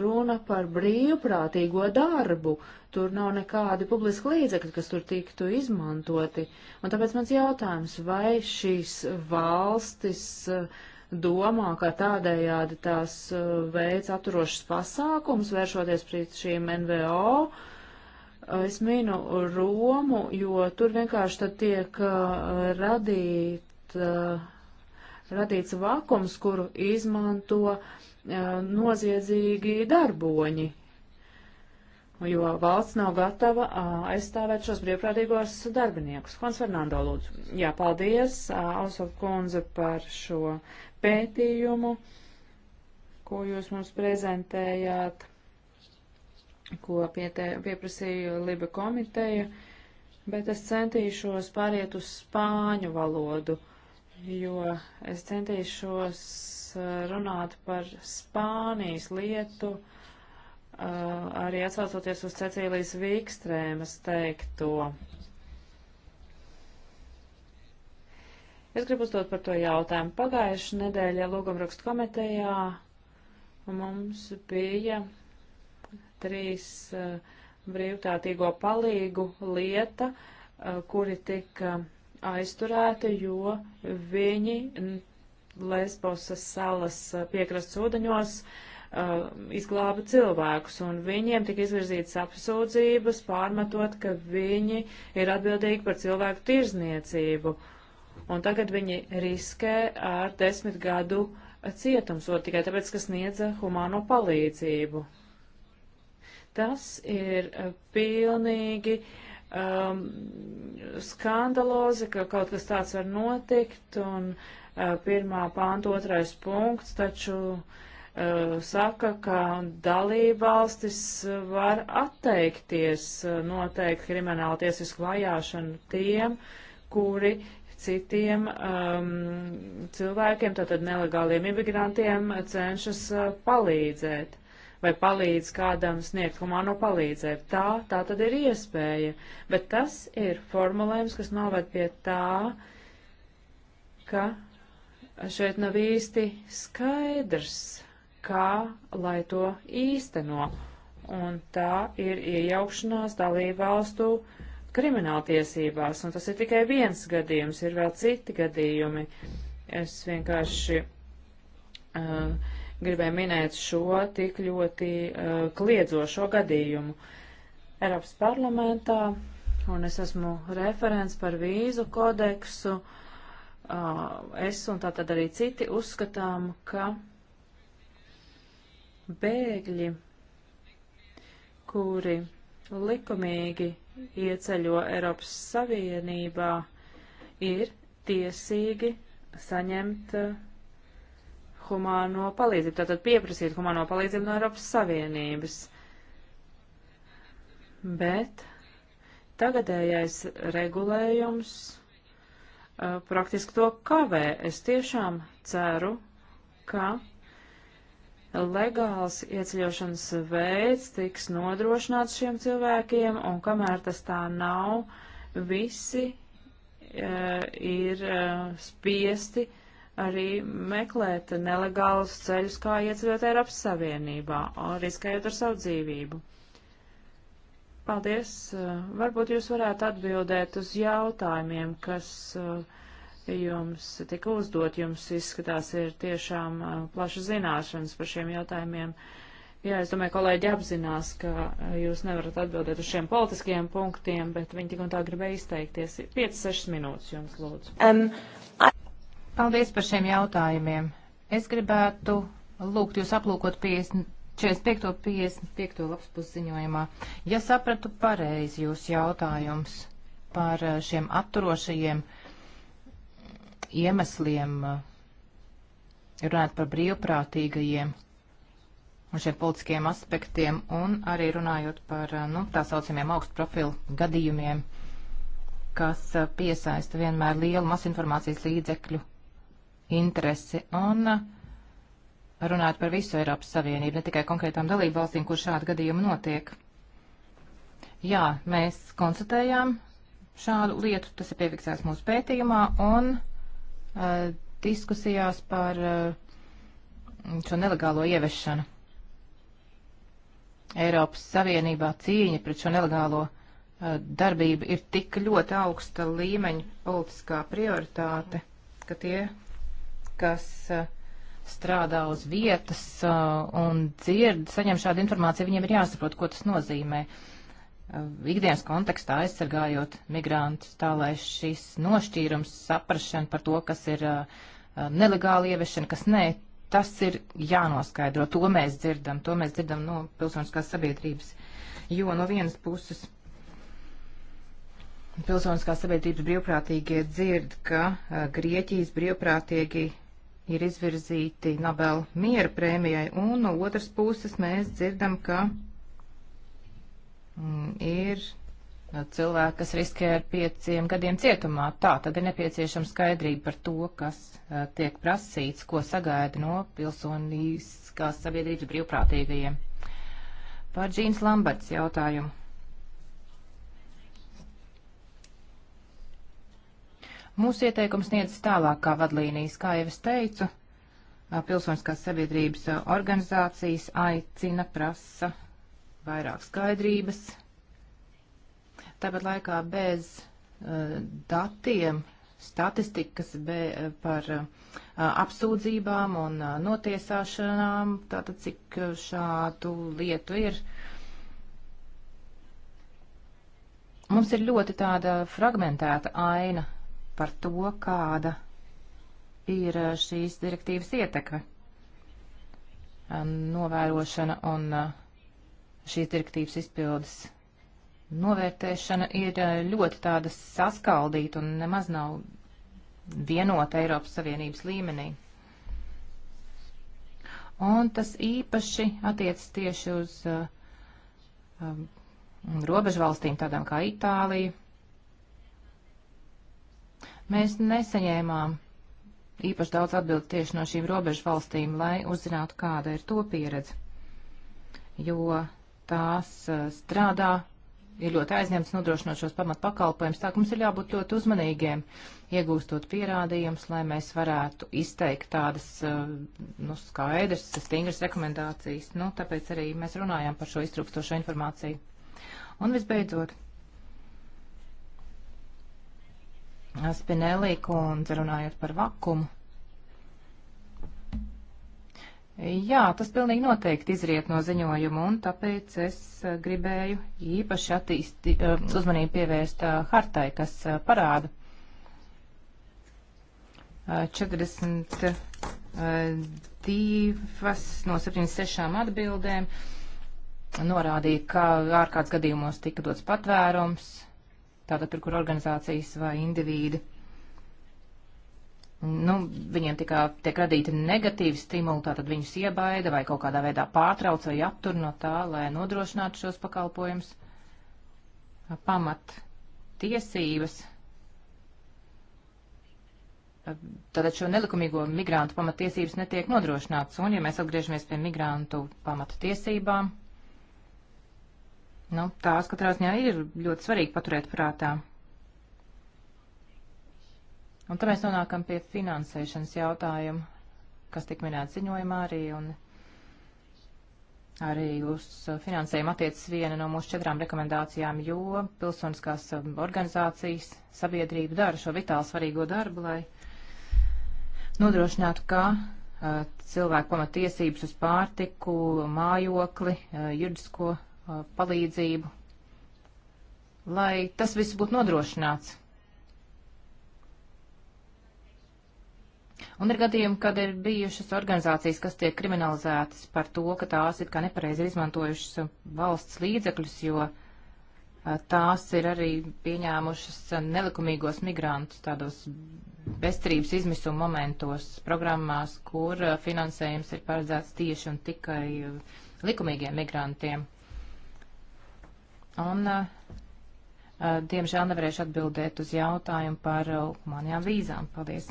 runa par brīvprātīgo darbu. Tur nav nekādi publiski līdzekļi, kas tur tiktu izmantoti. Un tāpēc mans jautājums, vai šīs valstis uh, domā, ka tādējādi tās uh, veids atturošas pasākums, vēršoties pret šīm NVO. Es mīnu Romu, jo tur vienkārši tad tiek uh, radīt, uh, radīts vakums, kuru izmanto noziedzīgi darboņi, jo valsts nav gatava aizstāvēt šos brīvprātīgos darbiniekus. Hans Fernando lūdzu. Jā, paldies, Ausov kundze, par šo pētījumu, ko jūs mums prezentējāt, ko pietē, pieprasīja Liba komiteja, bet es centīšos pāriet uz spāņu valodu, jo es centīšos runāt par Spānijas lietu arī atsaucoties uz Cecīlijas Vīkstrēmas teikto. Es gribu uzdot par to jautājumu. Pagājuši nedēļa lūgumrakstu komitejā mums bija trīs uh, brīvtātīgo palīgu lieta, uh, kuri tika aizturēti, jo viņi Lesbosas salas piekrastas ūdeņos uh, uh, izglāba cilvēkus, un viņiem tika izvirzītas apsūdzības, pārmetot, ka viņi ir atbildīgi par cilvēku tirzniecību. Un tagad viņi riskē ar desmit gadu cietumsodu tikai tāpēc, ka sniedza humāno palīdzību. Tas ir uh, pilnīgi um, skandalozi, ka kaut kas tāds var notikt, un uh, pirmā pānta otrais punkts, taču uh, Uh, saka, ka dalībvalstis var atteikties uh, noteikt kriminālu tiesisku vajāšanu tiem, kuri citiem um, cilvēkiem, tātad nelegāliem imigrantiem, cenšas uh, palīdzēt vai palīdz kādam sniegt humāno palīdzību. Tā, tā tad ir iespēja, bet tas ir formulējums, kas noved pie tā, ka šeit nav īsti skaidrs, kā lai to īsteno. Un tā ir iejaukšanās dalību valstu krimināltiesībās, un tas ir tikai viens gadījums, ir vēl citi gadījumi. Es vienkārši uh, gribēju minēt šo tik ļoti uh, kliedzošo gadījumu Eiropas parlamentā, un es esmu referents par vīzu kodeksu. Uh, es un tātad arī citi uzskatām, ka bēgļi, kuri likumīgi ieceļo Eiropas Savienībā, ir tiesīgi saņemt eh, humāno palīdzību, tātad pieprasīt humāno palīdzību no Eiropas Savienības. Bet tagadējais regulējums uh, praktiski to kavē. Es tiešām ceru, ka legāls ieceļošanas veids tiks nodrošināts šiem cilvēkiem, un kamēr tas tā nav, visi uh, ir uh, spiesti arī meklēt nelegālus ceļus, kā ieceļot Eiropas Savienībā, riskējot ar savu dzīvību. Paldies. E, varbūt jūs varētu atbildēt uz jautājumiem, kas uh, jums tika uzdot. Jums izskatās ir tiešām plaša zināšanas par šiem jautājumiem. Jā, es domāju, kolēģi apzinās, ka jūs nevarat atbildēt uz šiem politiskajiem punktiem, bet viņi tik un tā gribēja izteikties. 5-6 minūtes jums lūdzu. Um, I... Paldies par šiem jautājumiem. Es gribētu lūgt jūs aplūkot 50, 45. 55. lapspus ziņojumā. Ja sapratu pareizi jūs jautājums par šiem apturošajiem uh, iemesliem eh, runāt par brīvprātīgajiem un šiem politiskiem aspektiem, un arī runājot par eh, nu, tā saucamiem augstu profilu gadījumiem, kas eh, piesaista vienmēr lielu masinformācijas līdzekļu interesi, un runāt par visu Eiropas Savienību, ne tikai konkrētām dalību valstīm, kur šādi gadījumi notiek. Jā, mēs konstatējām šādu lietu, tas ir piefiksēts mūsu pētījumā, un Uh, diskusijās par uh, šo nelegālo ievešanu. Eiropas Savienībā cīņa pret šo nelegālo uh, darbību ir tik ļoti augsta līmeņa politiskā prioritāte, ka tie, kas strādā uz vietas un dzird, saņem šādu informāciju, viņiem ir jāsaprot, ko tas nozīmē. Uh, ikdienas kontekstā aizsargājot migrantus, tā lai šis nošķīrums, saprašana par to, kas ir uh, uh, nelegāla ieviešana, kas nē, tas ir jānoskaidro. To mēs dzirdam, to mēs dzirdam no pilsoniskās sabiedrības. Jo no vienas puses pilsoniskās sabiedrības brīvprātīgie dzird, ka uh, Grieķijas brīvprātīgi ir izvirzīti Nobel miera prēmijai, un no otras puses mēs dzirdam, ka Mm, ir uh, cilvēki, kas riskē ar pieciem gadiem cietumā. Tā tad ir nepieciešama skaidrība par to, kas uh, tiek prasīts, ko sagaida no pilsoniskās sabiedrības brīvprātīgajiem. Par Džīnas Lamberts jautājumu. Mūsu ieteikums sniedz tālāk kā vadlīnijas, kā jau es teicu, uh, pilsoniskās sabiedrības organizācijas aicina, prasa vairāk skaidrības. Tāpat laikā bez uh, datiem, statistikas be, uh, par uh, apsūdzībām un uh, notiesāšanām, tātad cik uh, šādu lietu ir. Mums ir ļoti tāda fragmentēta aina par to, kāda ir uh, šīs direktīvas ietekme novērošana un uh, šīs direktīvas izpildes novērtēšana ir eh, ļoti tāda saskaldīta un nemaz nav vienota Eiropas Savienības līmenī. Un tas īpaši attiec tieši uz uh, um, robežvalstīm, tādām kā Itālija. Mēs nesaņēmām īpaši daudz atbildi tieši no šīm robežvalstīm, lai uzzinātu, kāda ir to pieredze, jo tās eh, strādā, ir ļoti aizņemts nodrošinot šos pamatpakalpojumus. Tā mums ir jābūt ļoti uzmanīgiem, iegūstot pierādījumus, lai mēs varētu izteikt tādas eh, nu, skaidras, stingras rekomendācijas. Nu, tāpēc arī mēs runājām par šo iztrūkstošo informāciju. Un visbeidzot. Spinelī kundze runājot par vakumu. Jā, tas pilnīgi noteikti izriet no ziņojuma, un tāpēc es eh, gribēju īpaši attīsti, eh, uzmanību pievērst eh, hartai, kas parāda 42 no 76 atbildēm norādīja, ka ārkārtas gadījumos tika dots patvērums, tātad tur, kur organizācijas vai indivīdi nu, viņiem tikā tiek radīti negatīvi stimuli, tātad viņus iebaida vai kaut kādā veidā pārtrauc vai aptur no tā, lai nodrošinātu šos pakalpojumus. Pamat tiesības. Tātad šo nelikumīgo migrantu pamatiesības netiek nodrošināts, un ja mēs atgriežamies pie migrantu pamatiesībām, nu, tās katrā ziņā ir ļoti svarīgi paturēt prātā. Un tad mēs nonākam pie finansēšanas jautājuma, kas tik minēts ziņojumā arī, un arī uz uh, finansējumu attiecas viena no mūsu četrām rekomendācijām, jo pilsoniskās um, organizācijas sabiedrība dara šo vitāli svarīgo darbu, lai nodrošinātu, ka uh, cilvēku pamatiesības uz pārtiku, mājokli, uh, juridisko uh, palīdzību, lai tas viss būtu nodrošināts Un ir gadījumi, kad ir bijušas organizācijas, kas tiek kriminalizētas par to, ka tās ir kā nepareizi izmantojušas valsts līdzekļus, jo tās ir arī pieņēmušas nelikumīgos migrantus tādos bezcerības izmisuma momentos programmās, kur finansējums ir paredzēts tieši un tikai likumīgiem migrantiem. Un, diemžēl nevarēšu atbildēt uz jautājumu par humanajām vīzām. Paldies!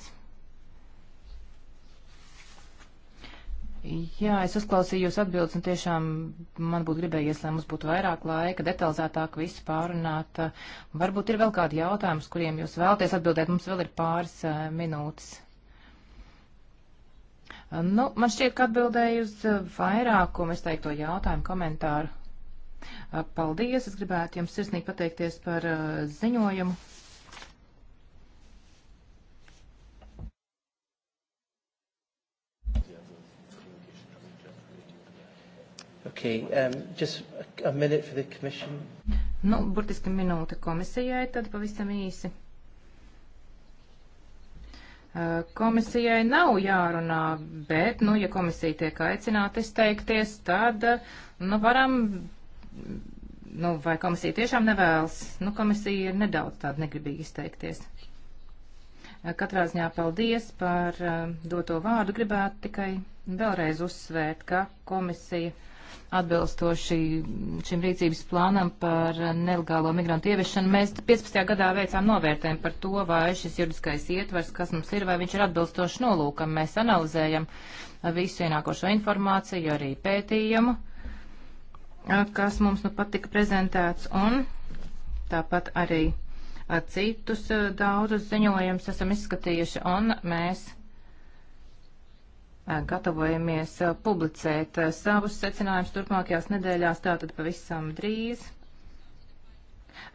Jā, es uzklausīju jūs atbildes, un tiešām man būtu gribējies, lai mums būtu vairāk laika, detalizētāk visu pārunāt. Varbūt ir vēl kādi jautājumi, uz kuriem jūs vēlaties atbildēt. Mums vēl ir pāris uh, minūtes. Nu, man šķiet, ka atbildēju uz eh, vairākumu, es teikto jautājumu, komentāru. Eh, paldies, es gribētu jums sirsnīgi pateikties par uh, ziņojumu. Okay, um, just a minute for the commission. Nu, burtiski minūte komisijai, tad pavisam īsi. Uh, komisijai nav jārunā, bet, nu, ja komisija tiek aicināta izteikties, tad, uh, nu, varam, nu, vai komisija tiešām nevēlas, nu, komisija ir nedaudz tāda negribīga izteikties. Uh, katrā ziņā paldies par doto vārdu, gribētu tikai vēlreiz uzsvērt, ka komisija atbilstoši šim rīcības plānam par nelegālo migrantu ieviešanu. Mēs 15. gadā veicām novērtējumu par to, vai šis juridiskais ietvers, kas mums ir, vai viņš ir atbilstoši nolūkam. Mēs analizējam visu ienākošo informāciju, arī pētījumu, kas mums nu pat tika prezentēts, un tāpat arī citus daudzus ziņojumus esam izskatījuši, un mēs gatavojamies publicēt savus secinājumus turpmākajās nedēļās, tātad pavisam drīz.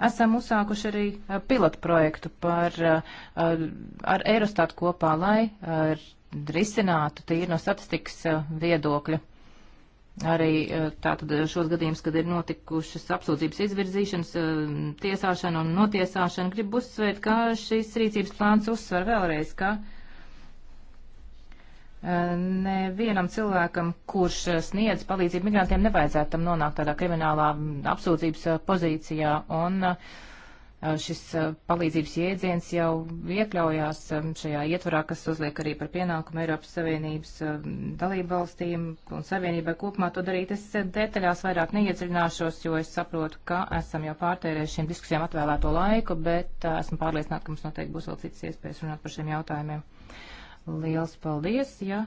Esam uzsākuši arī pilotu projektu par, ar Eirostātu kopā, lai risinātu tīri no statistikas viedokļa arī tātad šos gadījumus, kad ir notikušas apsūdzības izvirzīšanas, tiesāšana un notiesāšana. Gribu uzsvērt, ka šis rīcības plāns uzsver vēlreiz, ka uh, Nevienam cilvēkam, kurš eh, sniedz palīdzību migrantiem, nevajadzētu tam nonākt tādā kriminālā mm, apsūdzības eh, pozīcijā. Un eh, šis palīdzības jēdziens jau iekļaujās šajā ietvarā, kas uzliek arī par pienākumu Eiropas Savienības dalību valstīm un Savienībai kopumā to darīt. Es detaļās vairāk neiedziļināšos, jo es saprotu, ka esam jau pārtērējuši šiem diskusijām atvēlēto laiku, bet esmu pārliecināta, ka mums noteikti būs vēl citas iespējas runāt par šiem jautājumiem. Liels paldies, ja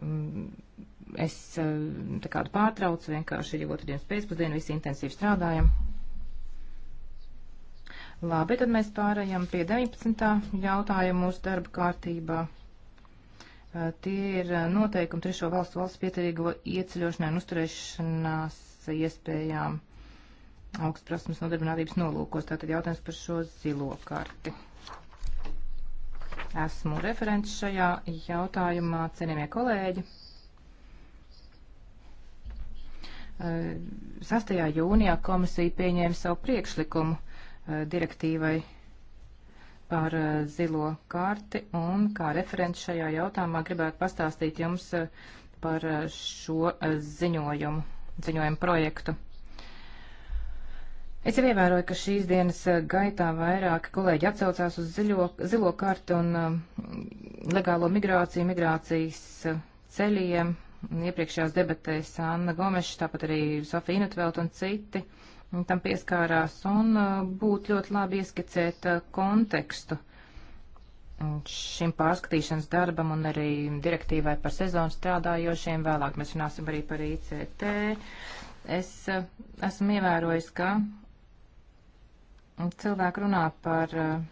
mm, es eh, tā kādu pārtraucu, vienkārši ir otrdienas pēcpusdienu, visi intensīvi strādājam. Labi, tad mēs pārējām pie 19. jautājumu mūsu darba kārtībā. Eh, tie ir eh, noteikumi trešo valstu valsts pietarīgo ieceļošanai un uzturēšanās iespējām augstprasmes nodarbinātības nolūkos. Tātad jautājums par šo zilo karti. Esmu referents šajā jautājumā, cienījamie kolēģi. 6. Eh, jūnijā komisija pieņēma savu priekšlikumu eh, direktīvai par eh, zilo karti, un kā referents šajā jautājumā gribētu pastāstīt jums par šo ziņojumu, ziņojumu projektu. Es jau ievēroju, ka šīs dienas eh, gaitā vairāki kolēģi atcaucās uz ziļo, zilo kartu un uh, legālo migrāciju, migrācijas uh, ceļiem. Iepriekšējās debatēs Anna Gomeša, tāpat arī Sofija Inutvelt un citi tam pieskārās un uh, būtu ļoti labi ieskicēt kontekstu mm, šim pārskatīšanas darbam un arī direktīvai par sezonu strādājošiem. Vēlāk mēs runāsim arī par ICT. Es esmu ievērojis, ka Cilvēki runā par eh,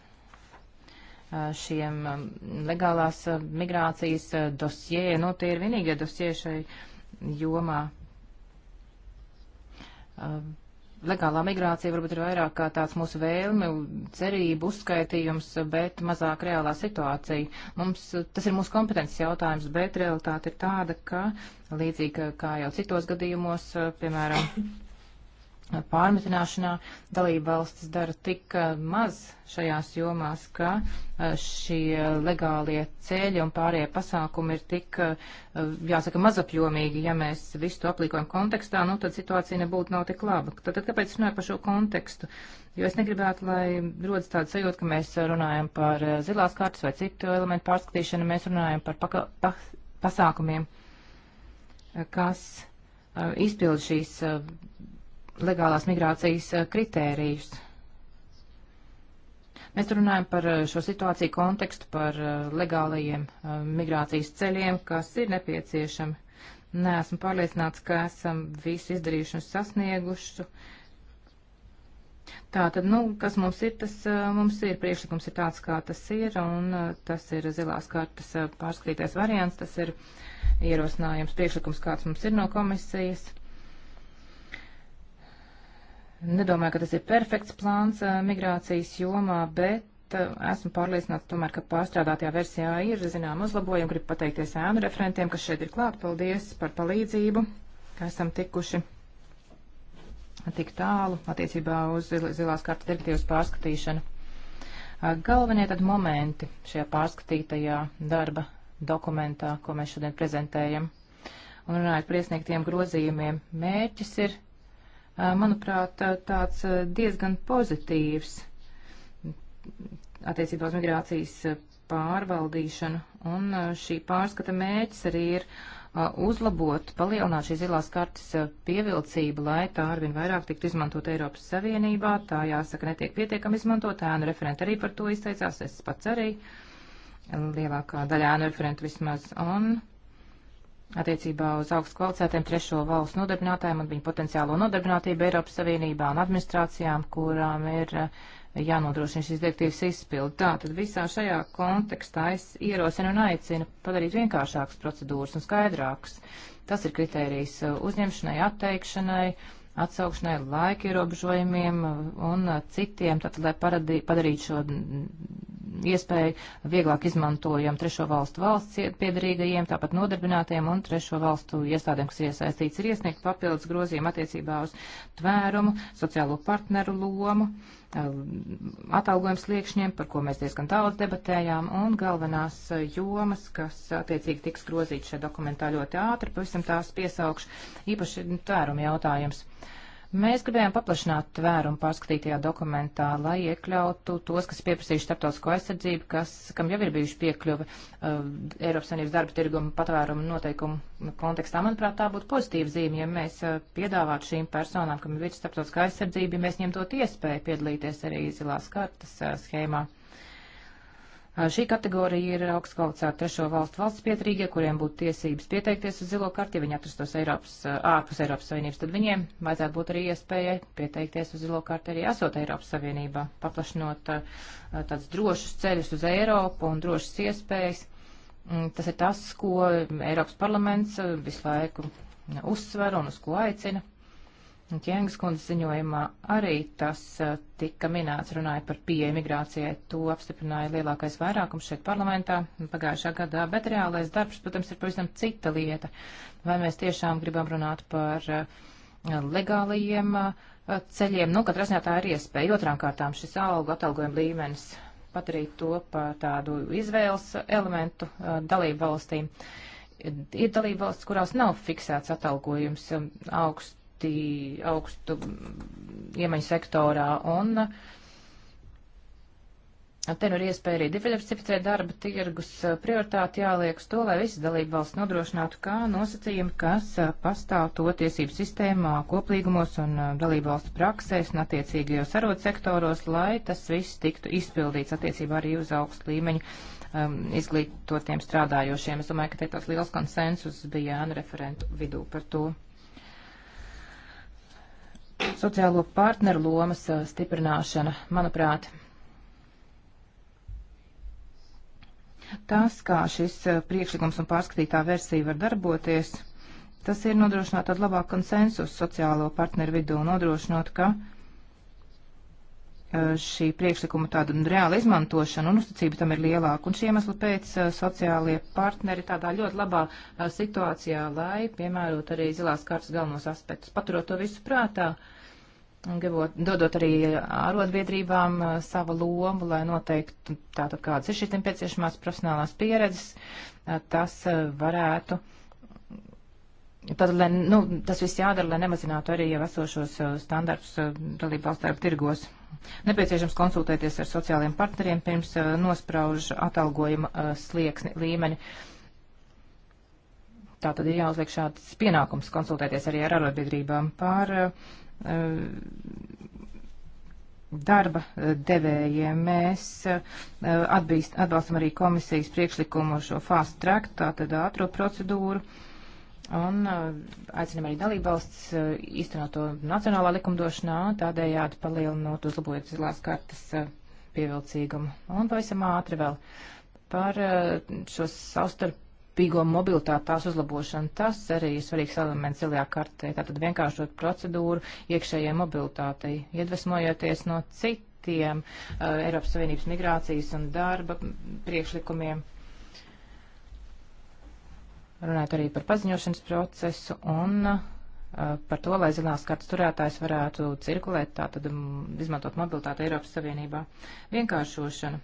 eh, šiem eh, legālās migrācijas dosjē, nu tie ir vienīgie dosjē šai jomā. Legālā migrācija varbūt ir vairāk kā tāds mūsu vēlme, cerība, uzskaitījums, bet mazāk reālā situācija. Mums, tas ir mūsu kompetences jautājums, bet realitāte ir tāda, ka līdzīgi kā jau citos gadījumos, piemēram, pārmetināšanā dalība valstis dara tik eh, maz šajās jomās, ka eh, šie legālie ceļi un pārējie pasākumi ir tik, eh, jāsaka, mazapjomīgi. Ja mēs visu to aplīkojam kontekstā, nu tad situācija nebūtu nav tik laba. Tad, tad kāpēc runāju par šo kontekstu? Jo es negribētu, lai rodas tāda sajūta, ka mēs runājam par zilās kārtas vai citu elementu pārskatīšanu, mēs runājam par paka, pa, pasākumiem, kas izpild šīs legālās migrācijas eh, kritērijus. Mēs runājam par eh, šo situāciju kontekstu, par eh, legālajiem migrācijas ceļiem, kas ir nepieciešami. Nē, esmu pārliecināts, ka esam visu izdarījuši un sasnieguši. Tā tad, nu, kas mums ir, tas mums ir, priekšlikums ir tāds, kā tas ir, un tas ir zilās kartas pārskatītais variants, tas ir ierosinājums, priekšlikums, kāds mums ir no komisijas. Nedomāju, ka tas ir perfekts plāns eh, migrācijas jomā, bet eh, esmu pārliecināts tomēr, ka pārstrādātajā versijā ir zinām uzlabojumi. Gribu pateikties ēnu referentiem, kas šeit ir klāt. Paldies par palīdzību, ka esam tikuši tik tālu attiecībā uz zilās kartas direktīvas pārskatīšanu. Eh, galvenie tad momenti šajā pārskatītajā darba dokumentā, ko mēs šodien prezentējam. Un runājot par iesniegtiem grozījumiem, mērķis ir Eh, manuprāt, eh, tāds eh, diezgan pozitīvs attiecībā uz migrācijas pārvaldīšanu. Un šī pārskata mēģis arī ir uzlabot, palielināt šīs zilās kartes pievilcību, lai tā arvien vairāk tiktu izmantot Eiropas Savienībā. Tā jāsaka, netiek pietiekami izmantot. Ēnu referenti arī par to izteicās, es pats arī. Lielākā daļa ēnu referentu vismaz. Un attiecībā uz augstu kvalificētiem trešo valstu nodarbinātājiem un viņu potenciālo nodarbinātību Eiropas Savienībā un administrācijām, kurām ir eh, jānodrošina šīs direktīvas izpildi. Tā tad visā šajā kontekstā es ierosinu un aicinu padarīt vienkāršākas procedūras un skaidrākas. Tas ir kritērijs eh, uzņemšanai, atteikšanai, atsaukšanai, laika ierobežojumiem eh, un citiem, tātad, lai paradī, padarītu šo iespēju vieglāk izmantojam trešo valstu valsts piedarīgajiem, tāpat nodarbinātiem un trešo valstu iestādēm, kas ir iesaistīts, ir iesniegt papildus grozījumu attiecībā uz tvērumu, sociālo partneru lomu um, atalgojums liekšņiem, par ko mēs diezgan daudz debatējām, un galvenās uh, jomas, kas attiecīgi tiks grozīt šajā dokumentā ļoti ātri, pavisam tās piesaukšu, īpaši tērumu jautājums. Uh, Mēs gribējām paplašināt tvērumu pārskatītajā dokumentā, lai iekļautu tos, kas pieprasījuši starptautisko aizsardzību, kas, kam jau ir bijuši piekļuve uh, Eiropas Savienības darba tirguma patvērumu noteikumu kontekstā. Manuprāt, tā būtu pozitīva zīme, ja mēs uh, piedāvātu šīm personām, kam ir starptautiskā aizsardzība, ja mēs ņemtot iespēju piedalīties arī zilās kartas uh, schēmā. Šī kategorija ir augstskaucā trešo valstu valsts pietrīgie, kuriem būtu tiesības pieteikties uz zilo karti, ja viņi atrastos Eiropas, ārpus Eiropas Savienības, tad viņiem vajadzētu būt arī iespēja pieteikties uz zilo karti arī esot Eiropas Savienībā, paplašinot tāds drošus ceļus uz Eiropu un drošas iespējas. Mm, tas ir tas, ko Eiropas parlaments visu laiku uzsver un uz ko aicina. Tjēngas kundzes ziņojumā arī tas tika minēts, runāja par pieeja migrācijai. To apstiprināja lielākais vairākums šeit parlamentā pagājušā gadā, bet reālais darbs, protams, ir pavisam cita lieta. Vai mēs tiešām gribam runāt par legālajiem ceļiem? Nu, katrā ziņā tā ir iespēja. Otrām kārtām šis algu atalgojuma līmenis padarīt to par tādu izvēles elementu dalību valstīm ir dalībvalsts, kurās nav fiksēts atalgojums augst, ļoti augstu iemaņu sektorā. Un te nu ir iespēja arī diversificēt darba tirgus. Prioritāti jāliek uz to, lai visas dalība valsts nodrošinātu kā nosacījumi, kas pastāv to tiesību sistēmā, koplīgumos un uh, dalība valstu praksēs un attiecīgajos arot sektoros, lai tas viss tiktu izpildīts attiecībā arī uz augstu līmeņu um, izglītotiem strādājošiem. Es domāju, ka te tāds liels konsensus bija ēnu referentu vidū par to. Sociālo partneru lomas eh, stiprināšana, manuprāt, tas, kā šis eh, priekšlikums un pārskatītā versija var darboties, tas ir nodrošināt tādu labāku konsensusu sociālo partneru vidū, nodrošinot, ka uh, Uh, šī priekšlikuma tādu reālu izmantošanu un uzticība tam ir lielāka. Un šī iemesla pēc uh, sociālie partneri tādā ļoti labā uh, situācijā, lai piemērot arī zilās kārtas galvenos aspektus, paturot to visu prātā. Gavot, dodot arī ārotbiedrībām savu lomu, lai noteiktu tātad kādas ir šīs nepieciešamās profesionālās pieredzes, tas varētu Tad, lai, nu, tas viss jādara, lai nemazinātu arī jau esošos standartus dalību valstu darba tirgos nepieciešams konsultēties ar sociālajiem partneriem pirms eh, nosprauž atalgojuma eh, slieksni līmeni. Tā tad ir jāuzliek šāds pienākums konsultēties arī ar arotbiedrībām par eh, darba devējiem. Mēs atbīst, atbalstam arī komisijas priekšlikumu šo fast track, tātad ātro procedūru. Un uh, aicinam arī dalībvalsts uh, īstenot to nacionālā likumdošanā, tādējādi palielinot, uzlabojot zilās kartas uh, pievilcīgumu. Un pavisam ātri vēl par šo savstarpīgo mobilitāti tās uzlabošanu. Tas arī ir svarīgs elements zilajā kartē. Tātad vienkāršot procedūru iekšējai mobilitātei, iedvesmojoties no citiem uh, Eiropas Savienības migrācijas un darba priekšlikumiem. Uh, runāt arī par paziņošanas procesu un uh, par to, lai zilās kartas turētājs varētu cirkulēt, tātad um, izmantot mobilitāti Eiropas Savienībā. Vienkāršošana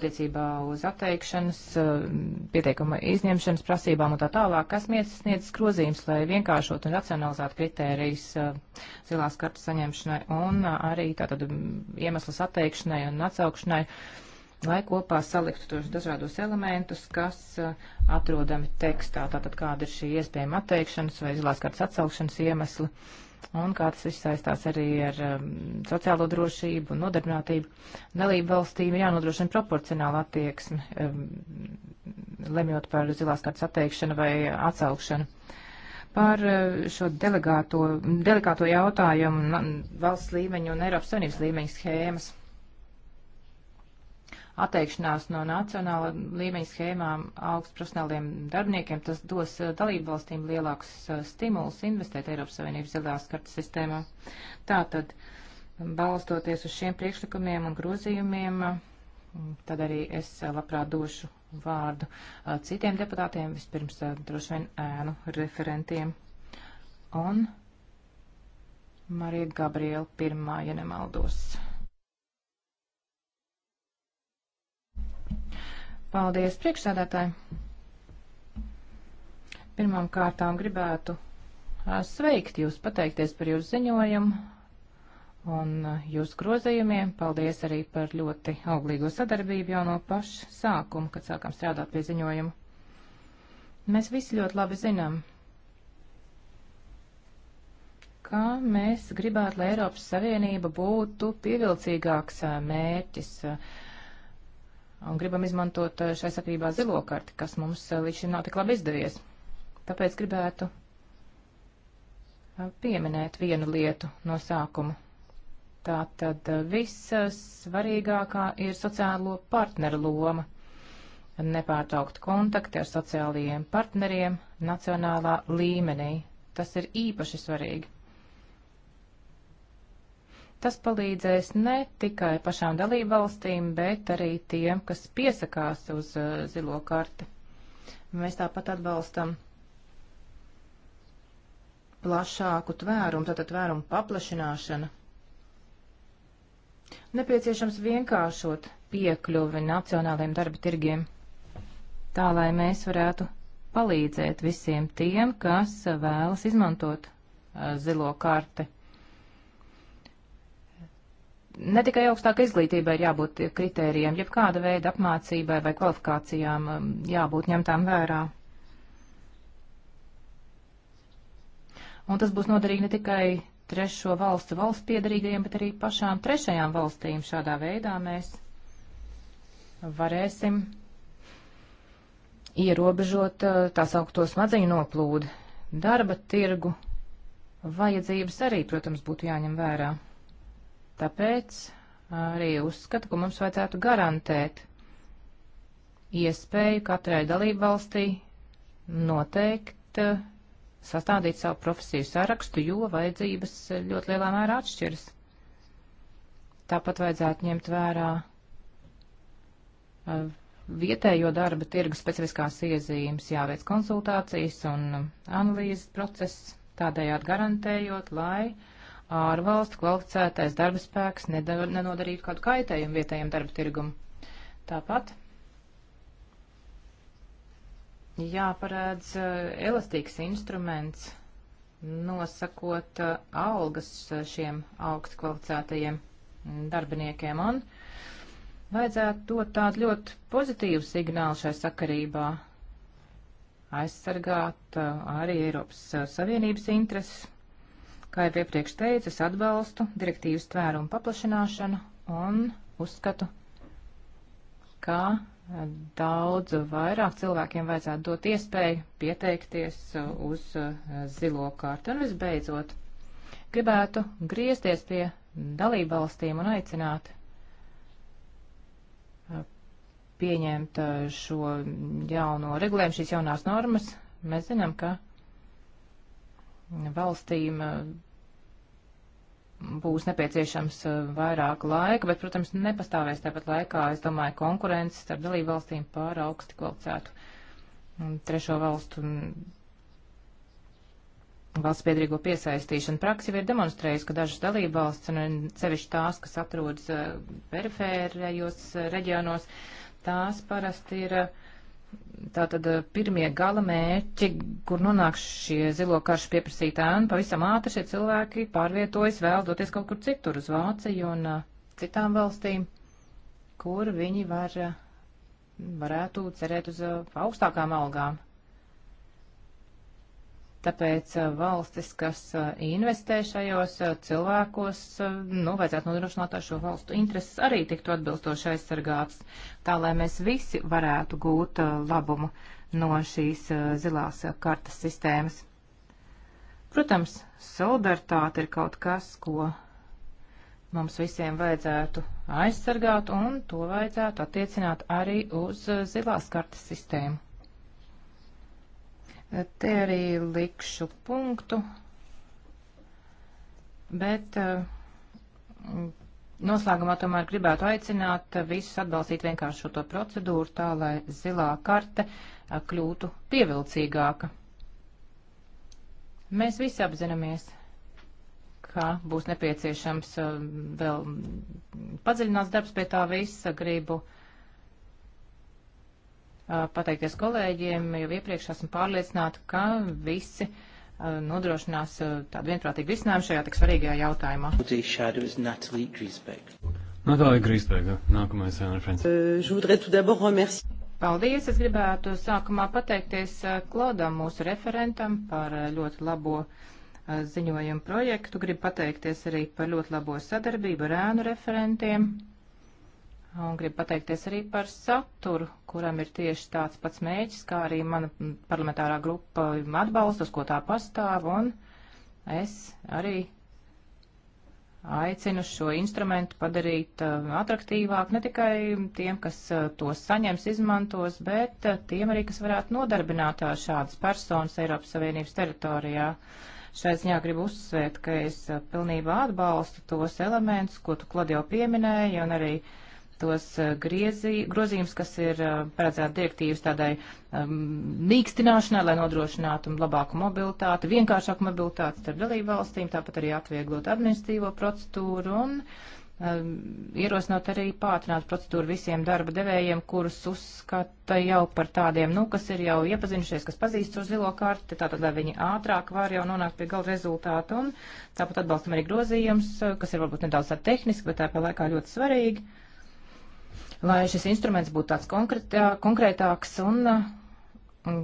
attiecībā uz atteikšanas, uh, pieteikuma izņemšanas prasībām un tā tālāk, kas sniedz grozījums, lai vienkāršot un racionalizētu kritērijas uh, zilās kartas saņemšanai un arī tātad um, iemeslas atteikšanai un atsaukšanai. Uh, lai kopā saliktu tos dažādos elementus, kas eh, atrodami tekstā, tātad kāda ir šī iespējama atteikšanas vai zilās kārtas atsaukšanas iemesli, un kā tas viss saistās arī ar um, sociālo drošību un nodarbinātību. Dalību valstīm ir jānodrošina proporcionāla attieksme, um, lemjot par zilās kārtas atteikšanu vai atsaukšanu par eh, šo delegāto, delegāto jautājumu valsts līmeņu un Eiropas Savienības līmeņa schēmas atteikšanās no nacionāla līmeņa schēmām augstu profesionāliem darbiniekiem, tas dos eh, dalību valstīm lielākus eh, stimulus investēt Eiropas Savienības zilās kartas sistēmā. Tātad, balstoties uz šiem priekšlikumiem un grozījumiem, tad arī es eh, labprāt došu vārdu citiem deputātiem, vispirms droši vien ēnu referentiem. Un Marija Gabriela pirmā, ja nemaldos. Paldies, priekšsādātāji! Pirmām kārtām gribētu sveikt jūs, pateikties par jūsu ziņojumu un jūsu grozījumiem. Paldies arī par ļoti auglīgo sadarbību jau no paša sākuma, kad sākām strādāt pie ziņojuma. Mēs visi ļoti labi zinām, ka mēs gribētu, lai Eiropas Savienība būtu pievilcīgāks mērķis. Uh, un gribam izmantot eh, šai sakrībā zilo karti, kas mums eh, līdz šim nav tik labi izdevies. Tāpēc gribētu eh, pieminēt vienu lietu no sākuma. Tā tad vissvarīgākā ir sociālo partneru loma. Nepārtraukt kontakti ar sociālajiem partneriem nacionālā līmenī. Tas ir īpaši svarīgi. Tas palīdzēs ne tikai pašām dalībvalstīm, bet arī tiem, kas piesakās uz uh, zilo karti. Mēs tāpat atbalstam plašāku tvērumu, tātad tvērumu paplašināšana. Nepieciešams vienkāršot piekļuvi nacionāliem darba tirgiem, tā lai mēs varētu palīdzēt visiem tiem, kas uh, vēlas izmantot uh, zilo karti ne tikai augstākai izglītībai ir jābūt kritērijiem, jeb kāda veida apmācībai vai kvalifikācijām um, jābūt ņemtām vērā. Un tas būs noderīgi ne tikai trešo valstu valsts piedarīgajiem, bet arī pašām trešajām valstīm. Šādā veidā mēs varēsim ierobežot uh, tās augto smadzeņu noplūdi. Darba tirgu vajadzības arī, protams, būtu jāņem vērā. Tāpēc arī uzskatu, ka mums vajadzētu garantēt iespēju katrai dalībvalstī noteikt, eh, sastādīt savu profesiju sarakstu, jo vajadzības ļoti lielā mērā atšķiras. Tāpat vajadzētu ņemt vērā eh, vietējo darba tirgu specifiskās iezīmes, jāveic konsultācijas un eh, analīzes process, tādējādi garantējot, lai uh, ārvalstu kvalificētais darba spēks nenodarītu kādu kaitējumu vietējiem darba tirgumu. Tāpat jāparēdz eh, elastīgs instruments, nosakot eh, algas eh, šiem augstu kvalificētajiem darbiniekiem un vajadzētu dot tādu ļoti pozitīvu signālu šai sakarībā, aizsargāt arī Eiropas Savienības intereses Kā jau iepriekš teicu, es atbalstu direktīvas tvērumu paplašināšanu un uzskatu, ka daudz vairāk cilvēkiem vajadzētu dot iespēju pieteikties uz eh, zilo kārtu. Un visbeidzot, gribētu griezties pie dalībvalstīm un aicināt eh, pieņemt eh, šo jauno regulējumu, šīs jaunās normas. Mēs zinām, ka valstīm eh, būs nepieciešams eh, vairāk laika, bet, protams, nepastāvēs tāpat laikā, es domāju, konkurences starp dalību valstīm pār augsti kvalificētu mm, trešo valstu mm, valsts piedrīgo piesaistīšana. Praksi ir demonstrējusi, ka dažas dalību valsts, un sevišķi tās, kas atrodas eh, perifērējos reģionos, tās parasti ir uh, Tātad eh, pirmie gala mērķi, kur nonāk šie zilo karšu pieprasītā ēna, pavisam ātri šie cilvēki pārvietojas vēl doties kaut kur citur uz Vāciju un eh, citām valstīm, kur viņi var, eh, varētu cerēt uz augstākām algām. Tāpēc valstis, kas investē šajos cilvēkos, nu, vajadzētu nodrošināt, lai šo valstu intereses arī tiktu atbilstoši aizsargāts, tā lai mēs visi varētu gūt labumu no šīs zilās kartas sistēmas. Protams, solidaritāte ir kaut kas, ko mums visiem vajadzētu aizsargāt, un to vajadzētu attiecināt arī uz zilās kartas sistēmu. Te arī likšu punktu, bet eh, noslēgumā tomēr gribētu aicināt visus atbalstīt vienkāršo to procedūru tā, lai zilā karte eh, kļūtu pievilcīgāka. Mēs visi apzināmies, ka būs nepieciešams eh, vēl padziļināts darbs pie tā visa. Gribu uh, pateikties kolēģiem, jo iepriekš esmu pārliecināta, ka visi nodrošinās tādu vienprātīgu risinājumu šajā tik svarīgajā jautājumā. Natālija Grīsbēga, nākamais Jāna Frens. Paldies! Es gribētu sākumā pateikties Klaudam, mūsu referentam, par ļoti labo ziņojumu projektu. Gribu pateikties arī par ļoti labo sadarbību ar ēnu referentiem. Un gribu pateikties arī par saturu, kuram ir tieši tāds pats mēģis, kā arī mana parlamentārā grupa atbalsta, uz ko tā pastāv, un es arī aicinu šo instrumentu padarīt uh, atraktīvāk ne tikai tiem, kas uh, to saņems, izmantos, bet uh, tiem arī, kas varētu nodarbināt šādas personas Eiropas Savienības teritorijā. Šai ziņā gribu uzsvērt, ka es pilnībā atbalstu tos elementus, ko tu, Klod, jau pieminēji, un arī uh, tos eh, griezī, grozījums, kas ir eh, paredzēta direktīvas tādai um, mīkstināšanai, lai nodrošinātu labāku mobilitāti, vienkāršāku mobilitāti starp dalību valstīm, tāpat arī atvieglot administrīvo procedūru un um, ierosinot arī pātrināt procedūru visiem darba devējiem, kurus uzskata jau par tādiem, nu, kas ir jau iepazinušies, kas pazīst šo zilo karti, tātad, lai viņi ātrāk var jau nonākt pie gala rezultātu un tāpat atbalstam arī grozījums, eh, kas ir varbūt nedaudz tā tehniski, bet tāpēc laikā ļoti svarīgi lai šis instruments būtu tāds konkrētā, konkrētāks un, un,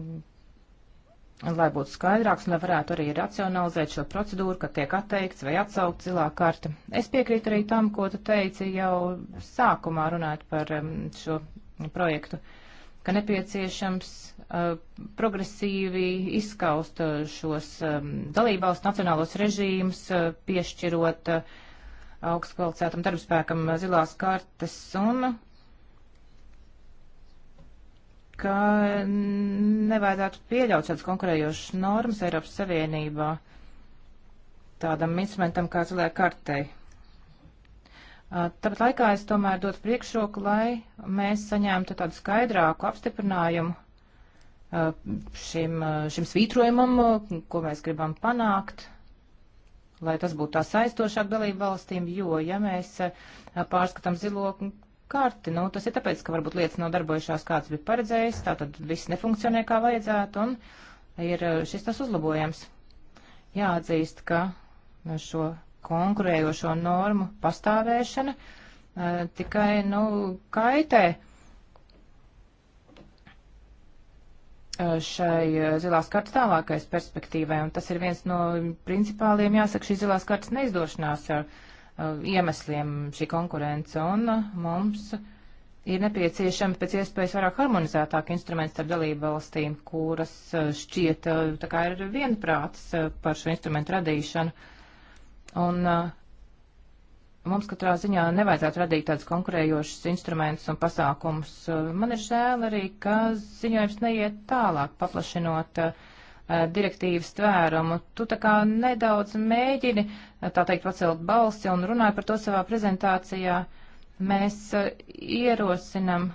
un lai būtu skaidrāks un lai varētu arī racionalizēt šo procedūru, ka tiek atteikts vai atsaukt zilā karta. Es piekrītu arī tam, ko tu teici jau sākumā runājot par um, šo projektu, ka nepieciešams uh, progresīvi izskaust uh, šos um, dalībvalstu nacionālos režīmus, uh, piešķirot uh, augstkvalificētam darbspēkam uh, zilās kartes un ka nevajadzētu pieļaut šādas konkurējošas normas Eiropas Savienībā tādam instrumentam kā zilē kartei. Tāpat laikā es tomēr dotu priekšroku, lai mēs saņēmtu tādu skaidrāku apstiprinājumu šim, šim svītrojumam, ko mēs gribam panākt, lai tas būtu tā saistošāk dalību valstīm, jo, ja mēs pārskatām zilo kārti. Nu, tas ir tāpēc, ka varbūt lietas nav darbojušās, kāds bija paredzējis, tātad viss nefunkcionē kā vajadzētu un ir eh, šis tas uzlabojams. Jāatzīst, ka eh, šo konkurējošo normu pastāvēšana uh, tikai, nu, kaitē šai zilās kartas tālākais perspektīvai, un tas ir viens no principāliem, jāsaka, šī zilās kartas neizdošanās. Ar, uh, Eh, iemesliem šī konkurence, un eh, mums ir nepieciešami pēc iespējas vairāk harmonizētāki instrumenti starp dalību valstīm, kuras eh, šķiet tā kā ir vienprātas par šo instrumentu radīšanu. Un mums katrā ziņā nevajadzētu radīt tādus konkurējošus instrumentus un pasākumus. Man ir žēl arī, ka ziņojums neiet tālāk, paplašinot uh, Eh, direktīvas tvērumu. Tu tā kā nedaudz mēģini, eh, tā teikt, pacelt balsi un runāji par to savā prezentācijā. Mēs eh, ierosinam.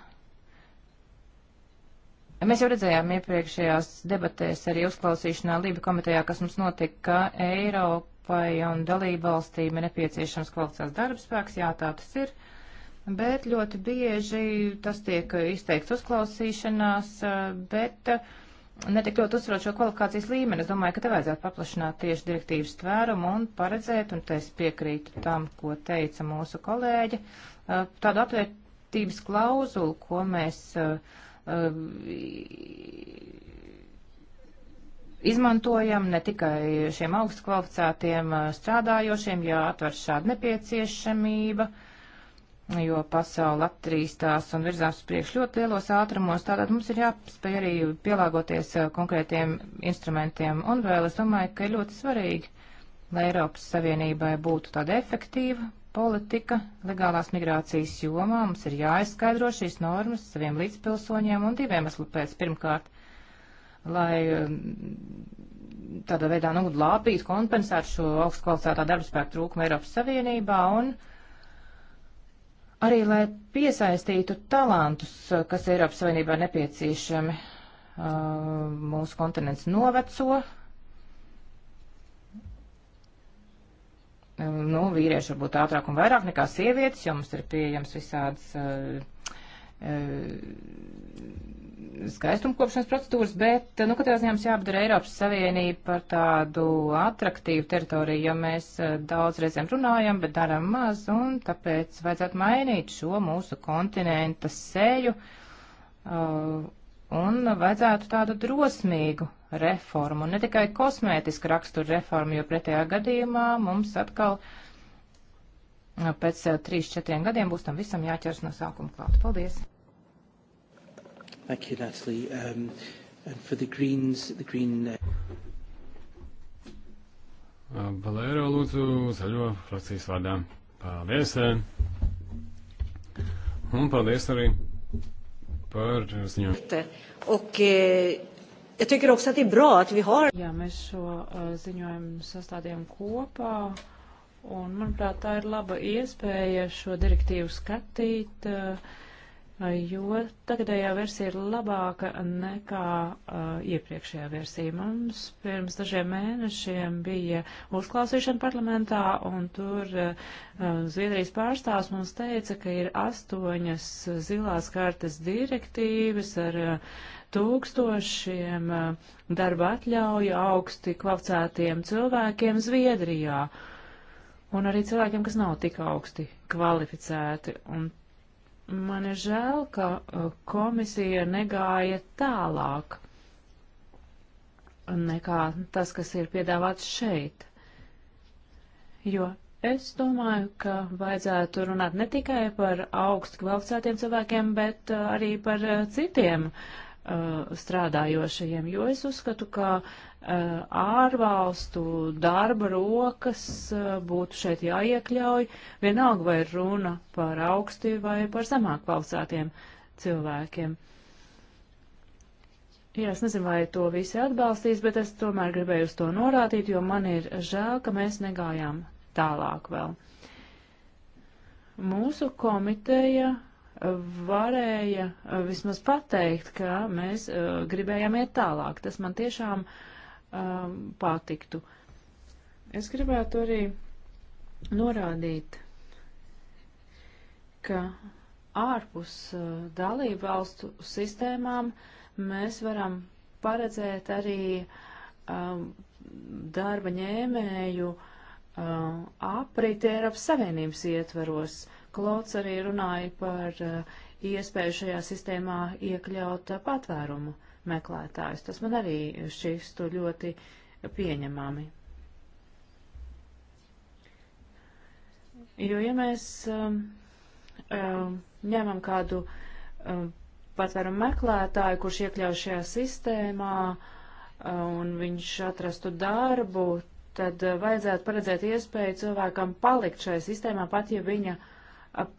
Mēs jau redzējām iepriekšējās debatēs arī uzklausīšanā Lība komitejā, kas mums notika, ka Eiropai un dalību valstīm ir nepieciešams kvalificēts darbspēks. Jā, tā tas ir. Bet ļoti bieži tas tiek izteikts uzklausīšanās, bet uh, netik ļoti uzsverot šo kvalifikācijas līmeni. Es domāju, ka te vajadzētu paplašināt tieši direktīvas tvērumu un paredzēt, un te es piekrītu tam, ko teica mūsu kolēģi, tādu apvērtības klauzulu, ko mēs izmantojam ne tikai šiem augstu kvalificētiem strādājošiem, ja atver šāda nepieciešamība. Uh, jo pasauli attīstās un virzās uz priekšu ļoti lielos ātrumos, tātad mums ir jāspēj arī pielāgoties eh, konkrētiem instrumentiem. Un vēl es domāju, ka ir ļoti svarīgi, lai Eiropas Savienībai būtu tāda efektīva politika legālās migrācijas jomā. Mums ir jāizskaidro šīs normas saviem līdzpilsoņiem un diviem eslu pēc. Pirmkārt, lai eh, tādā veidā nu, lāpīt, kompensēt šo augstu kvalificētā darba spēku trūkumu Eiropas Savienībā un uh, arī lai piesaistītu talantus, eh, kas Eiropas Savienībā nepieciešami. Eh, mūsu kontinents noveco. Eh, nu, vīrieši varbūt ātrāk un vairāk nekā sievietes, jo mums ir pieejams visādas skaistumkopšanas procedūras, bet, nu, katrā ziņā mums jāpadara Eiropas Savienība par tādu atraktīvu teritoriju, jo mēs eh, daudz reizēm runājam, bet daram maz, un tāpēc vajadzētu mainīt šo mūsu kontinenta seju, eh, un vajadzētu tādu drosmīgu reformu, ne tikai kosmētisku raksturu reformu, jo pretējā gadījumā mums atkal eh, pēc 3-4 gadiem būs tam visam jāķers no sākuma klāt. Paldies! Thank you, Natalie. Um, and for the Greens, the Green... Uh... uh Valēro lūdzu zaļo frakcijas vārdā. Paldies! Uh, un paldies arī par ziņu. Och jag tycker också att det är bra att vi har... Jā, mēs šo uh, ziņojumu sastādījām kopā. Un, manuprāt, tā ir laba iespēja šo direktīvu skatīt. Uh, jo tagadējā versija ir labāka nekā uh, iepriekšējā versija. Mums pirms dažiem mēnešiem bija uzklausīšana parlamentā, un tur uh, Zviedrijas pārstāvs mums teica, ka ir astoņas zilās kartas direktīvas ar uh, tūkstošiem uh, darba atļauju augsti kvalificētiem cilvēkiem Zviedrijā. Un arī cilvēkiem, kas nav tik augsti kvalificēti. Un Man ir žēl, ka uh, komisija negāja tālāk nekā tas, kas ir piedāvāts šeit. Jo es domāju, ka vajadzētu runāt ne tikai par augstu kvalificētiem cilvēkiem, bet uh, arī par uh, citiem uh, Uh, strādājošajiem, jo es uzskatu, ka uh, ārvalstu darba rokas uh, būtu šeit jāiekļauj, vienalga vai runa par augsti vai par zemāk kvalificētiem cilvēkiem. Jā, es nezinu, vai to visi atbalstīs, bet es tomēr gribēju uz to norādīt, jo man ir žēl, ka mēs negājām tālāk vēl. Mūsu komiteja varēja eh, vismaz pateikt, ka mēs uh, gribējām iet tālāk. Tas man tiešām um, patiktu. Es gribētu arī norādīt, ka ārpus uh, dalību valstu sistēmām mēs varam paredzēt arī um, darba ņēmēju uh, apriti Eiropas Savienības ietveros. Uh, Klots arī runāja par eh, iespēju šajā sistēmā iekļaut eh, patvērumu meklētājus. Tas man arī šķistu ļoti pieņemami. Jo, ja mēs um, um, ņemam kādu um, patvērumu meklētāju, kurš iekļauj šajā sistēmā eh, un viņš atrastu darbu, tad vajadzētu paredzēt iespēju cilvēkam palikt šajā sistēmā, pat ja viņa uh,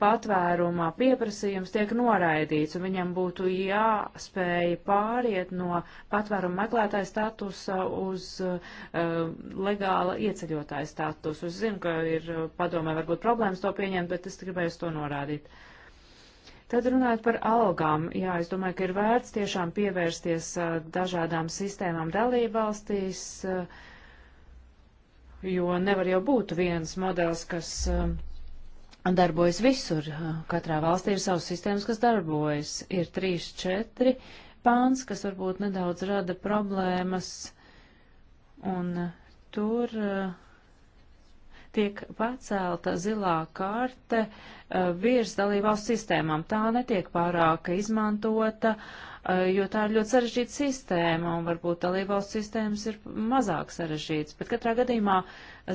patvērumā pieprasījums tiek noraidīts, un viņam būtu jāspēj pāriet no patvēruma meklētāja statusa uz uh, legāla ieceļotāja statusu. Es zinu, ka ir eh, padomē varbūt problēmas to pieņemt, bet es gribēju to norādīt. Tad runājot par algām, jā, es domāju, ka ir vērts tiešām pievērsties uh, dažādām sistēmām dalībvalstīs, uh, jo nevar jau būt viens modelis, kas uh, darbojas visur. Katrā valstī ir savas sistēmas, kas darbojas. Ir trīs, četri pāns, kas varbūt nedaudz rada problēmas, un uh, tur uh, tiek pacelta zilā karte uh, virs dalībvalsts sistēmām. Tā netiek pārāk izmantota. Uh, Eh, jo tā ir ļoti sarežģīta sistēma, un varbūt dalībvalsts sistēmas ir mazāk sarežģītas. Bet katrā gadījumā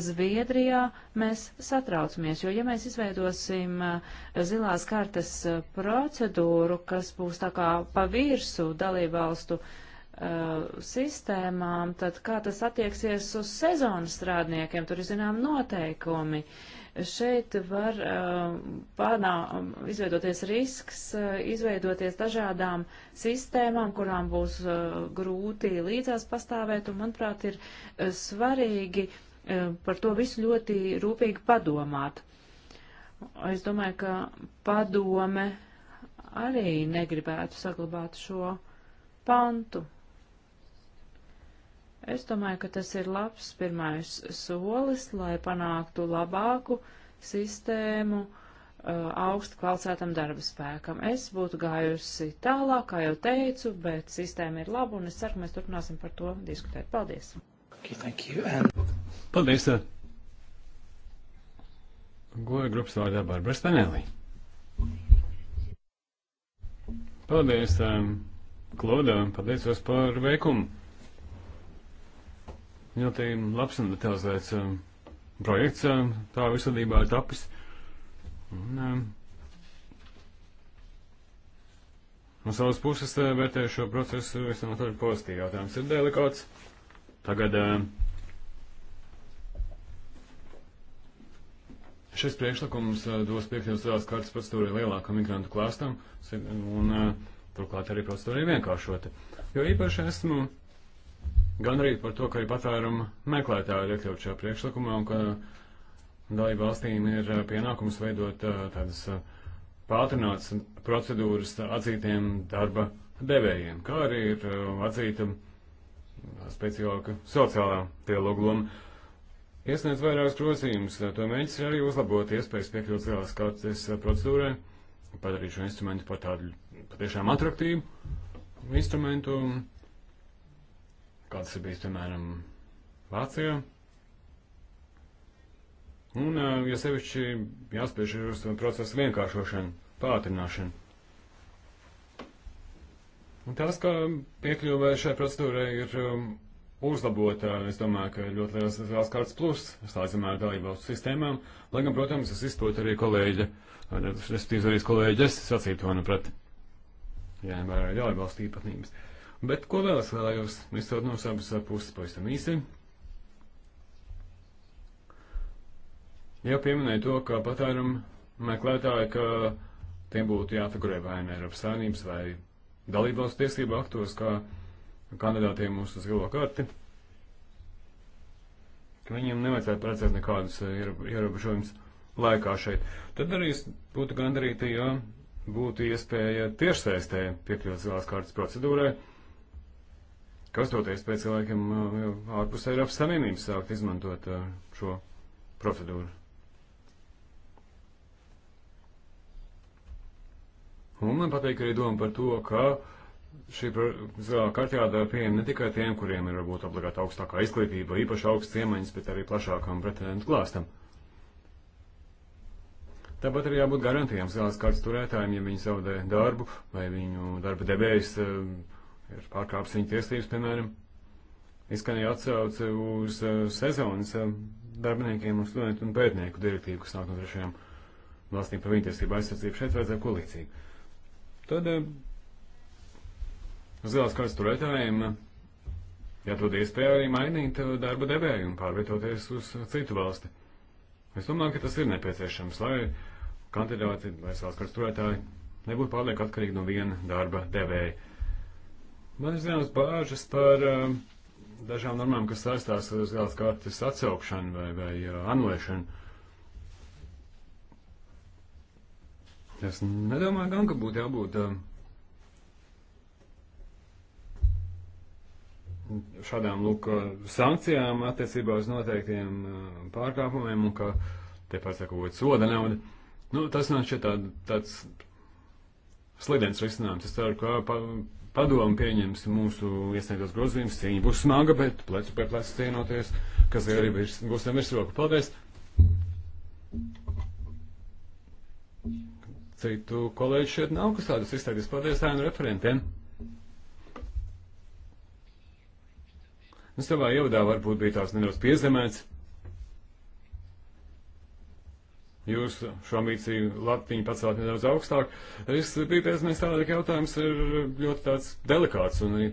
Zviedrijā mēs satraucamies, jo ja mēs izveidosim eh, zilās kartes eh, procedūru, kas būs tā kā pa virsu dalībvalstu, sistēmām, tad kā tas attieksies uz sezonas strādniekiem, tur ir zinām noteikumi. Uh, Šeit var eh, panā, eh, izveidoties risks, eh, izveidoties dažādām sistēmām, kurām būs grūti līdzās pastāvēt, un, manuprāt, ir svarīgi par to visu ļoti rūpīgi padomāt. Es domāju, ka padome arī negribētu saglabāt šo pantu. Es domāju, ka tas ir labs pirmais solis, lai panāktu labāku sistēmu uh, augstu kvalificētam darba spēkam. Es būtu gājusi tālāk, kā jau teicu, bet sistēma ir laba un es ceru, ka mēs turpināsim par to diskutēt. Paldies! Okay, thank you. And... Paldies! Goja grupas vārdā Barbara Stanelī. Paldies, um, Klaudā, paldies jums par veikumu ļoti labs un detalizēts um, projekts um, tā visvadībā ir tapis. Un, um, no savas puses uh, vērtēju šo procesu visam atveru pozitīvi. Jautājums ir delikāts. Tagad um, šis priekšlikums uh, dos piekļuvas zāles kartas procedūrai lielākam migrantu klāstam un uh, turklāt arī procedūrai vienkāršota. Jo īpaši esmu gan arī par to, ka arī patvērumu meklētāji ir iekļaut šajā priekšlikumā un ka dalību valstīm ir uh, pienākums veidot uh, tādas uh, pātrinātas procedūras atzītiem darba devējiem, kā arī ir atzīta speciālāka sociālā dialoga loma. Iesniedz vairākus grozījumus, to mēģis ir arī uzlabot iespējas piekļūt zilās kārtas procedūrai, padarīt šo instrumentu par tādu patiešām atraktīvu instrumentu. Un, kāds ir bijis, piemēram, Vācijā. Un, ja sevišķi jāspiež ir uz procesu vienkāršošanu, pātrināšanu. Un tas, ka piekļuvē šai procedūrai ir um, uzlabota, es domāju, ka ļoti liels, liels kārtas plus, salīdzinājumā ar dalību valstu sistēmām, lai gan, protams, es izprotu arī kolēģi, respektīvi arī kolēģis sacīto, manuprāt, jā, vai dalību valstu īpatnības. Uh, Bet ko vēl es vēlējos izcelt no savas puses pavisam īsi? Jau pieminēju to, ka patērumu meklētāji, ka tiem būtu jāfigurē vai ne Eiropas saimnības vai dalībvalstu tiesību aktos, kā kandidātiem mūsu zilo karti, ka viņiem nevajadzētu paredzēt nekādus eh, ierobežojumus laikā šeit. Tad arī būtu gandarīti, ja būtu iespēja tiešsaistē piekļūt zilās kartas procedūrai kas toties pēc cilvēkiem uh, ārpus Eiropas Savienības sākt izmantot uh, šo procedūru. Un man patīk arī doma par to, ka šī zilā kartē jādara pieejama ne tikai tiem, kuriem ir varbūt obligāti augstākā izglītība, īpaši augsts iemaņas, bet arī plašākam pretendentu klāstam. Tāpat arī jābūt garantijām zilās kartes turētājiem, ja viņi zaudē darbu vai viņu darba debējas. Uh, ir pārkāpts viņa tiesības, piemēram, izskanēja atsauce uz eh, sezonas eh, darbiniekiem un studentu un pētnieku direktīvu, kas nāk no trešajām valstīm par viņa tiesību aizsardzību. Šeit vajadzēja ko līdzīgu. Tad eh, zilās kārtas turētājiem jādod iespēja arī mainīt darba devēju un pārvietoties uz citu valsti. Es domāju, ka tas ir nepieciešams, lai kandidāti vai zilās kārtas turētāji nebūtu pārlieku atkarīgi no viena darba devēja. Man ir zināmas bāžas par uh, dažām normām, kas saistās uz kādas kartes atsaukšanu vai, vai uh, anulēšanu. Es nedomāju, gan, ka būtu jābūt uh, šādām lūk, uh, sankcijām attiecībā uz noteiktiem uh, pārkāpumiem un ka te pasakot soda nauda. Nu, tas nav šķiet tā, tāds slidens risinājums. Es ceru, ka padomu pieņems mūsu iesniegtos grozījumus, cīņa būs smaga, bet plecu pie plecu cienoties, kas arī virs, gūstam virsroku. Paldies! Citu kolēģi šeit nav, kas tādus izteikties. Paldies tādiem referentiem! Es nu, tavā ievadā varbūt bija tās nedaudz piezemēts. jūs šo ambīciju latiņu pacelt nedaudz augstāk. Es biju mēs tādā, ka jautājums ir ļoti tāds delikāts un arī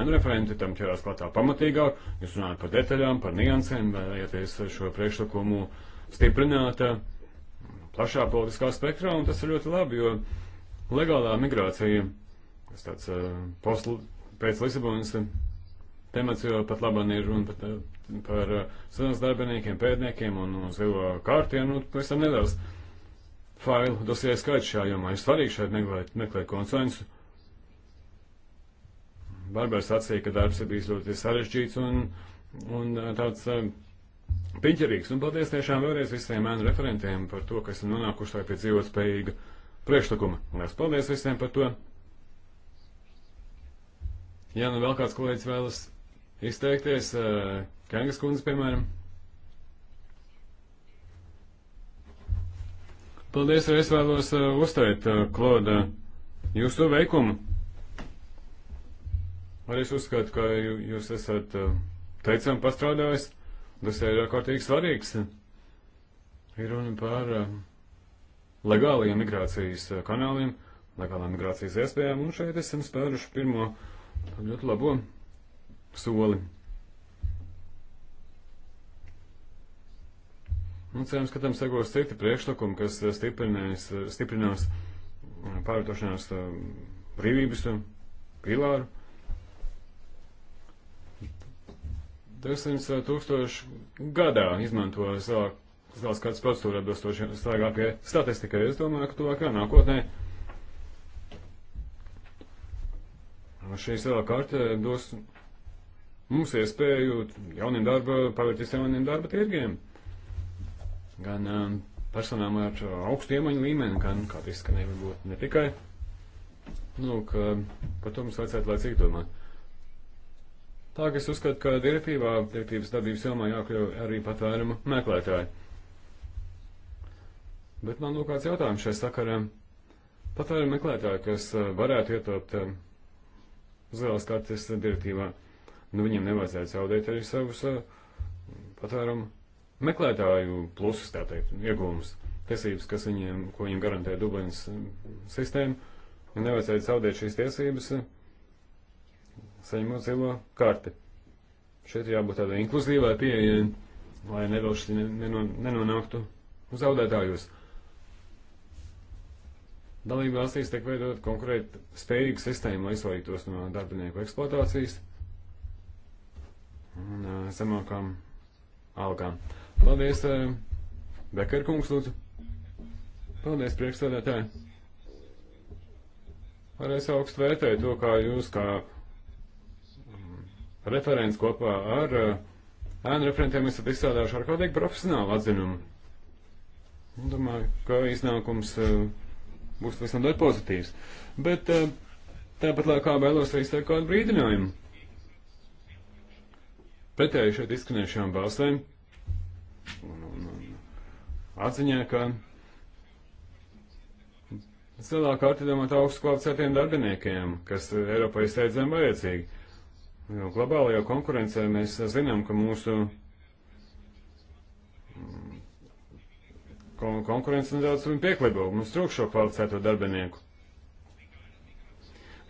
ēnu referenti tam ķerās klātā pamatīgāk. Jūs runājat par detaļām, par niansēm, vēlēties šo priekšlikumu stiprināt eh, plašā politiskā spektrā, un tas ir ļoti labi, jo legālā migrācija, kas tāds uh, eh, posl, pēc Lisabonas temats, jo pat labāk ir runa par eh, par eh, sezonas darbiniekiem, pēdniekiem un zilo kārtiem, nu, pavisam nedaudz failu dosie skaits šajā jomā. Ir svarīgi šeit meklēt, meklēt konsensu. Barbers atsīja, ka darbs ir bijis ļoti sarežģīts un, un eh, tāds eh, piņķerīgs. Un paldies tiešām vēlreiz visiem mēnu referentiem par to, ka esam nonākuši tā pie dzīvotspējīga priekšlikuma. Lielas paldies visiem par to. Ja nu vēl kāds kolēģis vēlas izteikties. Eh, Kangas kundze, piemēram. Paldies, es vēlos eh, uzteikt, eh, Kloda, jūsu veikumu. Arī es uzskatu, ka jūs esat teicam pastrādājis. Tas ir ārkārtīgi svarīgs. Ir runa par legāliem migrācijas kanāliem, legālām migrācijas iespējām, un šeit esam spēruši pirmo ļoti labo soli. Un nu, cerams, ka tam sekos citi priekšlikumi, kas eh, eh, stiprinās, stiprinās eh, pārvietošanās brīvības pilāru. 200 tūkstoši gadā izmanto zāles kāds procedūra atbilstoši stāvākajai statistikai. Es domāju, ka tuvākajā nākotnē šī zāla kārta dos mums iespēju jauniem darba, pavērties jauniem darba tirgiem. Gan um, personām ar augstu iemaņu līmeni, gan, kā tas skanēja, varbūt ne tikai. Nu, ka um, par to mums vajadzētu laicīgi domāt. Tā, ka es uzskatu, ka direktīvā, direktīvas darbības jomā jākļauj arī patvērumu meklētāji. Bet man lūk kāds jautājums šai sakarā. Patvērumu meklētāji, kas uh, varētu ietilpt um, zilās kartes direktīvā, nu, viņiem nevajadzētu zaudēt arī savus uh, eh, patērumu meklētāju plusus, tā teikt, iegūmus, tiesības, kas viņiem, ko viņiem garantē Dublinas eh, sistēma, un nevajadzētu zaudēt šīs tiesības, eh, saņemot zilo karti. Šeit ir jābūt tādai inkluzīvai pieejai, lai nevelšķi nenonāktu zaudētājus. Dalība valstīs tiek veidot konkrēti spējīga sistēma, lai izvairītos no darbinieku eksploatācijas un zemākām algām. Paldies, Bekar kungs, lūdzu. Paldies, priekšstādātāji. Arī es augstu vērtēju to, kā jūs kā mm, referents kopā ar ēnu referentiem esat izstrādājuši ar kādīgi profesionālu atzinumu. Domāju, ka iznākums būs visam dar pozitīvs. Bet tāpat laikā vēlos arī izteikt kādu brīdinājumu pretēji šeit izskanējušām balsēm un, un, un atziņā, ka Zelā kārta domāt augstu kvalificētiem darbiniekiem, kas Eiropai steidzami vajadzīgi. Jo globālajā konkurencē mēs zinām, ka mūsu mm, kon konkurence nedaudz pieklibo, mums trūk šo kvalificēto darbinieku.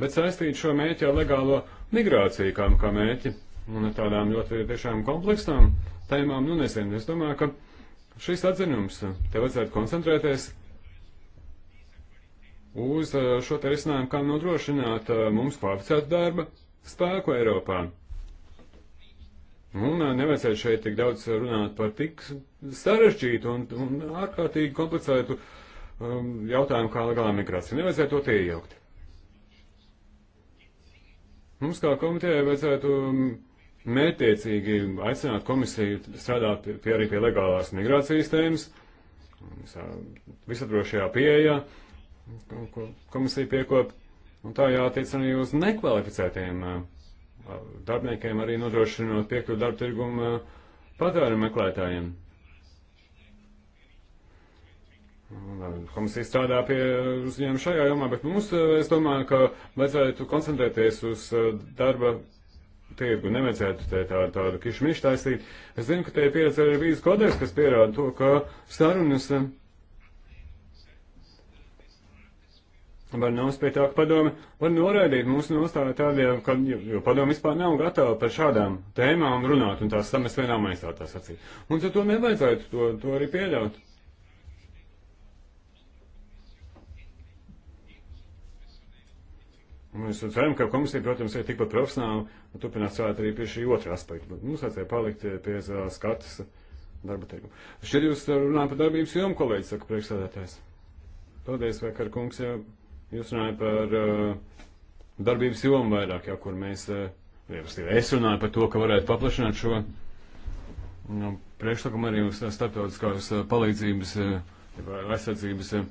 Bet saistīt šo mērķi ar legālo migrāciju kā, kā mērķi un nu, ar tādām ļoti tiešām kompleksām tēmām, nu nezinu, es domāju, ka šis atzinums te vajadzētu koncentrēties uz eh, šo te risinājumu, kā nodrošināt eh, mums kvalificētu darba spēku Eiropā. Un eh, nevajadzētu šeit tik daudz runāt par tik sarežģītu un, un ārkārtīgi komplicētu um, jautājumu kā legālā migrācija. Nevajadzētu to iejaukt. Mums kā komitejai vajadzētu um, mērtiecīgi aicināt komisiju strādāt pie, pie arī pie legālās migrācijas tēmas, visaptrošajā pieejā, ko komisija piekop, un tā jātiec arī uz nekvalificētiem darbiniekiem, arī nodrošinot piekļuvu darba tirgumu patvērumu meklētājiem. Komisija strādā pie uzņēmuma šajā jomā, bet mums, es domāju, ka vajadzētu koncentrēties uz darba tirgu, nevajadzētu te tādu, tādu kišmišu taisīt. Es zinu, ka te ir pieredze arī vīzes kodēs, kas pierāda to, ka sarunas eh, var nospiet tā, ka padomi var noraidīt mūsu nostāju tādiem, ka, jo, jo padomi vispār nav gatava par šādām tēmām runāt un tās samest vienā maisā tā sacīt. Un tad to nevajadzētu, to, to arī pieļaut. Mēs ceram, ka komisija, protams, ir tikpat profesionāli turpināt strādāt arī pie šī otra aspekta. Bet mums vajadzēja palikt pie uh, skatas darba teikuma. Šķiet, jūs runājat par darbības jomu, kolēģi, saka priekšsēdētājs. Paldies, vakar, kungs, ja jūs runājat par uh, darbības jomu vairāk, jau kur mēs, uh, es runāju par to, ka varētu paplašināt šo nu, priekšlikumu arī uz starptautiskās uh, palīdzības, uh, aizsardzības uh,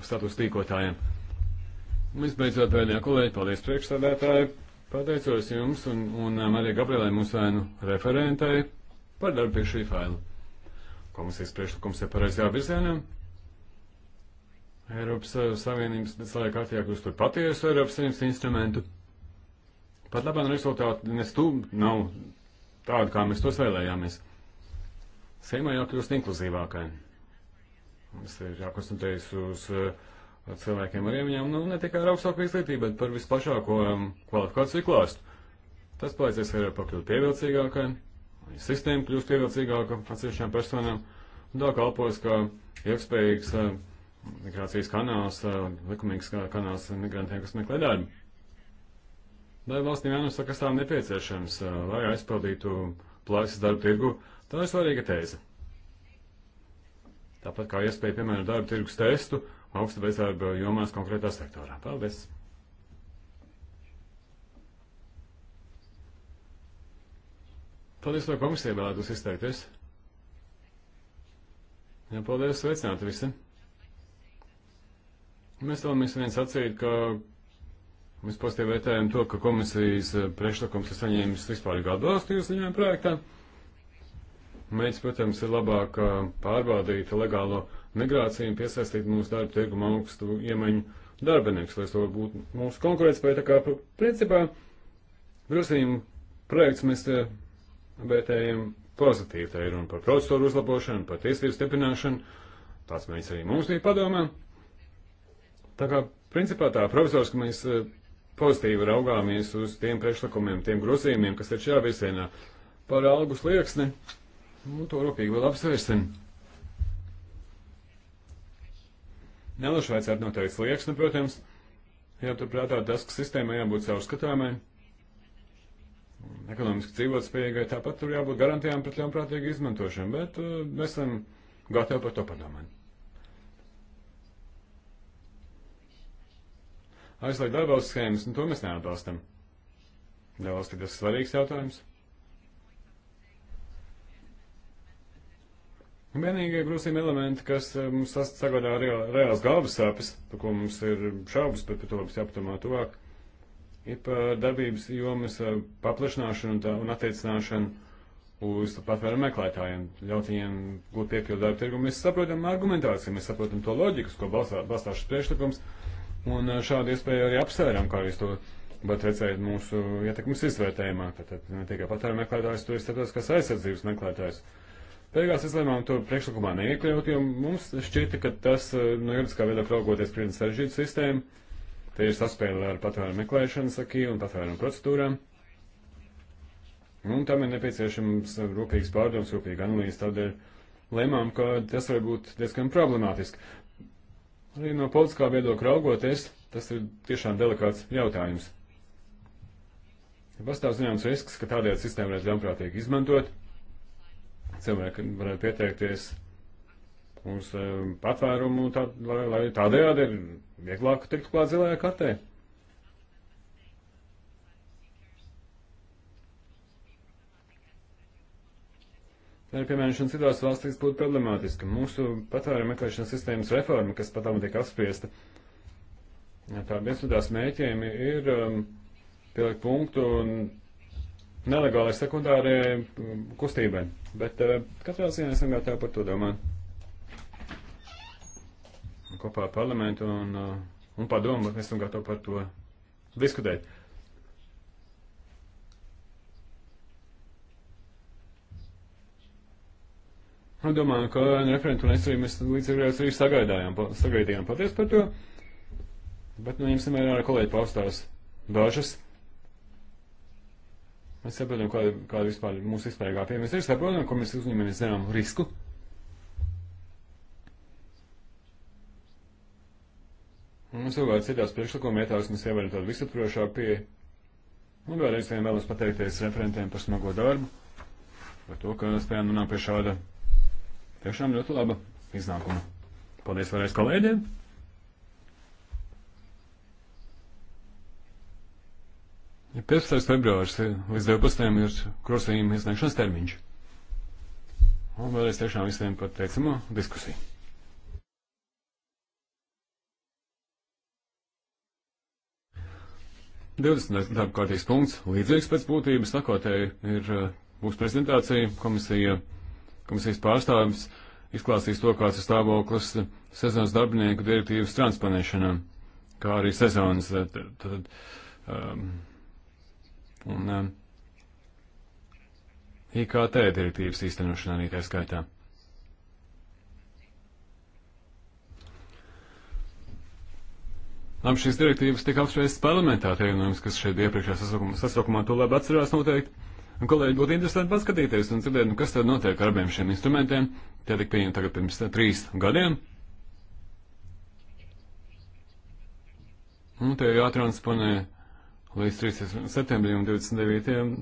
status tīkotājiem. Visbeidzot, pēdējā kolēģi, paldies priekšstādētāji, pateicos jums un, un um, arī Gabrielai Musēnu referentai par darbu pie šī faila. Komisijas priekšlikums ir pareizajā virzienā. Eiropas uh, Savienības deslēja kārtījā kļūst par patiesu Eiropas Savienības instrumentu. Pat labāk rezultāti nestūm nav tādi, kā mēs tos vēlējāmies. Sēmā jākļūst inkluzīvākai. Mums ir jākoncentrējas uz uh, cilvēkiem ar iemaņām, nu, ne tikai ar augstāko izglītību, bet par visplašāko um, kvalifikāciju klāstu. Tas palīdzēs Eiropai kļūt pievilcīgākai, sistēma kļūst pievilcīgāka atsevišķām personām, un tā kalpos kā ilgspējīgs uh, migrācijas kanāls, uh, likumīgs kanāls migrantiem, kas meklē darbu. Lai valstīm jānosaka, kas tām nepieciešams, uh, lai aizpildītu plāksnes darbu tirgu, tā ir svarīga tēze. Tāpat kā iespēja, piemēram, darba tirgus testu, uh, augsta bezdarba jomās konkrētā sektorā. Paldies! Paldies, vai komisija vēlētos izteikties? Jā, paldies, sveicināti visi. Mēs vēlamies viens atsīt, ka mēs pozitīvi vērtējam to, ka komisijas priekšlikums ir saņēmis vispārīgu atbalstu jūsu ziņojumu projektā. Mērķis, protams, ir labāk pārbaudīt legālo migrāciju un piesaistīt mūsu darba tirgumu augstu iemaņu darbiniekus, lai to būtu mūsu konkurētspēja. Tā kā, principā, grozījuma projekts mēs vērtējam pozitīvi. Tā ir runa par procesoru uzlabošanu, par tiesību stiprināšanu. Tāds mērķis arī mums bija padomā. Tā kā, principā, tā profesors, ka mēs pozitīvi raugāmies uz tiem priekšlikumiem, tiem grozījumiem, kas ir šajā virzienā par algu slieksni. Nu, to rūpīgi vēl apsvērsim. Neluši vajadzētu noteikt slieksni, nu, protams, jāturprātā tas, ka sistēmai jābūt caurskatāmai, ekonomiski dzīvotspējīgai, tāpat tur jābūt garantijām pret ļaunprātīgu izmantošanu, bet uh, mēs esam gatavi par to padomāt. Aizliegt darbvalsts schēmas, un nu, to mēs neatbalstam. Darbvalsts ir tas svarīgs jautājums. Un vienīgie grūzīm elementi, kas eh, mums sagādā reāls galvas sāpes, par ko mums ir šaubas, bet par to mums jāpadomā tuvāk, ir par darbības jomas eh, paplašināšanu un, tā, un attiecināšanu uz patvērumu meklētājiem, ļaut viņiem gūt piekļuvu darba tirgu. Mēs saprotam argumentāciju, mēs saprotam to loģiku, ko balstā, balstās šis priekšlikums, un eh, šādu iespēju arī apsvērām, kā jūs to bet redzēt mūsu ietekmes izvērtējumā, ka tad ne tikai patvērumu meklētājs, tur ir starptautiskās aizsardzības meklētājs. meklētājs Beigās izlēmām to priekšlikumā neiekļaut, jo mums šķita, ka tas, nu, juridiskā veidā raugoties, krietni sarežģīta sistēma. Te ir saspēle ar patvērumu meklēšanas akī un patvērumu procedūrām. Un tam ir nepieciešams rūpīgs pārdoms, rūpīga analīze. Tādēļ lēmām, ka tas var būt diezgan problemātiski. Arī no politiskā viedokļa raugoties, tas ir tiešām delikāts jautājums. Ja pastāv zināms risks, ka tādēļ sistēmu varētu ļaunprātīgi izmantot cilvēki varētu pieteikties uz eh, patvērumu, tā, lai, lai tādējādi ir vieglāk tikt klāt zilajā kartē. Piemēram, citās valstīs būtu problemātiski. Mūsu patvērumu meklēšanas sistēmas reforma, kas patām tiek apspriesta, tā viens no tās mēķiem ir um, pielikt punktu un nelegālai sekundārai mm, kustībai. Bet eh, katrā ziņā esam gatavi par to domāt. Kopā ar parlamentu un, eh, un padomu esam gatavi par to diskutēt. Un nu, domāju, ka referentu un es arī mēs līdz arī sagaidājām, sagaidījām. Paldies par to. Bet nu, ņemsim vērā kolēģi paustās bažas. Mēs saprotam, kāda, kāda vispār mūsu vispārīgā pieeja. Mēs arī saprotam, ka mēs uzņemamies zinām risku. Un es vēl citās priekšlikuma vietās mēs ievēram tādu visaptrošāku pieeju. Un vēlreiz vien vēlos pateikties referentiem par smago darbu, par to, ka spējām nonākt pie šāda tiešām ļoti laba iznākuma. Paldies vēlreiz kolēģiem! 15. februāris līdz 12. ir krosējuma iesniegšanas termiņš. Un vēlreiz tiešām visiem pateicamo diskusiju. Divdesmitais darba kārtības punkts, līdzīgs pēc būtības, sakotēji, ir eh, būs prezentācija, komisija, komisijas pārstāvis izklāstīs to, kāds ir stāvoklis sezonas darbinieku direktīvas transponēšanā, kā arī sezonas eh, tad, tad, um, un um, IKT direktīvas īstenošana arī tā skaitā. Labi, šīs direktīvas tika apspriestas parlamentā, atvienojums, kas šeit iepriekšējā sasaukumā to labi atcerās noteikti. Un kolēģi būtu interesanti paskatīties un dzirdēt, nu, kas tad notiek ar abiem šiem instrumentiem. Tie tika pieņemti tagad pirms eh, trīs gadiem. Un te jātransponē līdz 3. septembrim un 29.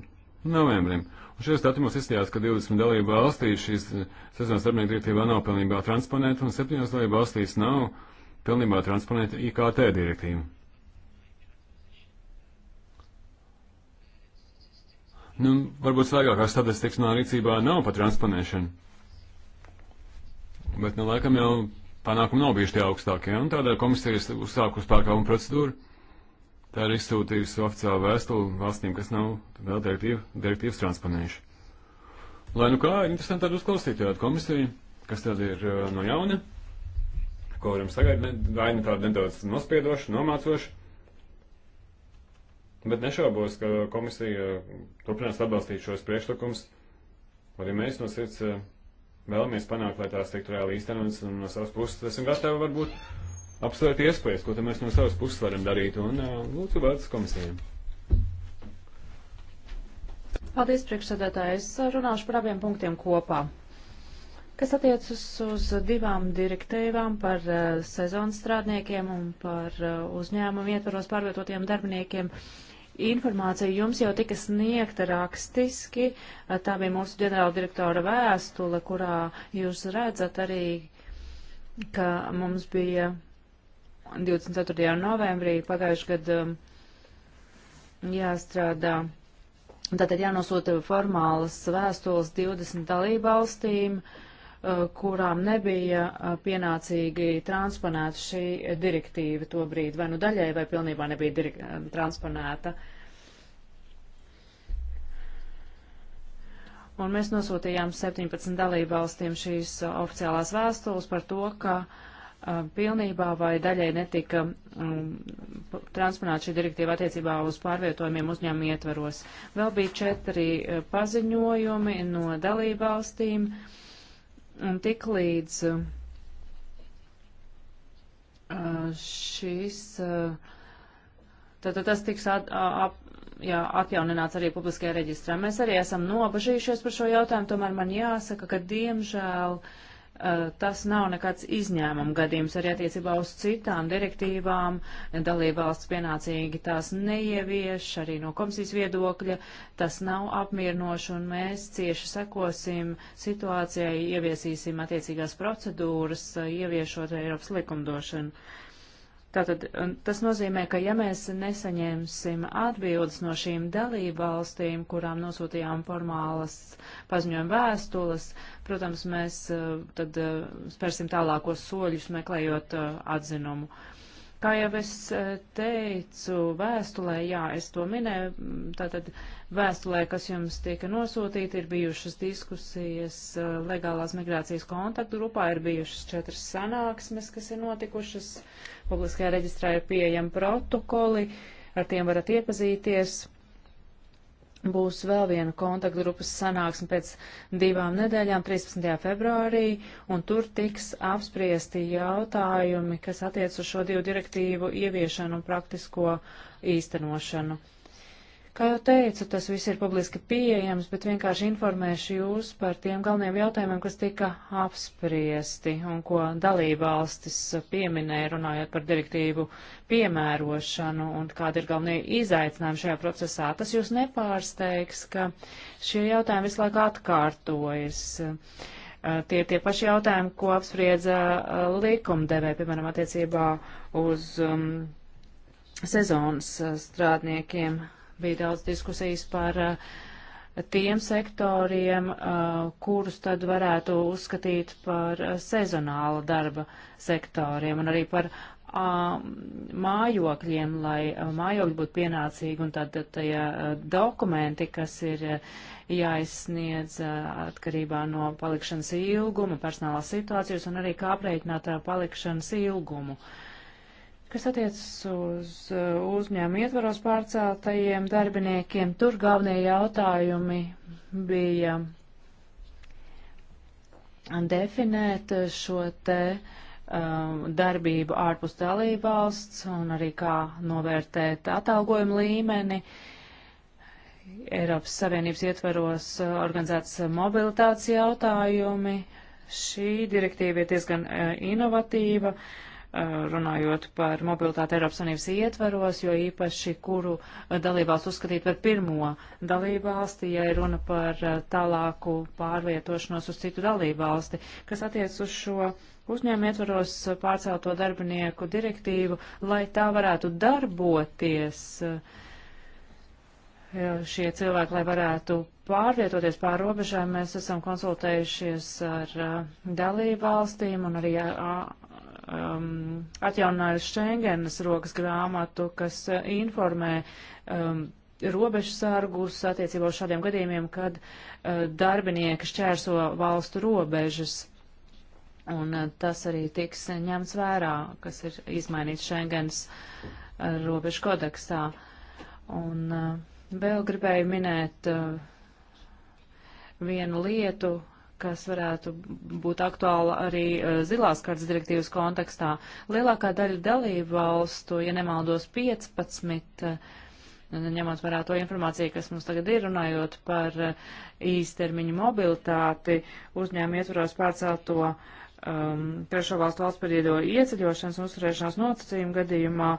novembrim. Un šajos datumos izstājās, ka 20 dalību valstīs šīs eh, sezonas darbinieku direktīvā nav pilnībā transponēta un 7 dalību valstīs nav pilnībā transponēta IKT direktīva. Nu, varbūt svaigākā statistikas manā rīcībā nav par transponēšanu. Bet, nu, laikam jau panākumi nav bijuši tie augstākie, un tādēļ komisija ir uzsākusi pārkāpumu procedūru. Tā ir izsūtījusi oficiālu vēstuli valstīm, kas nav vēl direktīvu, direktīvas transponējuši. Lai nu kā, interesanti tādu uzklausīt, jo komisija, kas tad ir uh, no jauna, ko varam sagaidīt, vai nu tādu nedaudz nospiedošu, nomācošu, bet nešaubos, ka komisija uh, turpinās atbalstīt šos priekšlikumus, arī mēs no sirds uh, vēlamies panākt, lai tās tiktu reāli īstenotas, un no savas puses esam gatavi varbūt apsvērt iespējas, ko mēs no savas puses varam darīt, un uh, lūdzu vārds komisijai. Paldies, priekšsēdētāji. Es uh, runāšu par abiem punktiem kopā. Kas attiecas uz divām direktīvām par uh, sezonas strādniekiem un par uh, uzņēmumu ietvaros pārvietotiem darbiniekiem, informācija jums jau tika sniegta rakstiski. Uh, tā bija mūsu ģenerāla direktora vēstule, kurā jūs redzat arī, ka mums bija uh, 24. novembrī pagājuši gadu um, jāstrādā. Tātad jānosūta formālas vēstules 20 dalībvalstīm, uh, kurām nebija uh, pienācīgi transponēta šī direktīva to brīdi, vai nu daļai, vai pilnībā nebija uh, transponēta. Un mēs nosūtījām 17 dalībvalstīm šīs oficiālās vēstules par to, ka uh, pilnībā vai daļai netika um, transponēta šī direktīva attiecībā uz pārvietojumiem uzņēmumu ietvaros. Vēl bija četri uh, paziņojumi no dalībvalstīm, un tik līdz uh, e, šis, uh, tad tas tiks at, ap, jā, atjaunināts arī publiskajā reģistrā. Mēs arī esam nobažījušies par šo jautājumu, tomēr man jāsaka, ka diemžēl uh, Eh, tas nav nekāds izņēmuma gadījums arī attiecībā uz citām direktīvām. Dalībvalsts pienācīgi tās neievieš, arī no komisijas viedokļa tas nav apmierinoši, un mēs cieši sekosim situācijai, ieviesīsim attiecīgās procedūras, eh, ieviešot Eiropas likumdošanu. Tātad tas nozīmē, ka ja mēs nesaņemsim atbildes no šīm dalībvalstīm, kurām nosūtījām formālas paziņojuma vēstules, protams, mēs eh, tad eh, spērsim tālākos soļus meklējot eh, atzinumu. Kā jau es teicu vēstulē, jā, es to minēju, tātad Vēstulē, kas jums tika nosūtīta, ir bijušas diskusijas uh, legālās migrācijas kontaktu grupā, ir bijušas četras sanāksmes, kas ir notikušas. Publiskajā reģistrā ir pieejami protokoli, ar tiem varat iepazīties. Būs vēl viena kontaktgrupas sanāksme pēc divām nedēļām, 13. februārī, un tur tiks apspriesti jautājumi, kas attiec uz šo divu direktīvu ieviešanu un praktisko īstenošanu. Kā jau teicu, tas viss ir publiski pieejams, bet vienkārši informēšu jūs par tiem galvenajiem jautājumiem, kas tika apspriesti un ko dalībvalstis pieminēja runājot par direktīvu piemērošanu un kādi ir galvenie izaicinājumi šajā procesā. Tas jūs nepārsteigs, ka šie jautājumi visu laiku atkārtojas uh, tie ir tie paši jautājumi, ko apspriedza uh, likumdevē, piemēram, attiecībā uz um, sezonas uh, strādniekiem bija daudz diskusijas par eh, tiem sektoriem, eh, kurus tad varētu uzskatīt par eh, sezonāla darba sektoriem un arī par mājokļiem, lai mājokļi būtu pienācīgi un tad tajā dokumenti, kas ir jāizsniedz atkarībā no palikšanas ilguma, personālās situācijas un arī kā apreikināt palikšanas ilgumu. Uh, Kas attiecas uz uh, uzņēmu ietvaros pārceltajiem darbiniekiem, tur galvenie jautājumi bija definēt šo te um, darbību ārpus dalībvalsts un arī kā novērtēt atalgojumu līmeni. Eiropas Savienības ietveros uh, organizētas mobilitātes jautājumi. Šī direktīva ir diezgan uh, inovatīva. Uh, runājot par mobilitāti Eiropas Savienības ietvaros, jo īpaši kuru eh, dalībvalstu uzskatīt par pirmo dalībvalsti, ja ir runa par eh, tālāku pārvietošanos uz citu dalībvalsti, kas attiec uz šo uzņēmumu ietvaros eh, pārcelto darbinieku direktīvu, lai tā varētu darboties šie cilvēki, lai varētu pārvietoties pār robežām, mēs esam konsultējušies ar dalību valstīm un arī um, atjauninājusi Schengenas rokas grāmatu, kas uh, informē um, robežsargus attiecībā uz šādiem gadījumiem, kad uh, darbinieki šķērso valstu robežas. Un uh, tas arī tiks ņemts vērā, kas ir izmainīts Schengenas uh, robežu kodeksā. Un uh, vēl gribēju minēt uh, vienu lietu, uh, kas varētu būt aktuāla arī e, zilās kartas direktīvas kontekstā. Lielākā daļa dalību valstu, ja nemaldos 15, e, ņemot vērā to informāciju, kas mums tagad ir, runājot par e, īstermiņu mobilitāti, uzņēmumu ietvaros pārcelto um, trešo valstu valsts periodo ieceļošanas un uzturēšanās nosacījumu gadījumā.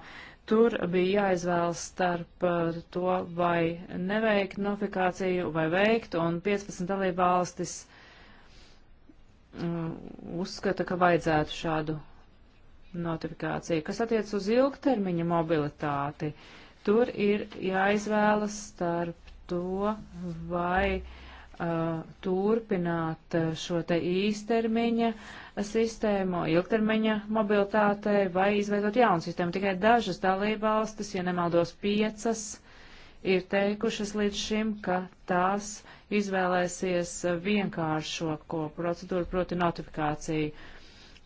Tur bija jāizvēlas starp to, vai neveikt notifikāciju, vai veikt, un 15 dalībvalstis Mm, uzskata, ka vajadzētu šādu notifikāciju. Kas attiec uz ilgtermiņa mobilitāti, tur ir jāizvēlas starp to, vai uh, turpināt uh, šo te īstermiņa sistēmu, ilgtermiņa mobilitātei, vai izveidot jaunu sistēmu. Tikai dažas dalībvalstis, ja nemaldos piecas, ir teikušas līdz šim, ka tās izvēlēsies vienkāršāko procedūru, proti notifikāciju.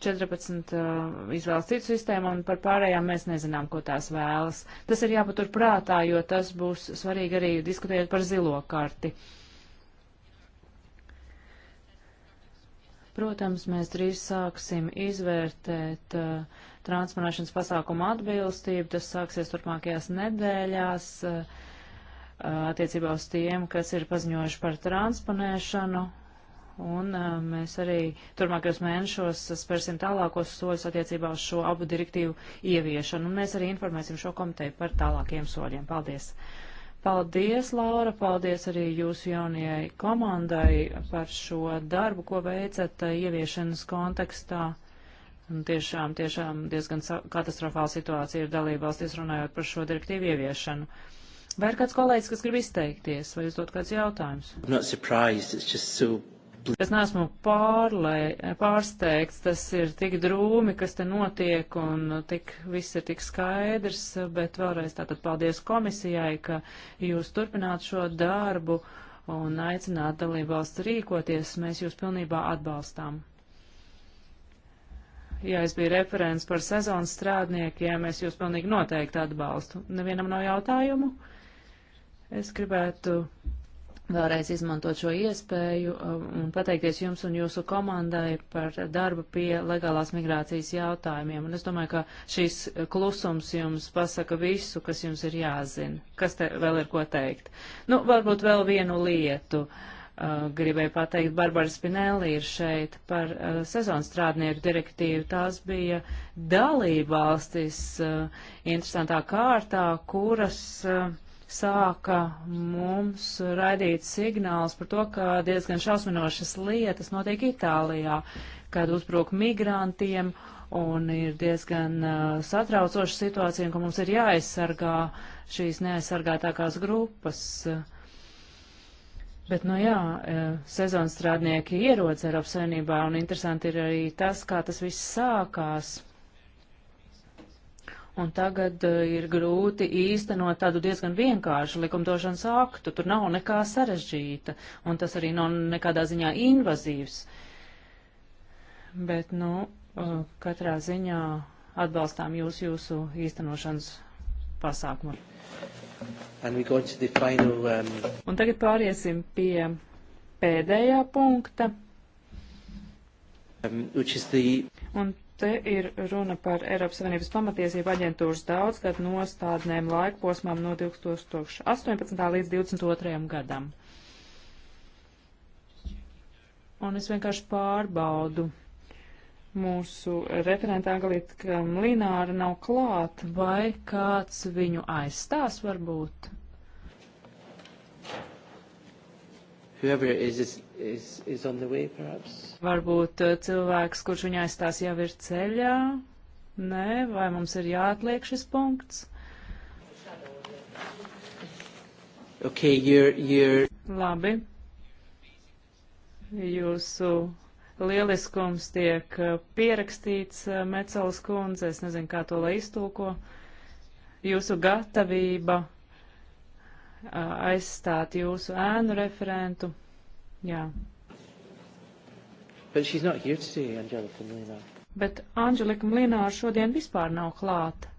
14 uh, izvēlas citu sistēmu, un par pārējām mēs nezinām, ko tās vēlas. Tas ir jāpatur prātā, jo tas būs svarīgi arī diskutējot par zilo karti. Protams, mēs drīz sāksim izvērtēt uh, transponēšanas pasākumu atbilstību. Tas sāksies turpmākajās nedēļās. Uh, attiecībā uz tiem, kas ir paziņojuši par transponēšanu. Un mēs arī turmākajos mēnešos spērsim tālākos soļus attiecībā uz šo abu direktīvu ieviešanu. Un mēs arī informēsim šo komiteju par tālākiem soļiem. Paldies! Paldies, Laura! Paldies arī jūsu jaunajai komandai par šo darbu, ko veicat ieviešanas kontekstā. Un tiešām, tiešām diezgan katastrofāla situācija ir dalībvalstīs runājot par šo direktīvu ieviešanu. Vai ir kāds kolēģis, kas grib izteikties, vai uzdot kāds jautājums? So... Es neesmu pārlē, pārsteigts, tas ir tik drūmi, kas te notiek, un tik, viss ir tik skaidrs, bet vēlreiz tātad paldies komisijai, ka jūs turpināt šo darbu un aicināt dalībvalsts rīkoties, mēs jūs pilnībā atbalstām ja es biju referents par sezonas strādniekiem, es jūs pilnīgi noteikti atbalstu. Nevienam nav jautājumu? Es gribētu vēlreiz izmantot šo iespēju uh, un pateikties jums un jūsu komandai par darbu pie legālās migrācijas jautājumiem. Un es domāju, ka šīs klusums jums pasaka visu, kas jums ir jāzina, kas te vēl ir ko teikt. Nu, varbūt vēl vienu lietu. Uh, gribēju pateikt, Barbara Spinelli ir šeit par uh, sezonas strādnieku direktīvu. Tās bija dalībvalstis uh, interesantā kārtā, kuras uh, sāka mums raidīt signāls par to, ka diezgan šausminošas lietas notiek Itālijā, kad uzbruk migrantiem un ir diezgan uh, satraucoša situācija, un ka mums ir jāaizsargā šīs neaizsargātākās grupas. Bet, nu jā, uh, sezonstrādnieki ierodas Eiropas Savienībā, un interesanti ir arī tas, kā tas viss sākās un tagad eh, ir grūti īstenot tādu diezgan vienkāršu likumdošanas aktu. Tur nav nekā sarežģīta, un tas arī nav nekādā ziņā invazīvs. Bet, nu, eh, katrā ziņā atbalstām jūs jūsu īstenošanas pasākumu. Final, um... Un tagad pāriesim pie pēdējā punkta. Um, the... Un Te ir runa par Eiropas Savienības pamatiesību aģentūras daudzgad nostādnēm laikposmām no 2018. līdz 2022. gadam. Un es vienkārši pārbaudu mūsu referenta Agalīta Lināra nav klāt, vai kāds viņu aizstās varbūt? Whoever is this is, is on the way, perhaps? Varbūt eh, cilvēks, kurš viņu aizstās, jau ir ceļā. Nē, vai mums ir jāatliek šis punkts? Okay, you're, you're... Labi. Jūsu lieliskums tiek eh, pierakstīts eh, Mecelas kundze, es nezinu, kā to lai iztulko. Jūsu gatavība aizstāt jūsu ēnu referentu Jā. Today, Angelika Bet Anģelika Mlināra šodien vispār nav klāta.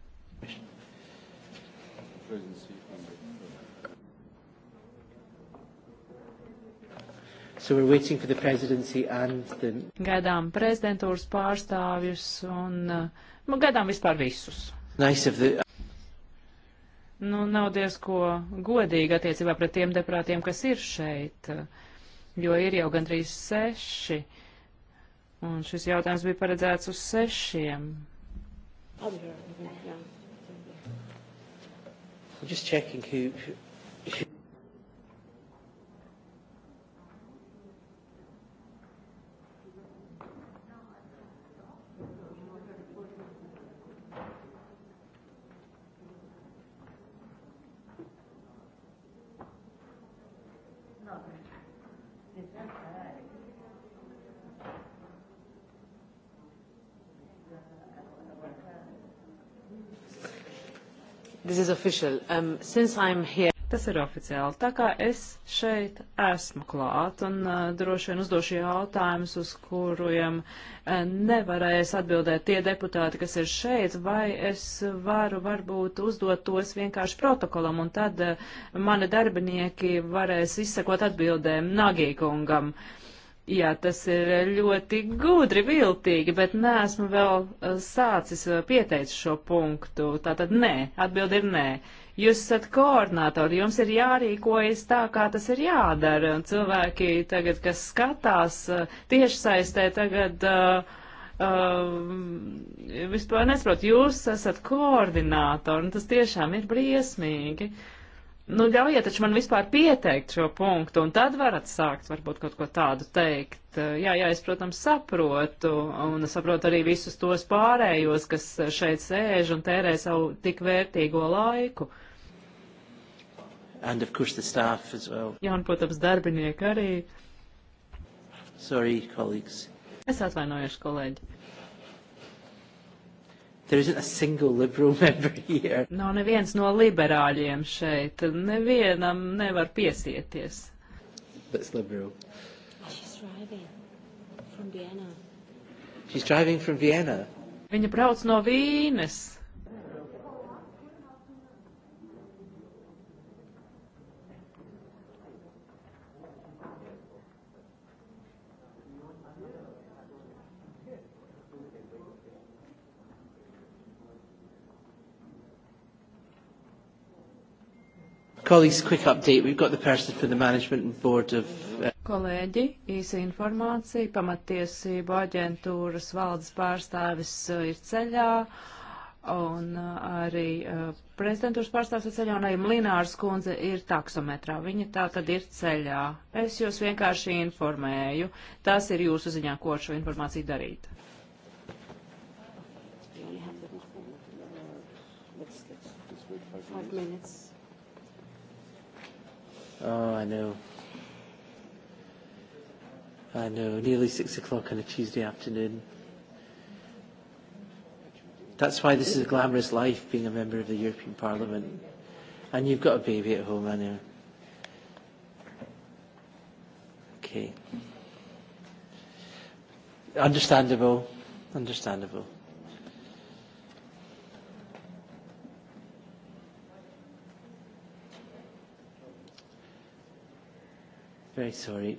So we're waiting for the presidency and the... Gaidām prezidentūras pārstāvjus un uh, nu, gaidām vispār visus. Nice of the... Nu, nav diezko godīgi attiecībā pret tiem deputātiem, kas ir šeit. Uh, jo ir jau gandrīz seši, un šis jautājums bija paredzēts uz sešiem. I'm just checking who, who Um, Tas ir oficiāli. Tā kā es šeit esmu klāt un uh, droši vien uzdošu jautājumus, uz kuriem uh, nevarēs atbildēt tie deputāti, kas ir šeit, vai es varu varbūt uzdot tos vienkārši protokolam un tad uh, mani darbinieki varēs izsakot atbildēm Nagīkungam. Uh, Jā, tas ir ļoti gudri, viltīgi, bet neesmu vēl eh, sācis eh, pieteicis šo punktu. Tātad nē, atbildi ir nē. Jūs esat koordinātori, jums ir jārīkojas tā, kā tas ir jādara. Un cilvēki tagad, kas skatās eh, tiešsaistē, tagad uh, uh, vispār nesaprot, jūs esat koordinātori, un tas tiešām ir briesmīgi. Uh, Nu, ļaujiet taču man vispār pieteikt šo punktu, un tad varat sākt varbūt kaut ko tādu teikt. Jā, jā, es, protams, saprotu, un saprotu arī visus tos pārējos, kas šeit sēž un tērē savu tik vērtīgo laiku. Well. Jā, un, protams, darbinieki arī. Sorry, colleagues. Es atvainojos, kolēģi. There isn't a single liberal member here. Nav neviens no liberāļiem šeit. Nevienam nevar piesieties. That's liberal. She's driving from Vienna. She's driving from Vienna. Viņa brauc no Vīnes. Colleagues, quick update. We've got the person for the management board of. Uh... Kolēģi, īsa informācija. Pamatiesību aģentūras valdes pārstāvis uh, ir ceļā, un uh, arī uh, prezidentūras pārstāvis ir ceļā, un arī Linārs kundze ir taksometrā. Viņa tā tad ir ceļā. Es jūs vienkārši informēju. Tas ir jūsu ziņā, ko ar šo informāciju darīt. Five minutes. Oh, I know. I know. Nearly six o'clock on a Tuesday afternoon. That's why this is a glamorous life, being a member of the European Parliament. And you've got a baby at home, I know. Okay. Understandable. Understandable. very sorry.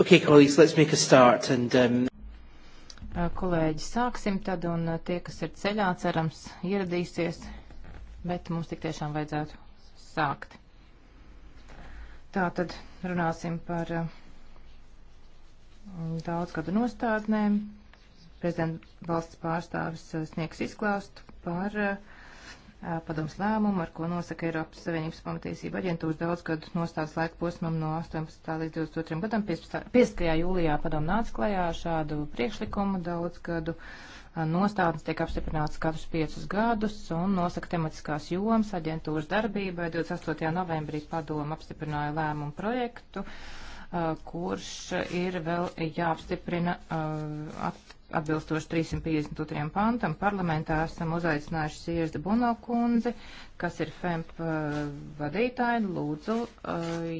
Okay, colleagues, let's make a start and, um... Kolēģi, sāksim tad, un tie, kas ir ceļā, cerams, ieradīsies, bet mums tik tiešām vajadzētu sākt. Tā tad runāsim par daudzgadu nostādnēm. Prezidenta valsts pārstāvis sniegs izklāstu par uh, padoms lēmumu, ar ko nosaka Eiropas Savienības pamatiesība aģentūras daudzgadu nostāsts laika posmam no 18. līdz 22. gadam. 15. 15. jūlijā padomu nāca klajā šādu priekšlikumu daudzgadu. Nostādnes tiek apstiprināts katrus piecus gadus un nosaka tematiskās jomas aģentūras darbībai. 28. novembrī padomu apstiprināja lēmumu projektu, kurš ir vēl jāapstiprina atbilstoši 352. pantam parlamentā esam uzaicinājuši Siežda Bono kundzi, kas ir FEMP uh, vadītāja. Lūdzu, uh,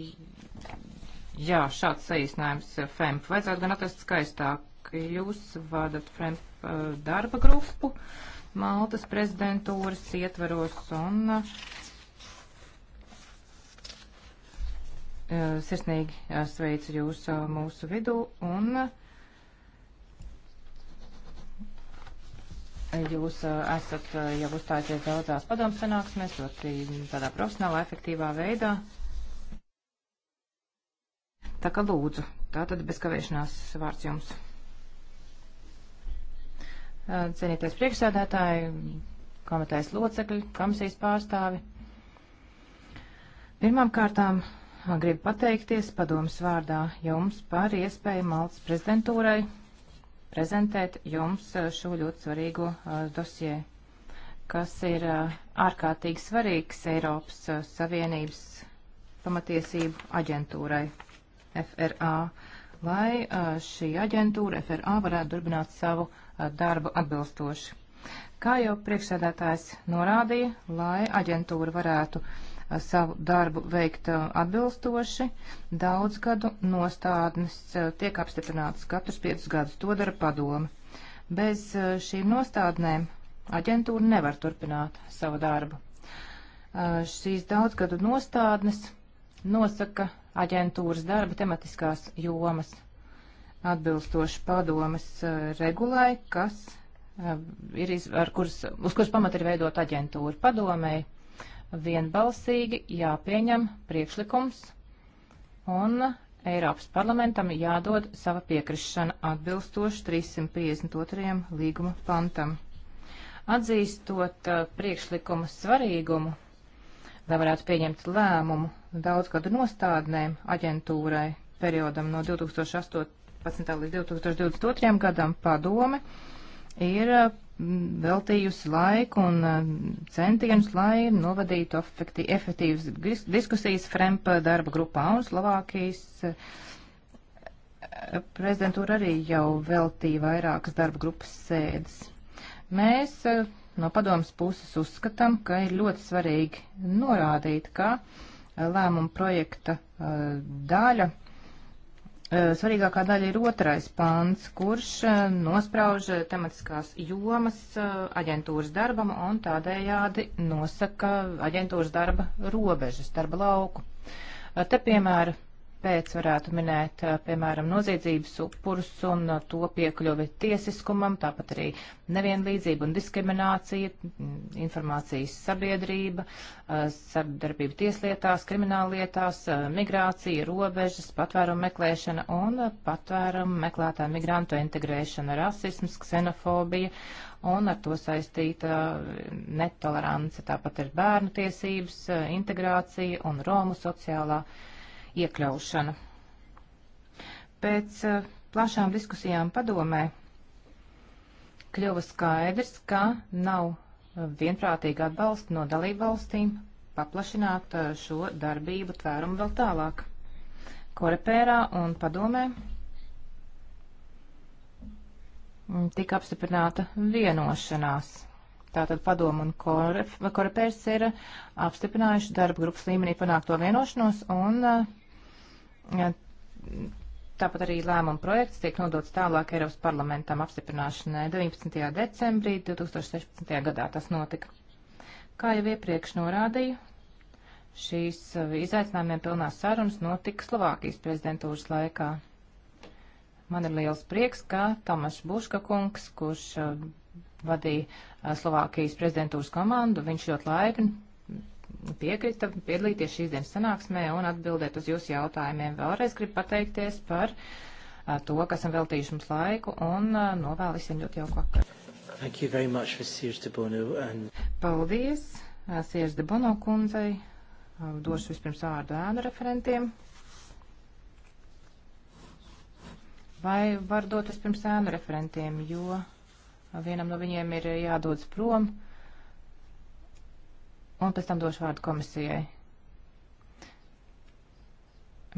jā, šāds saīsinājums uh, FEMP. Vajadzētu gan atrast skaistāk. Jūs vadat FEMP darba grupu Maltas prezidentūras ietveros un sirsnīgi sveicu jūs mūsu vidū un uh, Jūs uh, esat uh, jau uzstājušies daudzās padomu sanāksmēs, ļoti tādā profesionālā, efektīvā veidā. Tā kā lūdzu, tā tad bez kavēšanās vārds jums. Uh, Cienīties priekšsēdētāji, komitejas locekļi, komisijas pārstāvi. Pirmām kārtām gribu pateikties padomas vārdā jums par iespēju Maltas prezidentūrai prezentēt jums eh, šo ļoti svarīgo eh, dosie, kas ir eh, ārkārtīgi svarīgs Eiropas Savienības pamatiesību aģentūrai FRA, lai šī aģentūra FRA varētu turpināt savu darbu atbilstoši. Kā jau priekšsēdētājs norādīja, lai aģentūra varētu uh, savu darbu veikt uh, atbilstoši. Daudz gadu nostādnes uh, tiek apstiprinātas katrs piecus gadus. To dara padome. Bez uh, šīm nostādnēm aģentūra nevar turpināt savu darbu. Šīs daudzgadu nostādnes nosaka aģentūras darba tematiskās jomas atbilstoši padomas regulai, kas ir, iz, ar kuras, uz kuras pamata ir veidot aģentūra padomēji vienbalsīgi jāpieņem priekšlikums un Eiropas parlamentam jādod sava piekrišana atbilstoši 352. līguma pantam. Atzīstot uh, priekšlikuma svarīgumu, lai varētu pieņemt lēmumu daudzgadu nostādnēm aģentūrai periodam no 2018. līdz 2022. gadam padome ir uh, veltījusi laiku un eh, centienus, lai novadītu efektīvas diskusijas FREMPA darba grupā un Slovākijas. Eh, prezidentūra arī jau veltīja vairākas darba grupas sēdes. Mēs eh, no padomas puses uzskatām, ka ir ļoti svarīgi norādīt, ka lēmuma projekta daļa Eh, svarīgākā daļa ir otrais pants, kurš eh, nosprauž eh, tematiskās jomas aģentūras darbam un tādējādi nosaka aģentūras darba robežas, darba lauku. Te piemēra pēc varētu minēt, piemēram, noziedzības upurus un to piekļuvi tiesiskumam, tāpat arī nevienlīdzība un diskriminācija, informācijas sabiedrība, sadarbība tieslietās, krimināllietās, migrācija, robežas, patvērumu meklēšana un patvērumu meklētāju migrantu integrēšana, rasisms, ksenofobija un ar to saistīta netolerance, tāpat ir bērnu tiesības, integrācija un Romu sociālā iekļaušanu. Pēc eh, plašām diskusijām padomē kļuva skaidrs, ka nav eh, vienprātīga atbalsta no dalību valstīm paplašināt eh, šo darbību tvērumu vēl tālāk. Korepērā un padomē tika apstiprināta vienošanās. Tātad padomu un korepērs ir apstiprinājuši darba grupas līmenī panākto vienošanos un uh, Tāpat arī lēmuma projekts tiek nodots tālāk Eiropas parlamentam apstiprināšanai 19. decembrī 2016. gadā tas notika. Kā jau iepriekš norādīju, šīs uh, izaicinājumiem pilnās sarunas notika Slovākijas prezidentūras laikā. Man ir liels prieks, ka Tomašs Buška kungs, kurš uh, vadīja uh, Slovākijas prezidentūras komandu, viņš ļoti laipni piekrita piedalīties šīs dienas sanāksmē un atbildēt uz jūsu jautājumiem. Vēlreiz gribu pateikties par to, kas esam veltījuši mums laiku un novēlu visiem ļoti jauku vakaru. Thank you very much for Sears de Bono. And... Paldies Sears de Bono kundzei. Došu vispirms vārdu ēnu referentiem. Vai var dot vispirms ēnu referentiem, jo vienam no viņiem ir jādodas prom un pēc tam došu vārdu komisijai.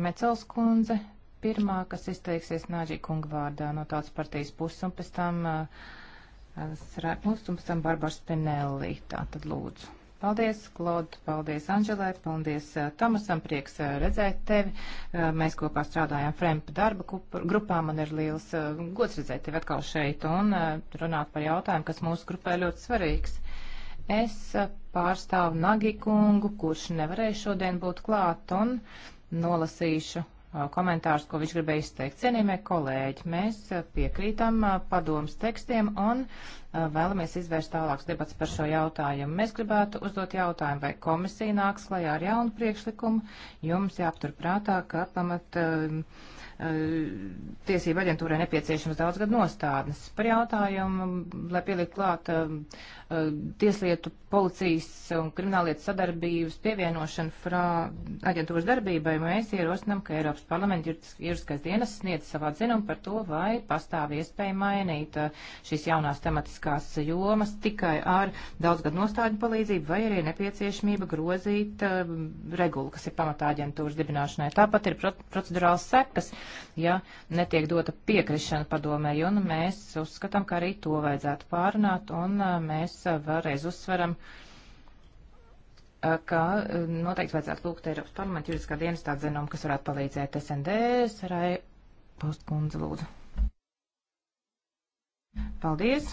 Mecels kundze, pirmā, kas izteiksies Nāģī kunga vārdā no tautas partijas puses, un pēc tam Srēpuls, un pēc tam Barbara Spinelli. Tā tad lūdzu. Paldies, Klod, paldies, Anželē, paldies uh, Tomasam, prieks uh, redzēt tevi. Uh, mēs kopā strādājam Frempa darba grupā, man ir liels gods redzēt tevi atkal šeit un runāt par jautājumu, kas mūsu grupai ļoti svarīgs. Es pārstāvu Nagi kungu, kurš nevarēja šodien būt klāt, un nolasīšu uh, komentārus, ko viņš gribēja izteikt. Cienījamie kolēģi, mēs uh, piekrītam uh, padomas tekstiem un Eh, vēlamies izvērst tālāks debats par šo jautājumu. Mēs gribētu uzdot jautājumu, vai komisija nāks klajā ar jaunu priekšlikumu. Jums jāaptur prātā, ka pamat uh, tiesība aģentūrai nepieciešams daudz gadu nostādnes. Par jautājumu, lai pielikt klāt uh, tieslietu, policijas un krimināllietu sadarbības pievienošanu frā aģentūras darbībai, mēs ierosinām, ka Eiropas parlamenta juridiskais dienas sniedz savā dzinumu par to, vai pastāv iespēja mainīt uh, šīs jaunās tematiskas tematiskās jomas tikai ar daudzgad nostādņu palīdzību vai arī nepieciešamība grozīt uh, regulu, kas ir pamatā aģentūras dibināšanai. Tāpat ir procedurāls sekas, ja netiek dota piekrišana padomēji, un nu, mēs uzskatām, ka arī to vajadzētu pārunāt, un uh, mēs uh, vēlreiz uzsveram, eh, ka noteikti vajadzētu lūgt Eiropas parlamenta juridiskā dienestā dzinumu, kas varētu palīdzēt SND, Sarai Postkundze, lūdzu. Paldies!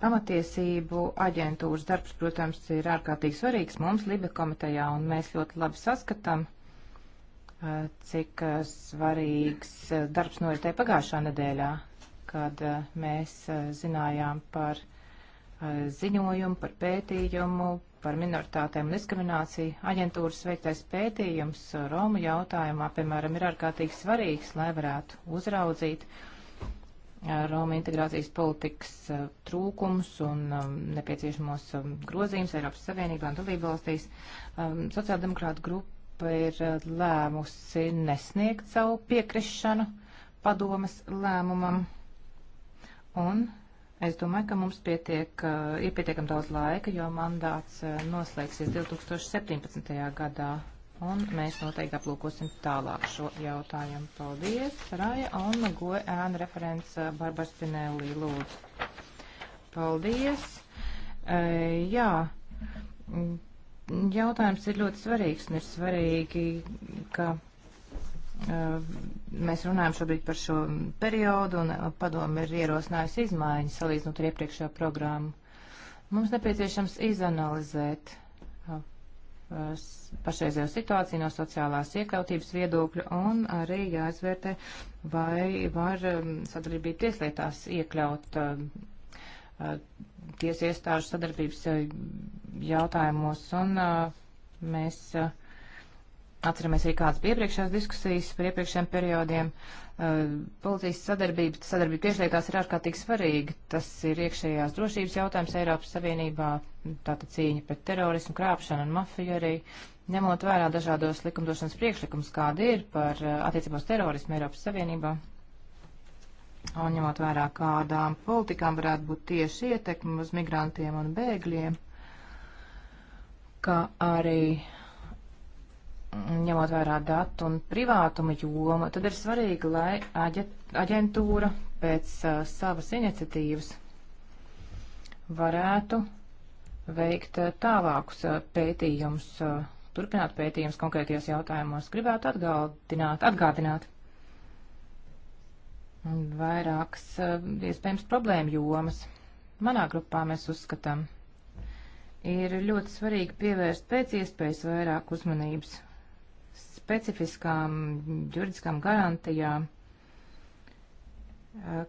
Pamatiesību aģentūras darbs, protams, ir ārkārtīgi svarīgs mums Libe komitejā, un mēs ļoti labi saskatām, eh, cik eh, svarīgs eh, darbs noritēja pagājušā nedēļā, kad mēs zinājām par ziņojumu, par pētījumu, par minoritātēm un diskrimināciju. Aģentūras veiktais pētījums Romu jautājumā, piemēram, ir ārkārtīgi svarīgs, lai varētu uzraudzīt uh, Roma integrācijas politikas eh, trūkums un um, nepieciešamos um, grozījums Eiropas Savienībā un dalību valstīs. Um, sociāldemokrāta grupa ir eh, lēmusi nesniegt savu piekrišanu padomas lēmumam. Un es domāju, ka mums pietiek, eh, ir pietiekam daudz laika, jo mandāts noslēgsies 2017. gadā un mēs noteikti aplūkosim tālāk šo jautājumu. Paldies, Raja Alma Goja ēna referents eh, Barbara Spinelli, lūdzu. Paldies. E, jā, mm, jautājums ir ļoti svarīgs un ir svarīgi, ka eh, mēs runājam šobrīd par šo periodu un padomu ir ierosinājusi izmaiņas salīdzinot ar iepriekšējo programmu. Mums nepieciešams izanalizēt pašreizējo situāciju no sociālās iekļautības viedokļa un arī jāizvērtē, vai var um, sadarbību tieslietās iekļaut um, uh, tiesu iestāžu sadarbības uh, jautājumos. Un uh, mēs atceramies arī kādas bija iepriekšējās diskusijas par iepriekšējiem periodiem. Uh, Eh, policijas sadarbība, sadarbība tiešlietās ir ārkārtīgi svarīga. Tas ir iekšējās drošības jautājums Eiropas Savienībā, tāda cīņa pret terorismu, krāpšanu un mafiju arī. Ņemot vērā dažādos likumdošanas priekšlikumus, kādi ir par eh, attiecībos terorismu Eiropas Savienībā, un ņemot vērā, kādām politikām varētu būt tieši ietekme uz migrantiem un bēgļiem, kā arī uh, ņemot vērā datu un privātuma jomu, tad ir svarīgi, lai aģentūra pēc uh, savas iniciatīvas varētu veikt uh, tālākus uh, pētījumus, uh, turpināt pētījumus konkrētajos jautājumos. Gribētu atgādināt, atgādināt vairākas uh, iespējams problēmu jomas. Manā grupā mēs uzskatām, ir ļoti svarīgi pievērst pēc iespējas vairāk uzmanības specifiskām juridiskām garantijām, eh,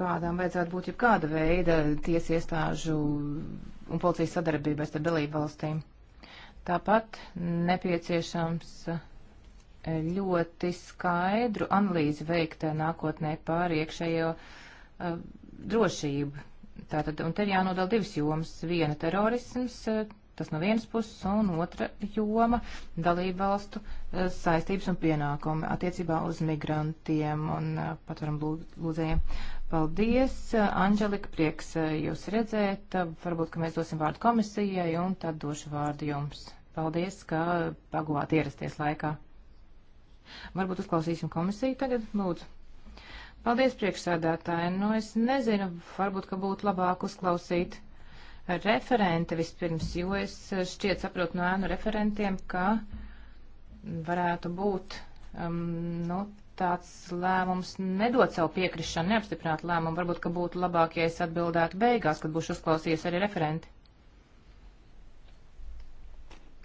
kādām vajadzētu būt jau kāda veida tiesa iestāžu un policijas sadarbības ar dalību valstīm. Tāpat nepieciešams eh, ļoti skaidru analīzi veikt eh, nākotnē pār iekšējo drošību. Tātad, un te ir jānodala divas jomas. Viena terorisms, Tas no vienas puses, un otra joma - dalība valstu eh, saistības un pienākumi attiecībā uz migrantiem un eh, patvaram lūdzējiem. Paldies, eh, Anželika, prieks jūs redzēt. Varbūt, ka mēs dosim vārdu komisijai, un tad došu vārdu jums. Paldies, ka pagodāt ierasties laikā. Varbūt uzklausīsim komisiju tagad, lūdzu. Paldies, priekšsēdētāji. Nu, es nezinu, varbūt, ka būtu labāk uzklausīt referente vispirms, jo es eh, šķiet saprotu no ēnu referentiem, ka varētu būt um, nu, tāds lēmums nedot savu piekrišanu, neapstiprināt lēmumu. Varbūt, ka būtu labāk, ja es atbildētu beigās, kad būšu uzklausījies arī referenti.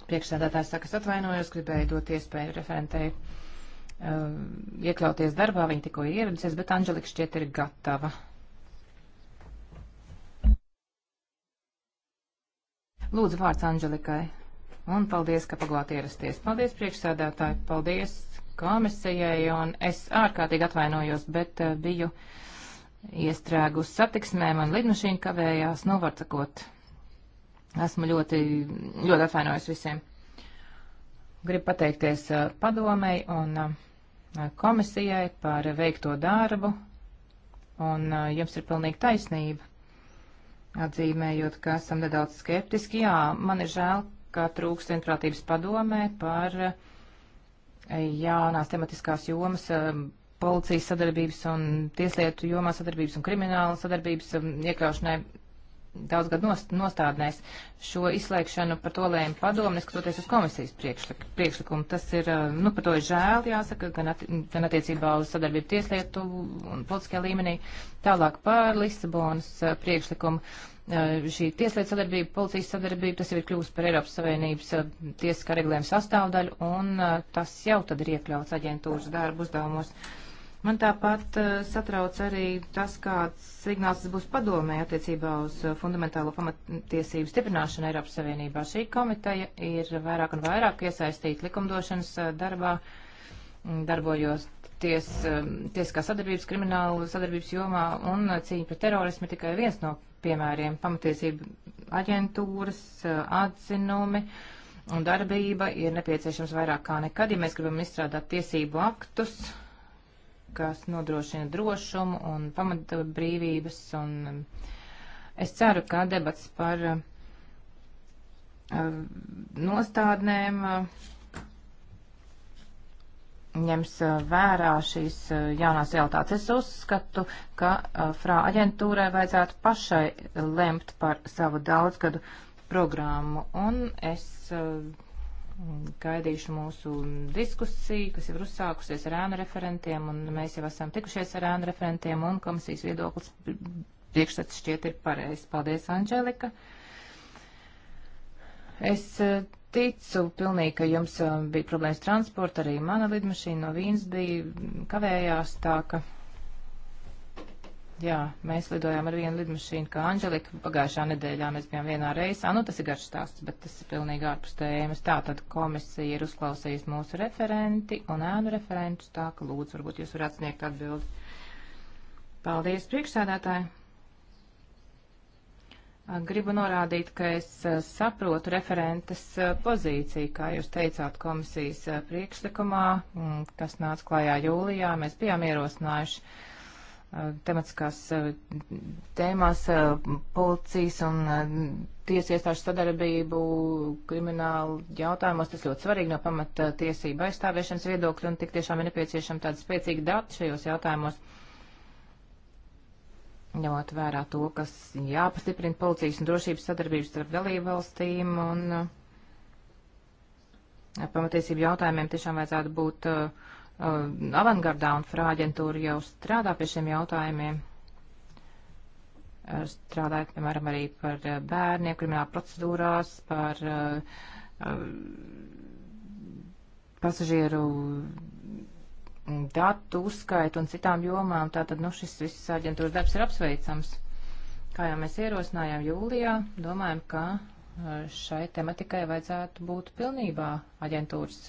Priekšsēdētājs saka, es atvainojos, gribēju dot iespēju referentei um, iekļauties darbā, viņa tikko ieradusies, bet Anželika šķiet ir gatava Lūdzu, vārds Anželikai. Un paldies, ka paglāt ierasties. Paldies, priekšsēdētāji, paldies komisijai. Un es ārkārtīgi atvainojos, bet uh, biju iestrēgus satiksmē, man lidmašīna kavējās, nu, var sakot, esmu ļoti, ļoti atvainojos visiem. Gribu pateikties uh, padomei un uh, komisijai par veikto darbu, un jums ir pilnīgi taisnība atzīmējot, ka esam nedaudz skeptiski. Jā, man ir žēl, ka trūkst vienprātības padomē par eh, jaunās tematiskās jomas eh, policijas sadarbības un tieslietu jomā sadarbības un krimināla sadarbības eh, iekļaušanai daudz gadu nostādnēs. Šo izslēgšanu par to lēma padomu, neskatoties uz komisijas priekšlik, priekšlikumu. Tas ir, eh, nu, par to ir žēl, jāsaka, gan, at, gan attiecībā uz sadarbību tieslietu un politiskajā līmenī. Tālāk par Lisabonas eh, priekšlikumu. Eh, šī tieslietu sadarbība, policijas sadarbība, tas jau ir kļūst par Eiropas Savienības tiesiskā regulējuma sastāvdaļu, un tas jau tad ir iekļauts aģentūras darbu uzdevumos. Uh, Man tāpat eh, satrauc arī tas, kāds signāls būs padomē attiecībā uz eh, fundamentālo pamatiesību stiprināšanu Eiropas Savienībā. Šī komiteja ir vairāk un vairāk iesaistīta likumdošanas eh, darbā, mm, darbojos ties, tiesiskā sadarbības, krimināla sadarbības jomā un cīņa pret terorismu tikai viens no piemēriem pamatiesību aģentūras atzinumi un darbība ir nepieciešams vairāk kā nekad, ja mēs gribam izstrādāt tiesību aktus, kas nodrošina drošumu un pamatbrīvības. Un um, es ceru, ka debats par uh, nostādnēm uh, ņems uh, vērā šīs jaunās realitātes. Es uzskatu, ka frā aģentūrai vajadzētu pašai lemt par savu daudzgadu programmu, un es gaidīšu mūsu diskusiju, kas jau ir uzsākusies ar ēnu referentiem, un mēs jau esam tikušies ar ēnu referentiem, un komisijas viedoklis priekšstats šķiet ir pareizs. Paldies, Anģelika. Es eh, ticu pilnīgi, ka jums eh, bija problēmas transporta, arī mana lidmašīna no Vīnas bija kavējās, tā ka Jā, mēs lidojām ar vienu lidmašīnu, kā Anželika. Pagājušā nedēļā mēs bijām vienā reisā. Nu, tas ir garš stāsts, bet tas ir pilnīgi ārpus tēmas. Tātad komisija ir uzklausījusi mūsu referenti un ēnu referentus. Tā ka lūdzu, varbūt jūs varat sniegt atbildi. Paldies, priekšsēdētāji. Gribu norādīt, ka es saprotu referentes pozīciju, kā jūs teicāt komisijas priekšlikumā, kas mm, nāca klājā jūlijā. Mēs bijām ierosinājuši tematiskās eh, tēmās eh, policijas un eh, tiesu iestāžu sadarbību kriminālu jautājumos. Tas ļoti svarīgi no pamata tiesība aizstāvēšanas viedokļa un tik tiešām ir nepieciešama tāda spēcīga data šajos jautājumos. Ņemot vērā to, kas jāpastiprina policijas un drošības sadarbības starp dalību valstīm un pamatiesību jautājumiem tiešām vajadzētu būt uh, avangardā un frāģentūra jau strādā pie šiem jautājumiem. Strādājot, piemēram, arī par bērniem krimināla procedūrās, par pasažieru datu uzskaitu un citām jomām. Tātad, nu, šis viss aģentūras darbs ir apsveicams. Kā jau mēs ierosinājām jūlijā, domājam, ka šai tematikai vajadzētu būt pilnībā aģentūras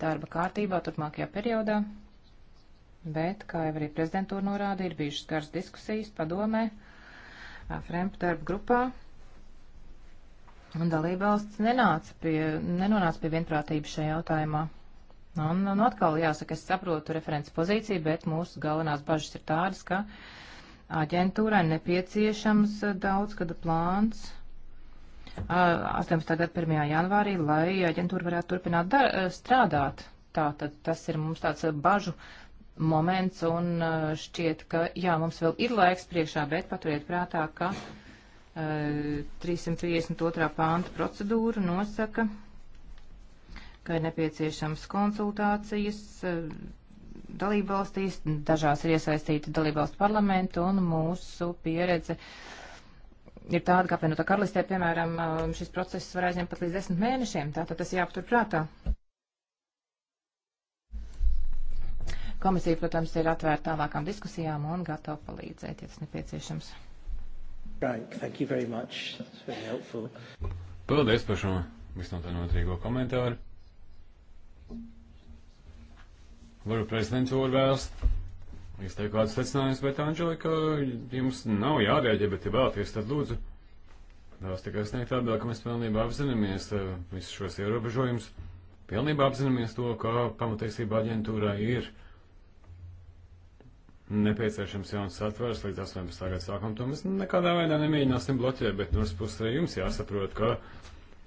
darba kārtībā turpmākajā periodā, bet, kā jau arī prezidentūra norāda, ir bijušas garas diskusijas padomē, FREMP darba grupā, un dalībvalsts nenāca pie, nenonāca pie vienprātības šajā jautājumā. Un, un atkal jāsaka, es saprotu referents pozīciju, bet mūsu galvenās bažas ir tādas, ka aģentūrai nepieciešams daudzgada plāns 18. gada 1. janvārī, lai aģentūra varētu turpināt dar, strādāt. Tātad tas ir mums tāds bažu moments un šķiet, ka jā, mums vēl ir laiks priekšā, bet paturiet prātā, ka uh, 352. pānta procedūra nosaka, ka ir nepieciešams konsultācijas uh, dalībvalstīs, dažās ir iesaistīti dalībvalstu parlamentu un mūsu pieredze uh, ir tāda, ka apvienotā karalistē, piemēram, um, šis process var aizņemt pat līdz desmit mēnešiem, tātad tas jāaptur prātā. Komisija, protams, ir atvērta tālākām diskusijām un gatava palīdzēt, ja tas nepieciešams. Right, thank you very much. That's very helpful. Paldies par šo visnotaļ notrīgo komentāru. Varu prezidentūru vēlas izteikt kādus secinājumus, bet Anģelika, jums nav jārēģē, bet ja vēlaties, tad lūdzu. Daudz tikai sniegt atbildi, ka mēs pilnībā apzināmies eh, visus šos ierobežojumus, pilnībā apzināmies to, ka pamatiesība aģentūrā ir nepieciešams jauns satvers līdz 18. gada sākumam. To mēs nekādā veidā nemēģināsim bloķēt, bet no otras puses arī jums jāsaprot, ka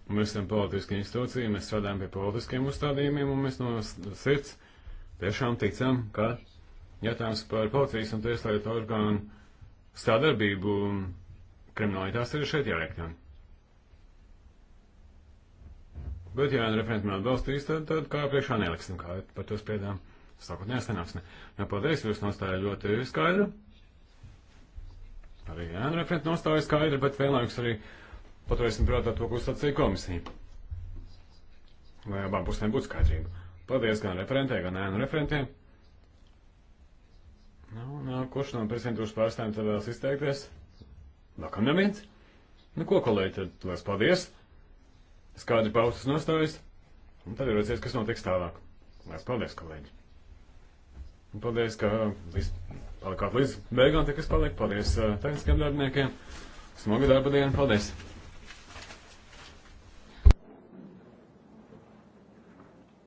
mēs esam politiska institūcija, mēs strādājam pie politiskiem uzstādījumiem un mēs no sirds tiešām ticam, ka Jautājums par policijas un tieslietu orgānu sadarbību kriminālitātes ir šeit jāiekļauj. Bet, ja referentam atbalstīs, tad, tad kā priekšā neliksim, kā par to spiedām. Sākotnējā sanāksmē. Jā, nu, paldies, jūs nostāja ļoti skaidra. Arī jā, referenta nostāja skaidra, bet vienlaikus arī paturēsim prātā to, ko sacīja komisija. Lai abām pusēm būtu skaidrība. Paldies gan referentē, gan ēnu referentiem. Nu, nā, nu, kurš no prezidentūras pārstāvjiem tad vēlas izteikties? Nākam neviens? Nu, ko, kolēģi, tad liels paldies! Skaidri paustas nostājas, un tad ir redzēs, kas notiks tālāk. Liels paldies, kolēģi! Un paldies, ka līdz, palikāt līdz beigām, tie, kas palika. Paldies uh, eh, tehniskiem darbiniekiem. Smaga darba diena, paldies!